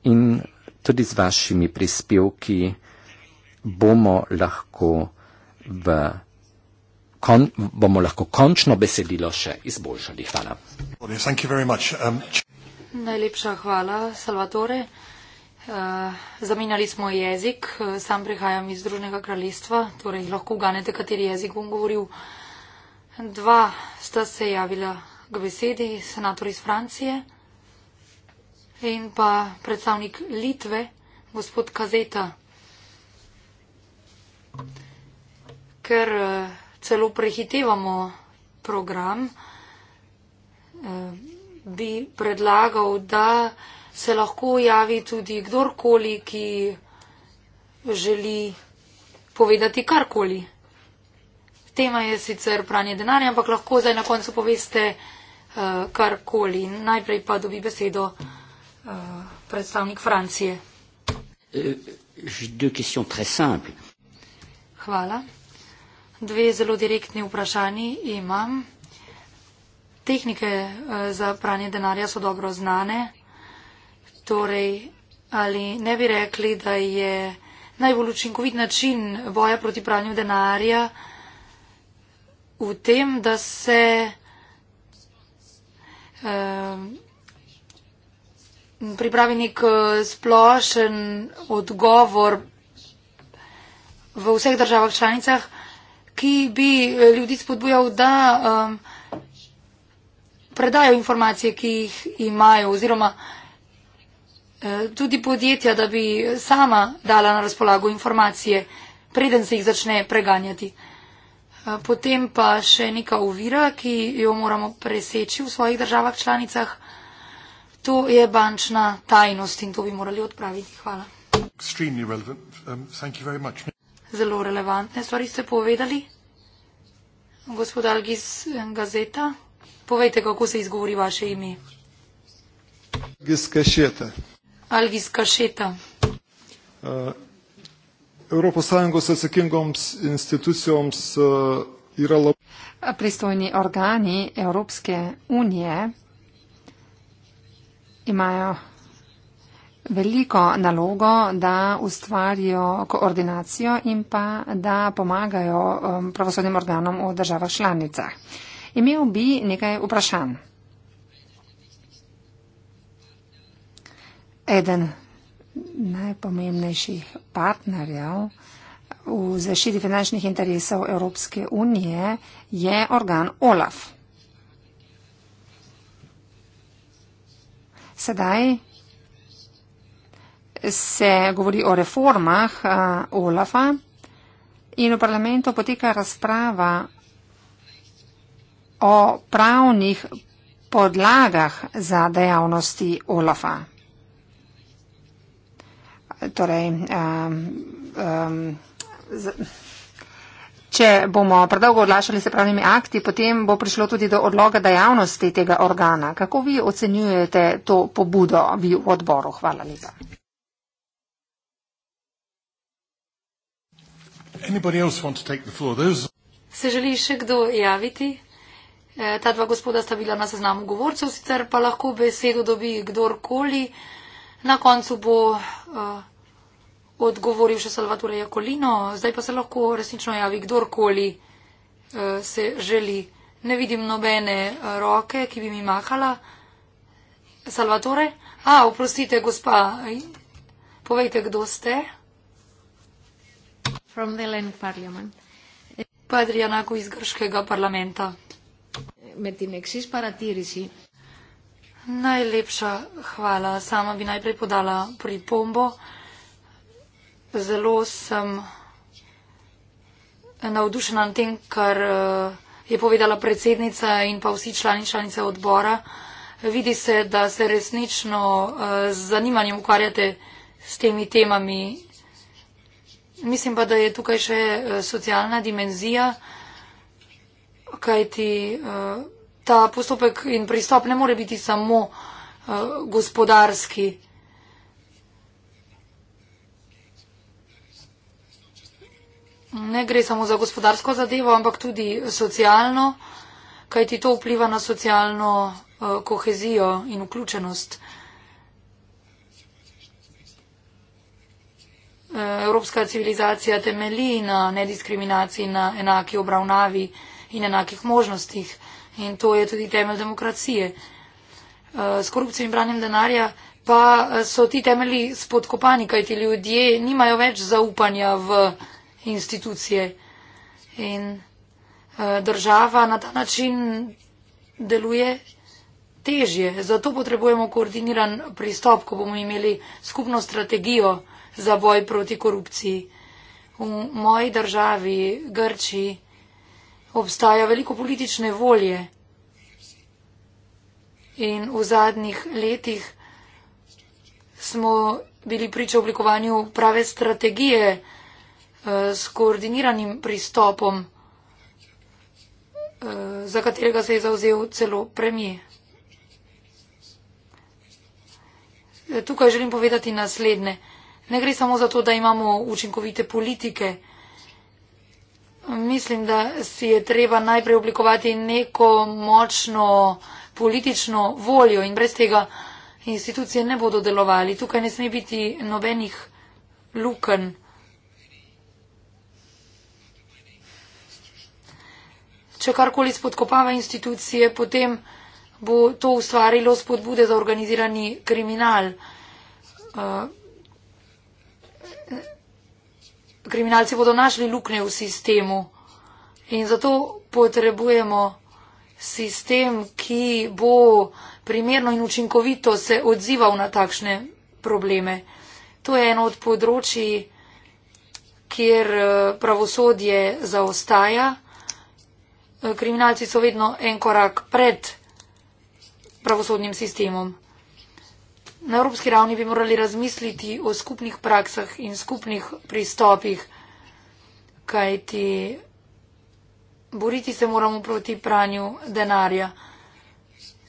in tudi z vašimi prispevki bomo lahko v kon, bomo lahko končno besedilo še izboljšali. Hvala. Um, Najlepša hvala, Salvatore. Uh, zamenjali smo jezik, uh, sam prihajam iz Združenega kraljestva, torej lahko uganete, kateri jezik bom govoril. Dva sta se javila k besedi, senator iz Francije in pa predstavnik Litve, gospod Kazeta. Ker uh, celo prehitevamo program, eh, bi predlagal, da se lahko javi tudi kdorkoli, ki želi povedati karkoli. Tema je sicer pranje denarja, ampak lahko zdaj na koncu poveste eh, karkoli. Najprej pa dobi besedo eh, predstavnik Francije. Euh, Hvala. Dve zelo direktni vprašanji imam. Tehnike eh, za pranje denarja so dobro znane. Torej, ali ne bi rekli, da je najbolj učinkovit način boja proti pranju denarja v tem, da se um, pripravi nek eh, splošen odgovor v vseh državah članicah, ki bi eh, ljudi spodbujal, da um, predajo informacije, ki jih imajo, oziroma eh, tudi podjetja, da bi sama dala na razpolago informacije, preden se jih začne preganjati. Eh, potem pa še neka uvira, ki jo moramo preseči v svojih državah članicah. To je bančna tajnost in to bi morali odpraviti. Hvala zelo relevantne stvari ste povedali. Gospod Algis Gazeta, povejte, kako se izgovori vaše ime. Algis Kašeta. Algis Kašeta. Uh, eh, Europos Sąjungos atsakingoms institucijoms uh, eh, yra labai. Pristojni organi Evropske unije imajo veliko nalogo, da ustvarijo koordinacijo in pa da pomagajo um, pravosodnim organom v državah članicah. Imel bi nekaj vprašanj. Eden najpomembnejših partnerjev v zašiti finančnih interesov Evropske unije je organ OLAF. Sedaj se govori o reformah OLAF-a in v parlamentu poteka razprava o pravnih podlagah za dejavnosti OLAF-a. Torej, če bomo predolgo odlašali se pravnimi akti, potem bo prišlo tudi do odloga dejavnosti tega organa. Kako vi ocenjujete to pobudo vi v odboru? Hvala lepa. Se želi še kdo javiti? Eh, ta dva gospoda sta bila na seznamu govorcev, sicer pa lahko besedo dobi kdorkoli. Na koncu bo uh, odgovoril še Salvatore Jakolino, zdaj pa se lahko resnično javi kdorkoli uh, se želi. Ne vidim nobene roke, ki bi mi mahala. Salvatore? A, oprostite, gospa, povejte, kdo ste from the Hellenic Parliament. Padre Janaku iz grškega parlamenta. Metinexis paratirisi. Najlepša hvala. Sama bi najprej podala pripombo. Zelo sem navdušena na tem, kar je povedala predsednica in pa vsi člani članice odbora. Vidi se, da se resnično z zanimanjem ukvarjate s temi temami Mislim pa, da je tukaj še eh, socialna dimenzija, kajti eh, ta postopek in pristop ne more biti samo eh, gospodarski. Ne gre samo za gospodarsko zadevo, ampak tudi socialno, kajti to vpliva na socialno kohezijo in vključenost. evropska civilizacija temeli na nediskriminaciji, na enaki obravnavi in enakih možnostih. In to je tudi temelj demokracije. Eh, s korupcijo in branjem denarja pa eh, so ti temelji spodkopani, kajti ljudje nimajo več zaupanja v institucije. In eh, država na ta način deluje težje. Zato potrebujemo koordiniran pristop, ko bomo imeli skupno strategijo za boj proti korupciji. V moji državi, Grčiji, obstaja veliko politične volje in v zadnjih letih smo bili priča oblikovanju prave strategije eh, s koordiniranim pristopom, eh, za katerega se je zauzel celo premije. Eh, tukaj želim povedati naslednje. Ne gre samo za to, da imamo učinkovite politike. Mislim, da si je treba najprej oblikovati neko močno politično voljo in brez tega institucije ne bodo delovali. Tukaj ne sme biti nobenih luken. Če karkoli spodkopava institucije, potem bo to ustvarilo spodbude za organizirani kriminal. Uh, kriminalci bodo našli luknje v sistemu. In zato potrebujemo sistem, ki bo primerno in učinkovito se odzival na takšne probleme. To je eno od področji, kjer eh, pravosodje zaostaja. Eh, kriminalci so vedno en korak pred pravosodnim sistemom. Na evropski ravni bi morali razmisliti o skupnih praksah in skupnih pristopih, kajti boriti se moramo proti pranju denarja.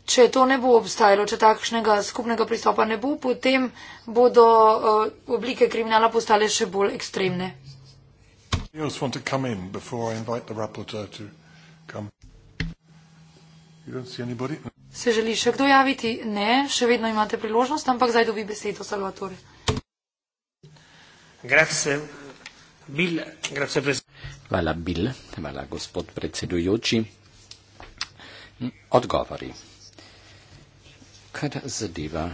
Če to ne bo obstajalo, če takšnega skupnega pristopa ne bo, potem bodo uh, oblike kriminala postale še bolj ekstremne. You don't see anybody? No. Se želi še kdo javiti? Ne, še vedno imate priložnost, ampak zdaj dobi besedo Salvatore. Grazie. Bil, grazie pres- hvala, Bil, hvala, gospod predsedujoči. Hm, odgovori. Kar zadeva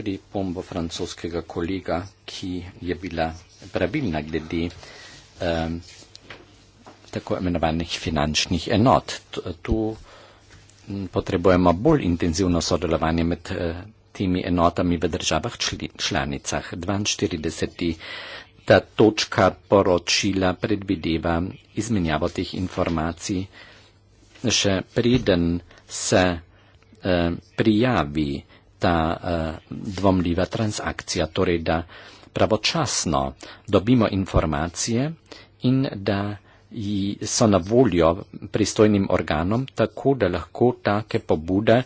pri pombo francoskega kolega, ki je bila pravilna glede um, tako imenovanih finančnih enot. To, to potrebujemo bolj intenzivno sodelovanje med eh, temi enotami v državah članicah. 42. ta točka poročila predvideva izmenjavo teh informacij, še preden se eh, prijavi ta eh, dvomljiva transakcija, torej da pravočasno dobimo informacije in da so na voljo pristojnim organom, tako da lahko take pobude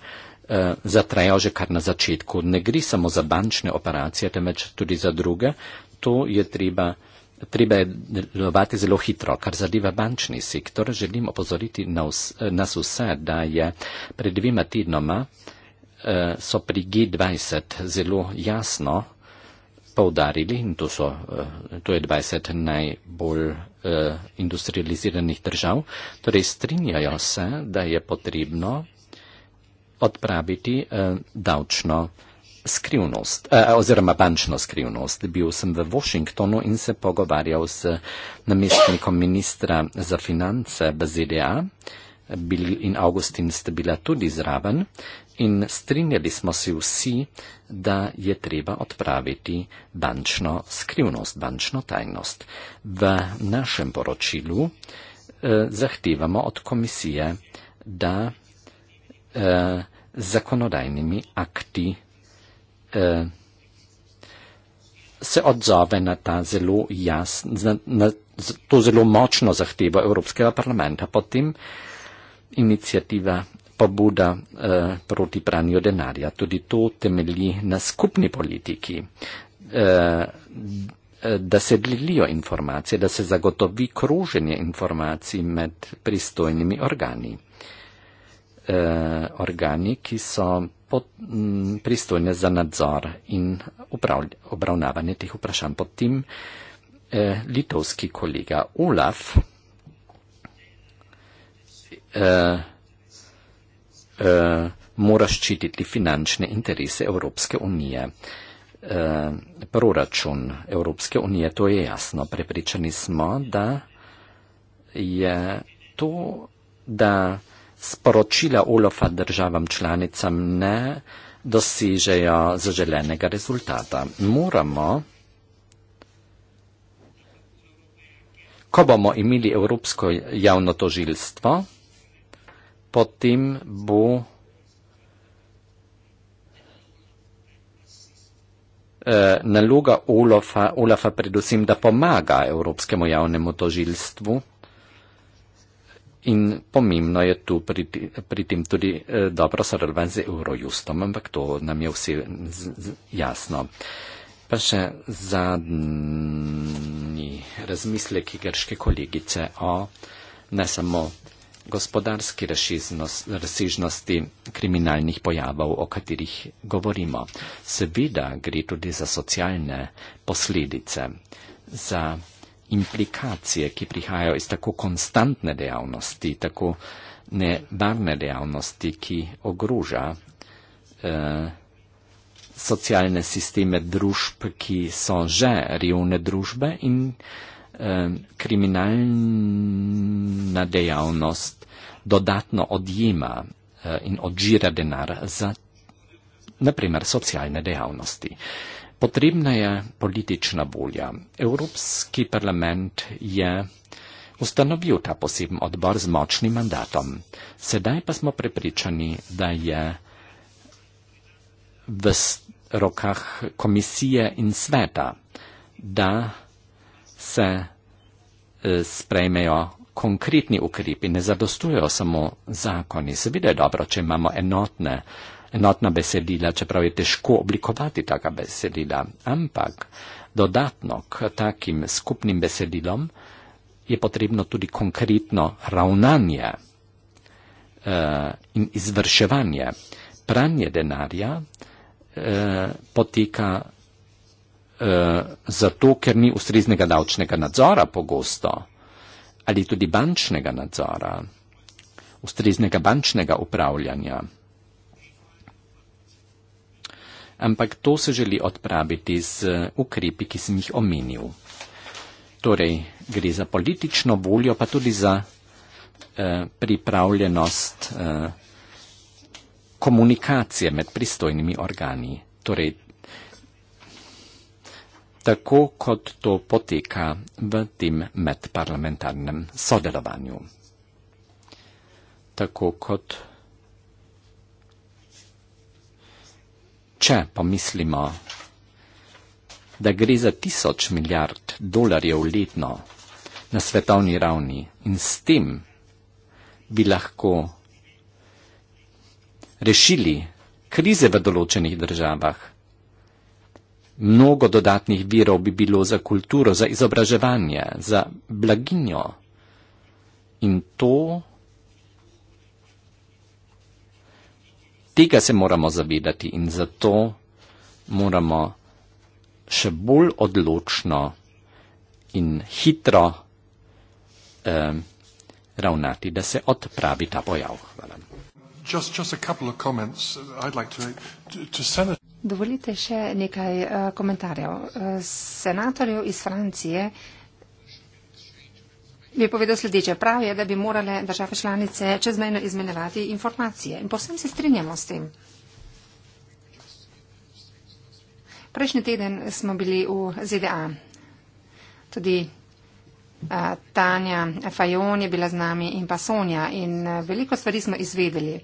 eh, zatrajo že kar na začetku. Ne gre samo za bančne operacije, temveč tudi za druge. To je treba. Treba je delovati zelo hitro, kar zadeva bančni sektor. Želim opozoriti na vs, nas vse, da je pred dvema tednoma eh, so pri G20 zelo jasno eh, poudarili, in to, so, eh, to je 20 najbolj eh, industrializiranih držav, torej strinjajo se, da je potrebno odpraviti eh, davčno skrivnost oziroma bančno skrivnost. Bil sem v Washingtonu in se pogovarjal s namestnikom ministra za finance v ZDA. Bili in Augustin sta bila tudi zraven in strinjali smo se vsi, da je treba odpraviti bančno skrivnost, bančno tajnost. V našem poročilu eh, zahtevamo od komisije, da eh, zakonodajnimi akti eh, se odzove na, ta zelo jasn, na, na to zelo močno zahtevo Evropskega parlamenta. Potem inicijativa pobuda eh, proti pranju denarja. Tudi to temelji na skupni politiki, eh, eh da se delijo informacije, da se zagotovi kruženje informacij med pristojnimi organi. Eh, organi, ki so pristojne za nadzor in obravnavanje teh vprašanj. Potem eh, litovski kolega Olaf. Eh, Eh, mora ščititi finančne interese Evropske unije. E, proračun Evropske unije, to je jasno. Prepričani smo, da je to, da sporočila Olofa državam članicam ne dosižejo zaželenega rezultata. Moramo, ko bomo imeli Evropsko javno tožilstvo, pod tým bu eh, naloga ULOFA, ULOFA predvsem, da pomaga Evropskemu javnemu tožilstvu in pomembno je tu pri, pri tem tudi eh, dobro sodelovanje z Eurojustom, ampak to nam je vsi jasno. Pa še zadnji razmislek grške kolegice o ne samo gospodarski razsežnosti kriminalnih pojavov, o katerih govorimo. Seveda gre tudi za socialne posledice, za implikacije, ki prihajajo iz tako konstantne dejavnosti, tako nevarne dejavnosti, ki ogroža eh, socialne sisteme družb, ki so že revne družbe in eh, eh, kriminalna dejavnost dodatno odjema eh, in odžira denar za, naprimer, socialne dejavnosti. Potrebna je politična volja. Evropski parlament je ustanovil ta poseben odbor z močnim mandatom. Sedaj pa smo prepričani, da je v rokah komisije in sveta, da se e, sprejmejo konkretni ukrepi, ne zadostujejo samo zakoni. Seveda je dobro, če imamo enotne, enotna besedila, čeprav je težko oblikovati taka besedila, ampak dodatno k takim skupnim besedilom je potrebno tudi konkretno ravnanje uh, in izvrševanje. Pranje denarja uh, poteka uh, zato, ker ni ustreznega davčnega nadzora pogosto ali tudi bančnega nadzora, ustreznega bančnega upravljanja. Ampak to se želi odpraviti z eh, ukrepi, ki sem jih omenil. Torej, gre za politično voljo, pa tudi za eh, pripravljenost eh, komunikacije med pristojnimi organi. Torej, tako kot to poteka v tem medparlamentarnem sodelovanju. Tako kot če pomislimo, da gre za tisoč milijard dolarjev letno na svetovni ravni in s tem bi lahko rešili krize v določenih državah, Mnogo dodatnih virov bi bilo za kulturo, za izobraževanje, za blaginjo. In to, tega se moramo zavedati in zato moramo še bolj odločno in hitro eh, ravnati, da se odpravi ta pojav. Hvala. Just, just Dovolite še nekaj eh, komentarjev. Eh, senatorjev iz Francije bi povedal sledeče. Prav je, da bi morale države članice čezmejno izmenjevati informacije. In posem se strinjamo s tem. Prejšnji teden smo bili v ZDA. Tudi eh, Tanja Fajon je bila z nami in pa Sonja. In veliko stvari smo izvedeli.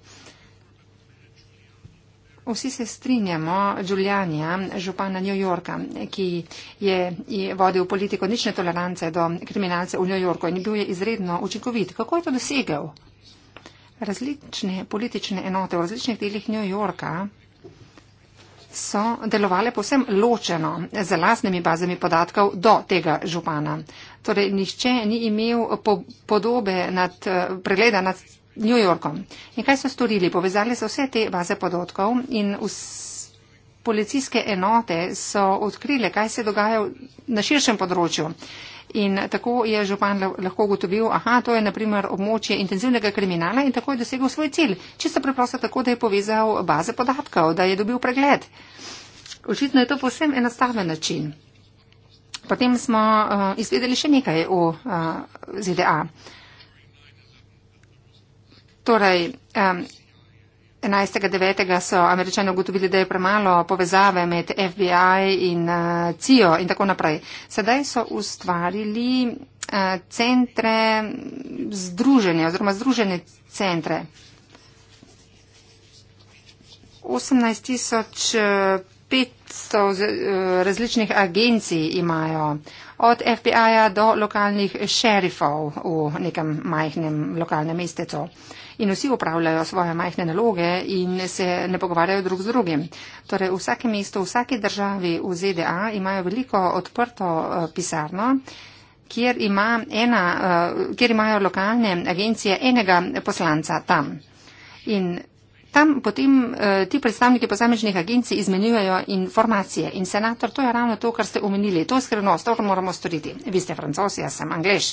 Vsi se strinjamo, Giuliania, župana New Yorka, ki je vodil politiko nične tolerance do kriminalce v New Yorku in bil je izredno učinkovit. Kako je to dosegel? Različne politične enote v različnih delih New Yorka so delovale povsem ločeno z lasnimi bazami podatkov do tega župana. Torej, nihče ni imel podobe nad, pregleda nad New Yorkom. In kaj so storili? Povezali so vse te baze podatkov in policijske enote so odkrile, kaj se dogaja na širšem področju. In tako je župan lahko ugotovil, aha, to je naprimer območje intenzivnega kriminala in tako je dosegel svoj cilj. Čisto preprosto tako, da je povezal baze podatkov, da je dobil pregled. Očitno je to povsem enostaven način. Potem smo uh, izvedeli še nekaj o uh, eh, ZDA. Uh, Torej, um, 11.9. so američani ugotovili, da je premalo povezave med FBI in uh, eh, CIO in tako naprej. Sedaj so ustvarili uh, centre združenja oziroma združene centre. 18.500 eh, različnih agencij imajo od FBI-ja do lokalnih šerifov v nekem majhnem lokalnem mestecu. In vsi upravljajo svoje majhne naloge in se ne pogovarjajo drug z drugim. Torej, v vsakem mestu, v vsaki državi v ZDA imajo veliko odprto uh, pisarno. Kjer, ima ena, eh, kjer imajo lokalne agencije enega poslanca tam. In Tam potem eh, ti predstavniki posamečnih agencij izmenjujejo informacije in senator, to je ravno to, kar ste omenili. To je skrivnost, to moramo storiti. Vi ste francos, jaz sem angliš.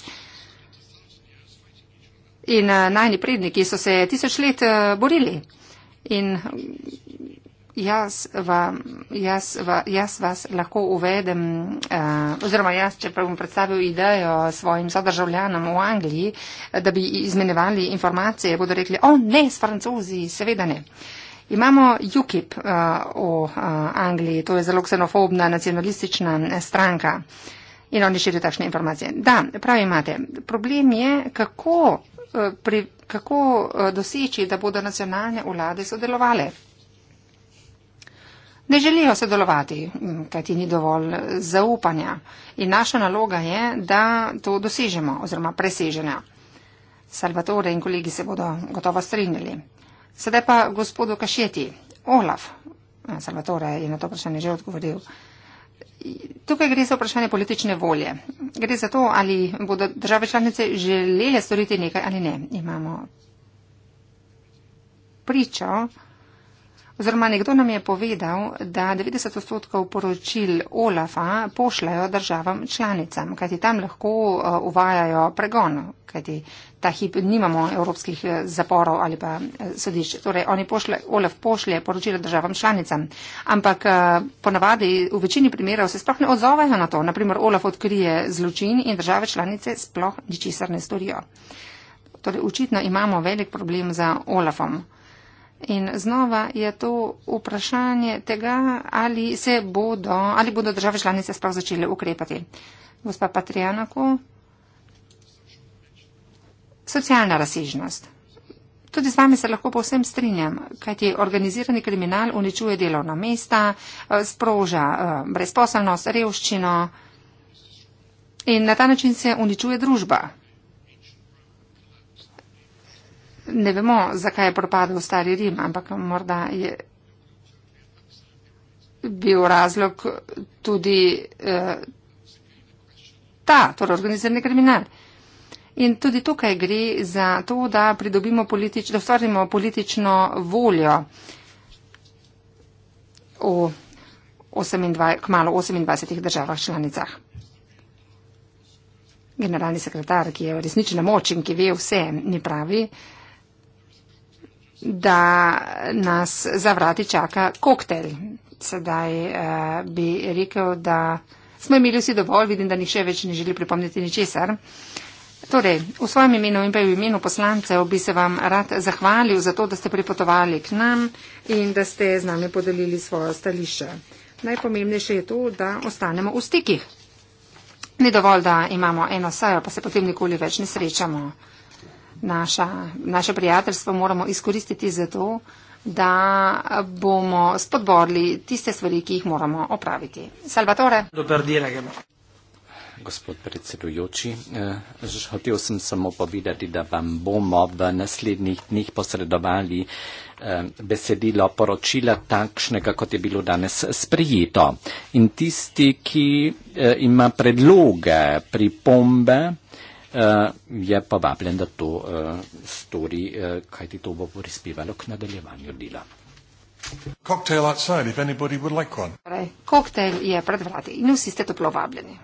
In eh, najni predniki so se tisoč let eh, borili. In jaz, va, jaz, va, jaz vas lahko uvedem, uh, oziroma jaz, če bom predstavil idejo svojim sodržavljanom v Angliji, eh, da bi izmenjevali informacije, bodo rekli, o ne, s francozi, seveda ne. Imamo UKIP uh, v uh, Angliji, to je zelo ksenofobna nacionalistična stranka in oni širijo takšne informacije. Da, prav imate. Problem je, kako, uh, pri, kako uh, doseči, da bodo nacionalne vlade sodelovale ne želijo sodelovati, mm, kajti ni dovolj zaupanja. In naša naloga je, da to dosežemo oziroma preseženja. Salvatore in kolegi se bodo gotovo strinjali. Sedaj pa gospodu Kašeti, Olaf, eh, Salvatore je na to vprašanje že odgovoril. Tukaj gre za vprašanje politične volje. Gre za to, ali bodo države članice želele storiti nekaj ali ne. Imamo pričo oziroma nekdo nam je povedal, da 90 odstotkov poročil OLAF-a pošljajo državam članicam, kajti tam lahko eh, uvajajo pregon, kajti ta hip nimamo evropskih eh, zaporov ali pa eh, sodišč. Torej, pošle, OLAF pošlje poročila državam članicam, ampak ponavadi v večini primerov se sploh ne odzovejo na to. Naprimer, OLAF odkrije zločin in države članice sploh ničesar ne storijo. Torej, očitno imamo velik problem za OLAFom. In znova je to vprašanje tega, ali, bodo, ali bodo države članice sploh začele ukrepati. Gospa Patrijanako, socialna razsežnost. Tudi z vami se lahko povsem strinjam, kajti organizirani kriminal uničuje delovna mesta, eh, sproža eh, brezposelnost, revščino in na ta način se uničuje družba ne vemo, zakaj je propadel stari Rim, ampak morda je bil razlog tudi eh, ta, torej organizirani kriminal. In tudi tukaj gre za to, da pridobimo politično, da ustvarimo politično voljo v 28, kmalo 28 državah članicah. Generalni sekretar, ki je resnična moč in ki ve vse, ni pravi, eh, da nas za vrati čaka koktejl. Sedaj uh, bi rekel, da smo imeli vsi dovolj, vidim, da nihče več ne želi pripomniti ničesar. Torej, v svojem imenu in pa v imenu poslancev bi se vam rad zahvalil za to, da ste pripotovali k nam in da ste z nami podelili svoje stališče. Najpomembnejše je to, da ostanemo v stikih. Ni dovolj, da imamo eno sajo, pa se potem nikoli več ne srečamo naša, naše prijateljstvo moramo izkoristiti za to, da bomo spodborili tiste stvari, ki jih moramo opraviti. Salvatore. Dobar dan, gremo. No. Gospod predsedujoči, eh, hotel sem samo povedati, da vam bomo v naslednjih dneh posredovali eh, besedilo poročila takšnega, kot je bilo danes sprejeto. In tisti, ki eh, ima predloge, pripombe, Eh, je pa vabljen, da to eh, stori, eh, kajti to bo prispevalo k nadaljevanju dela. Koktejl torej, je pred vrati in vsi ste toplo vabljeni.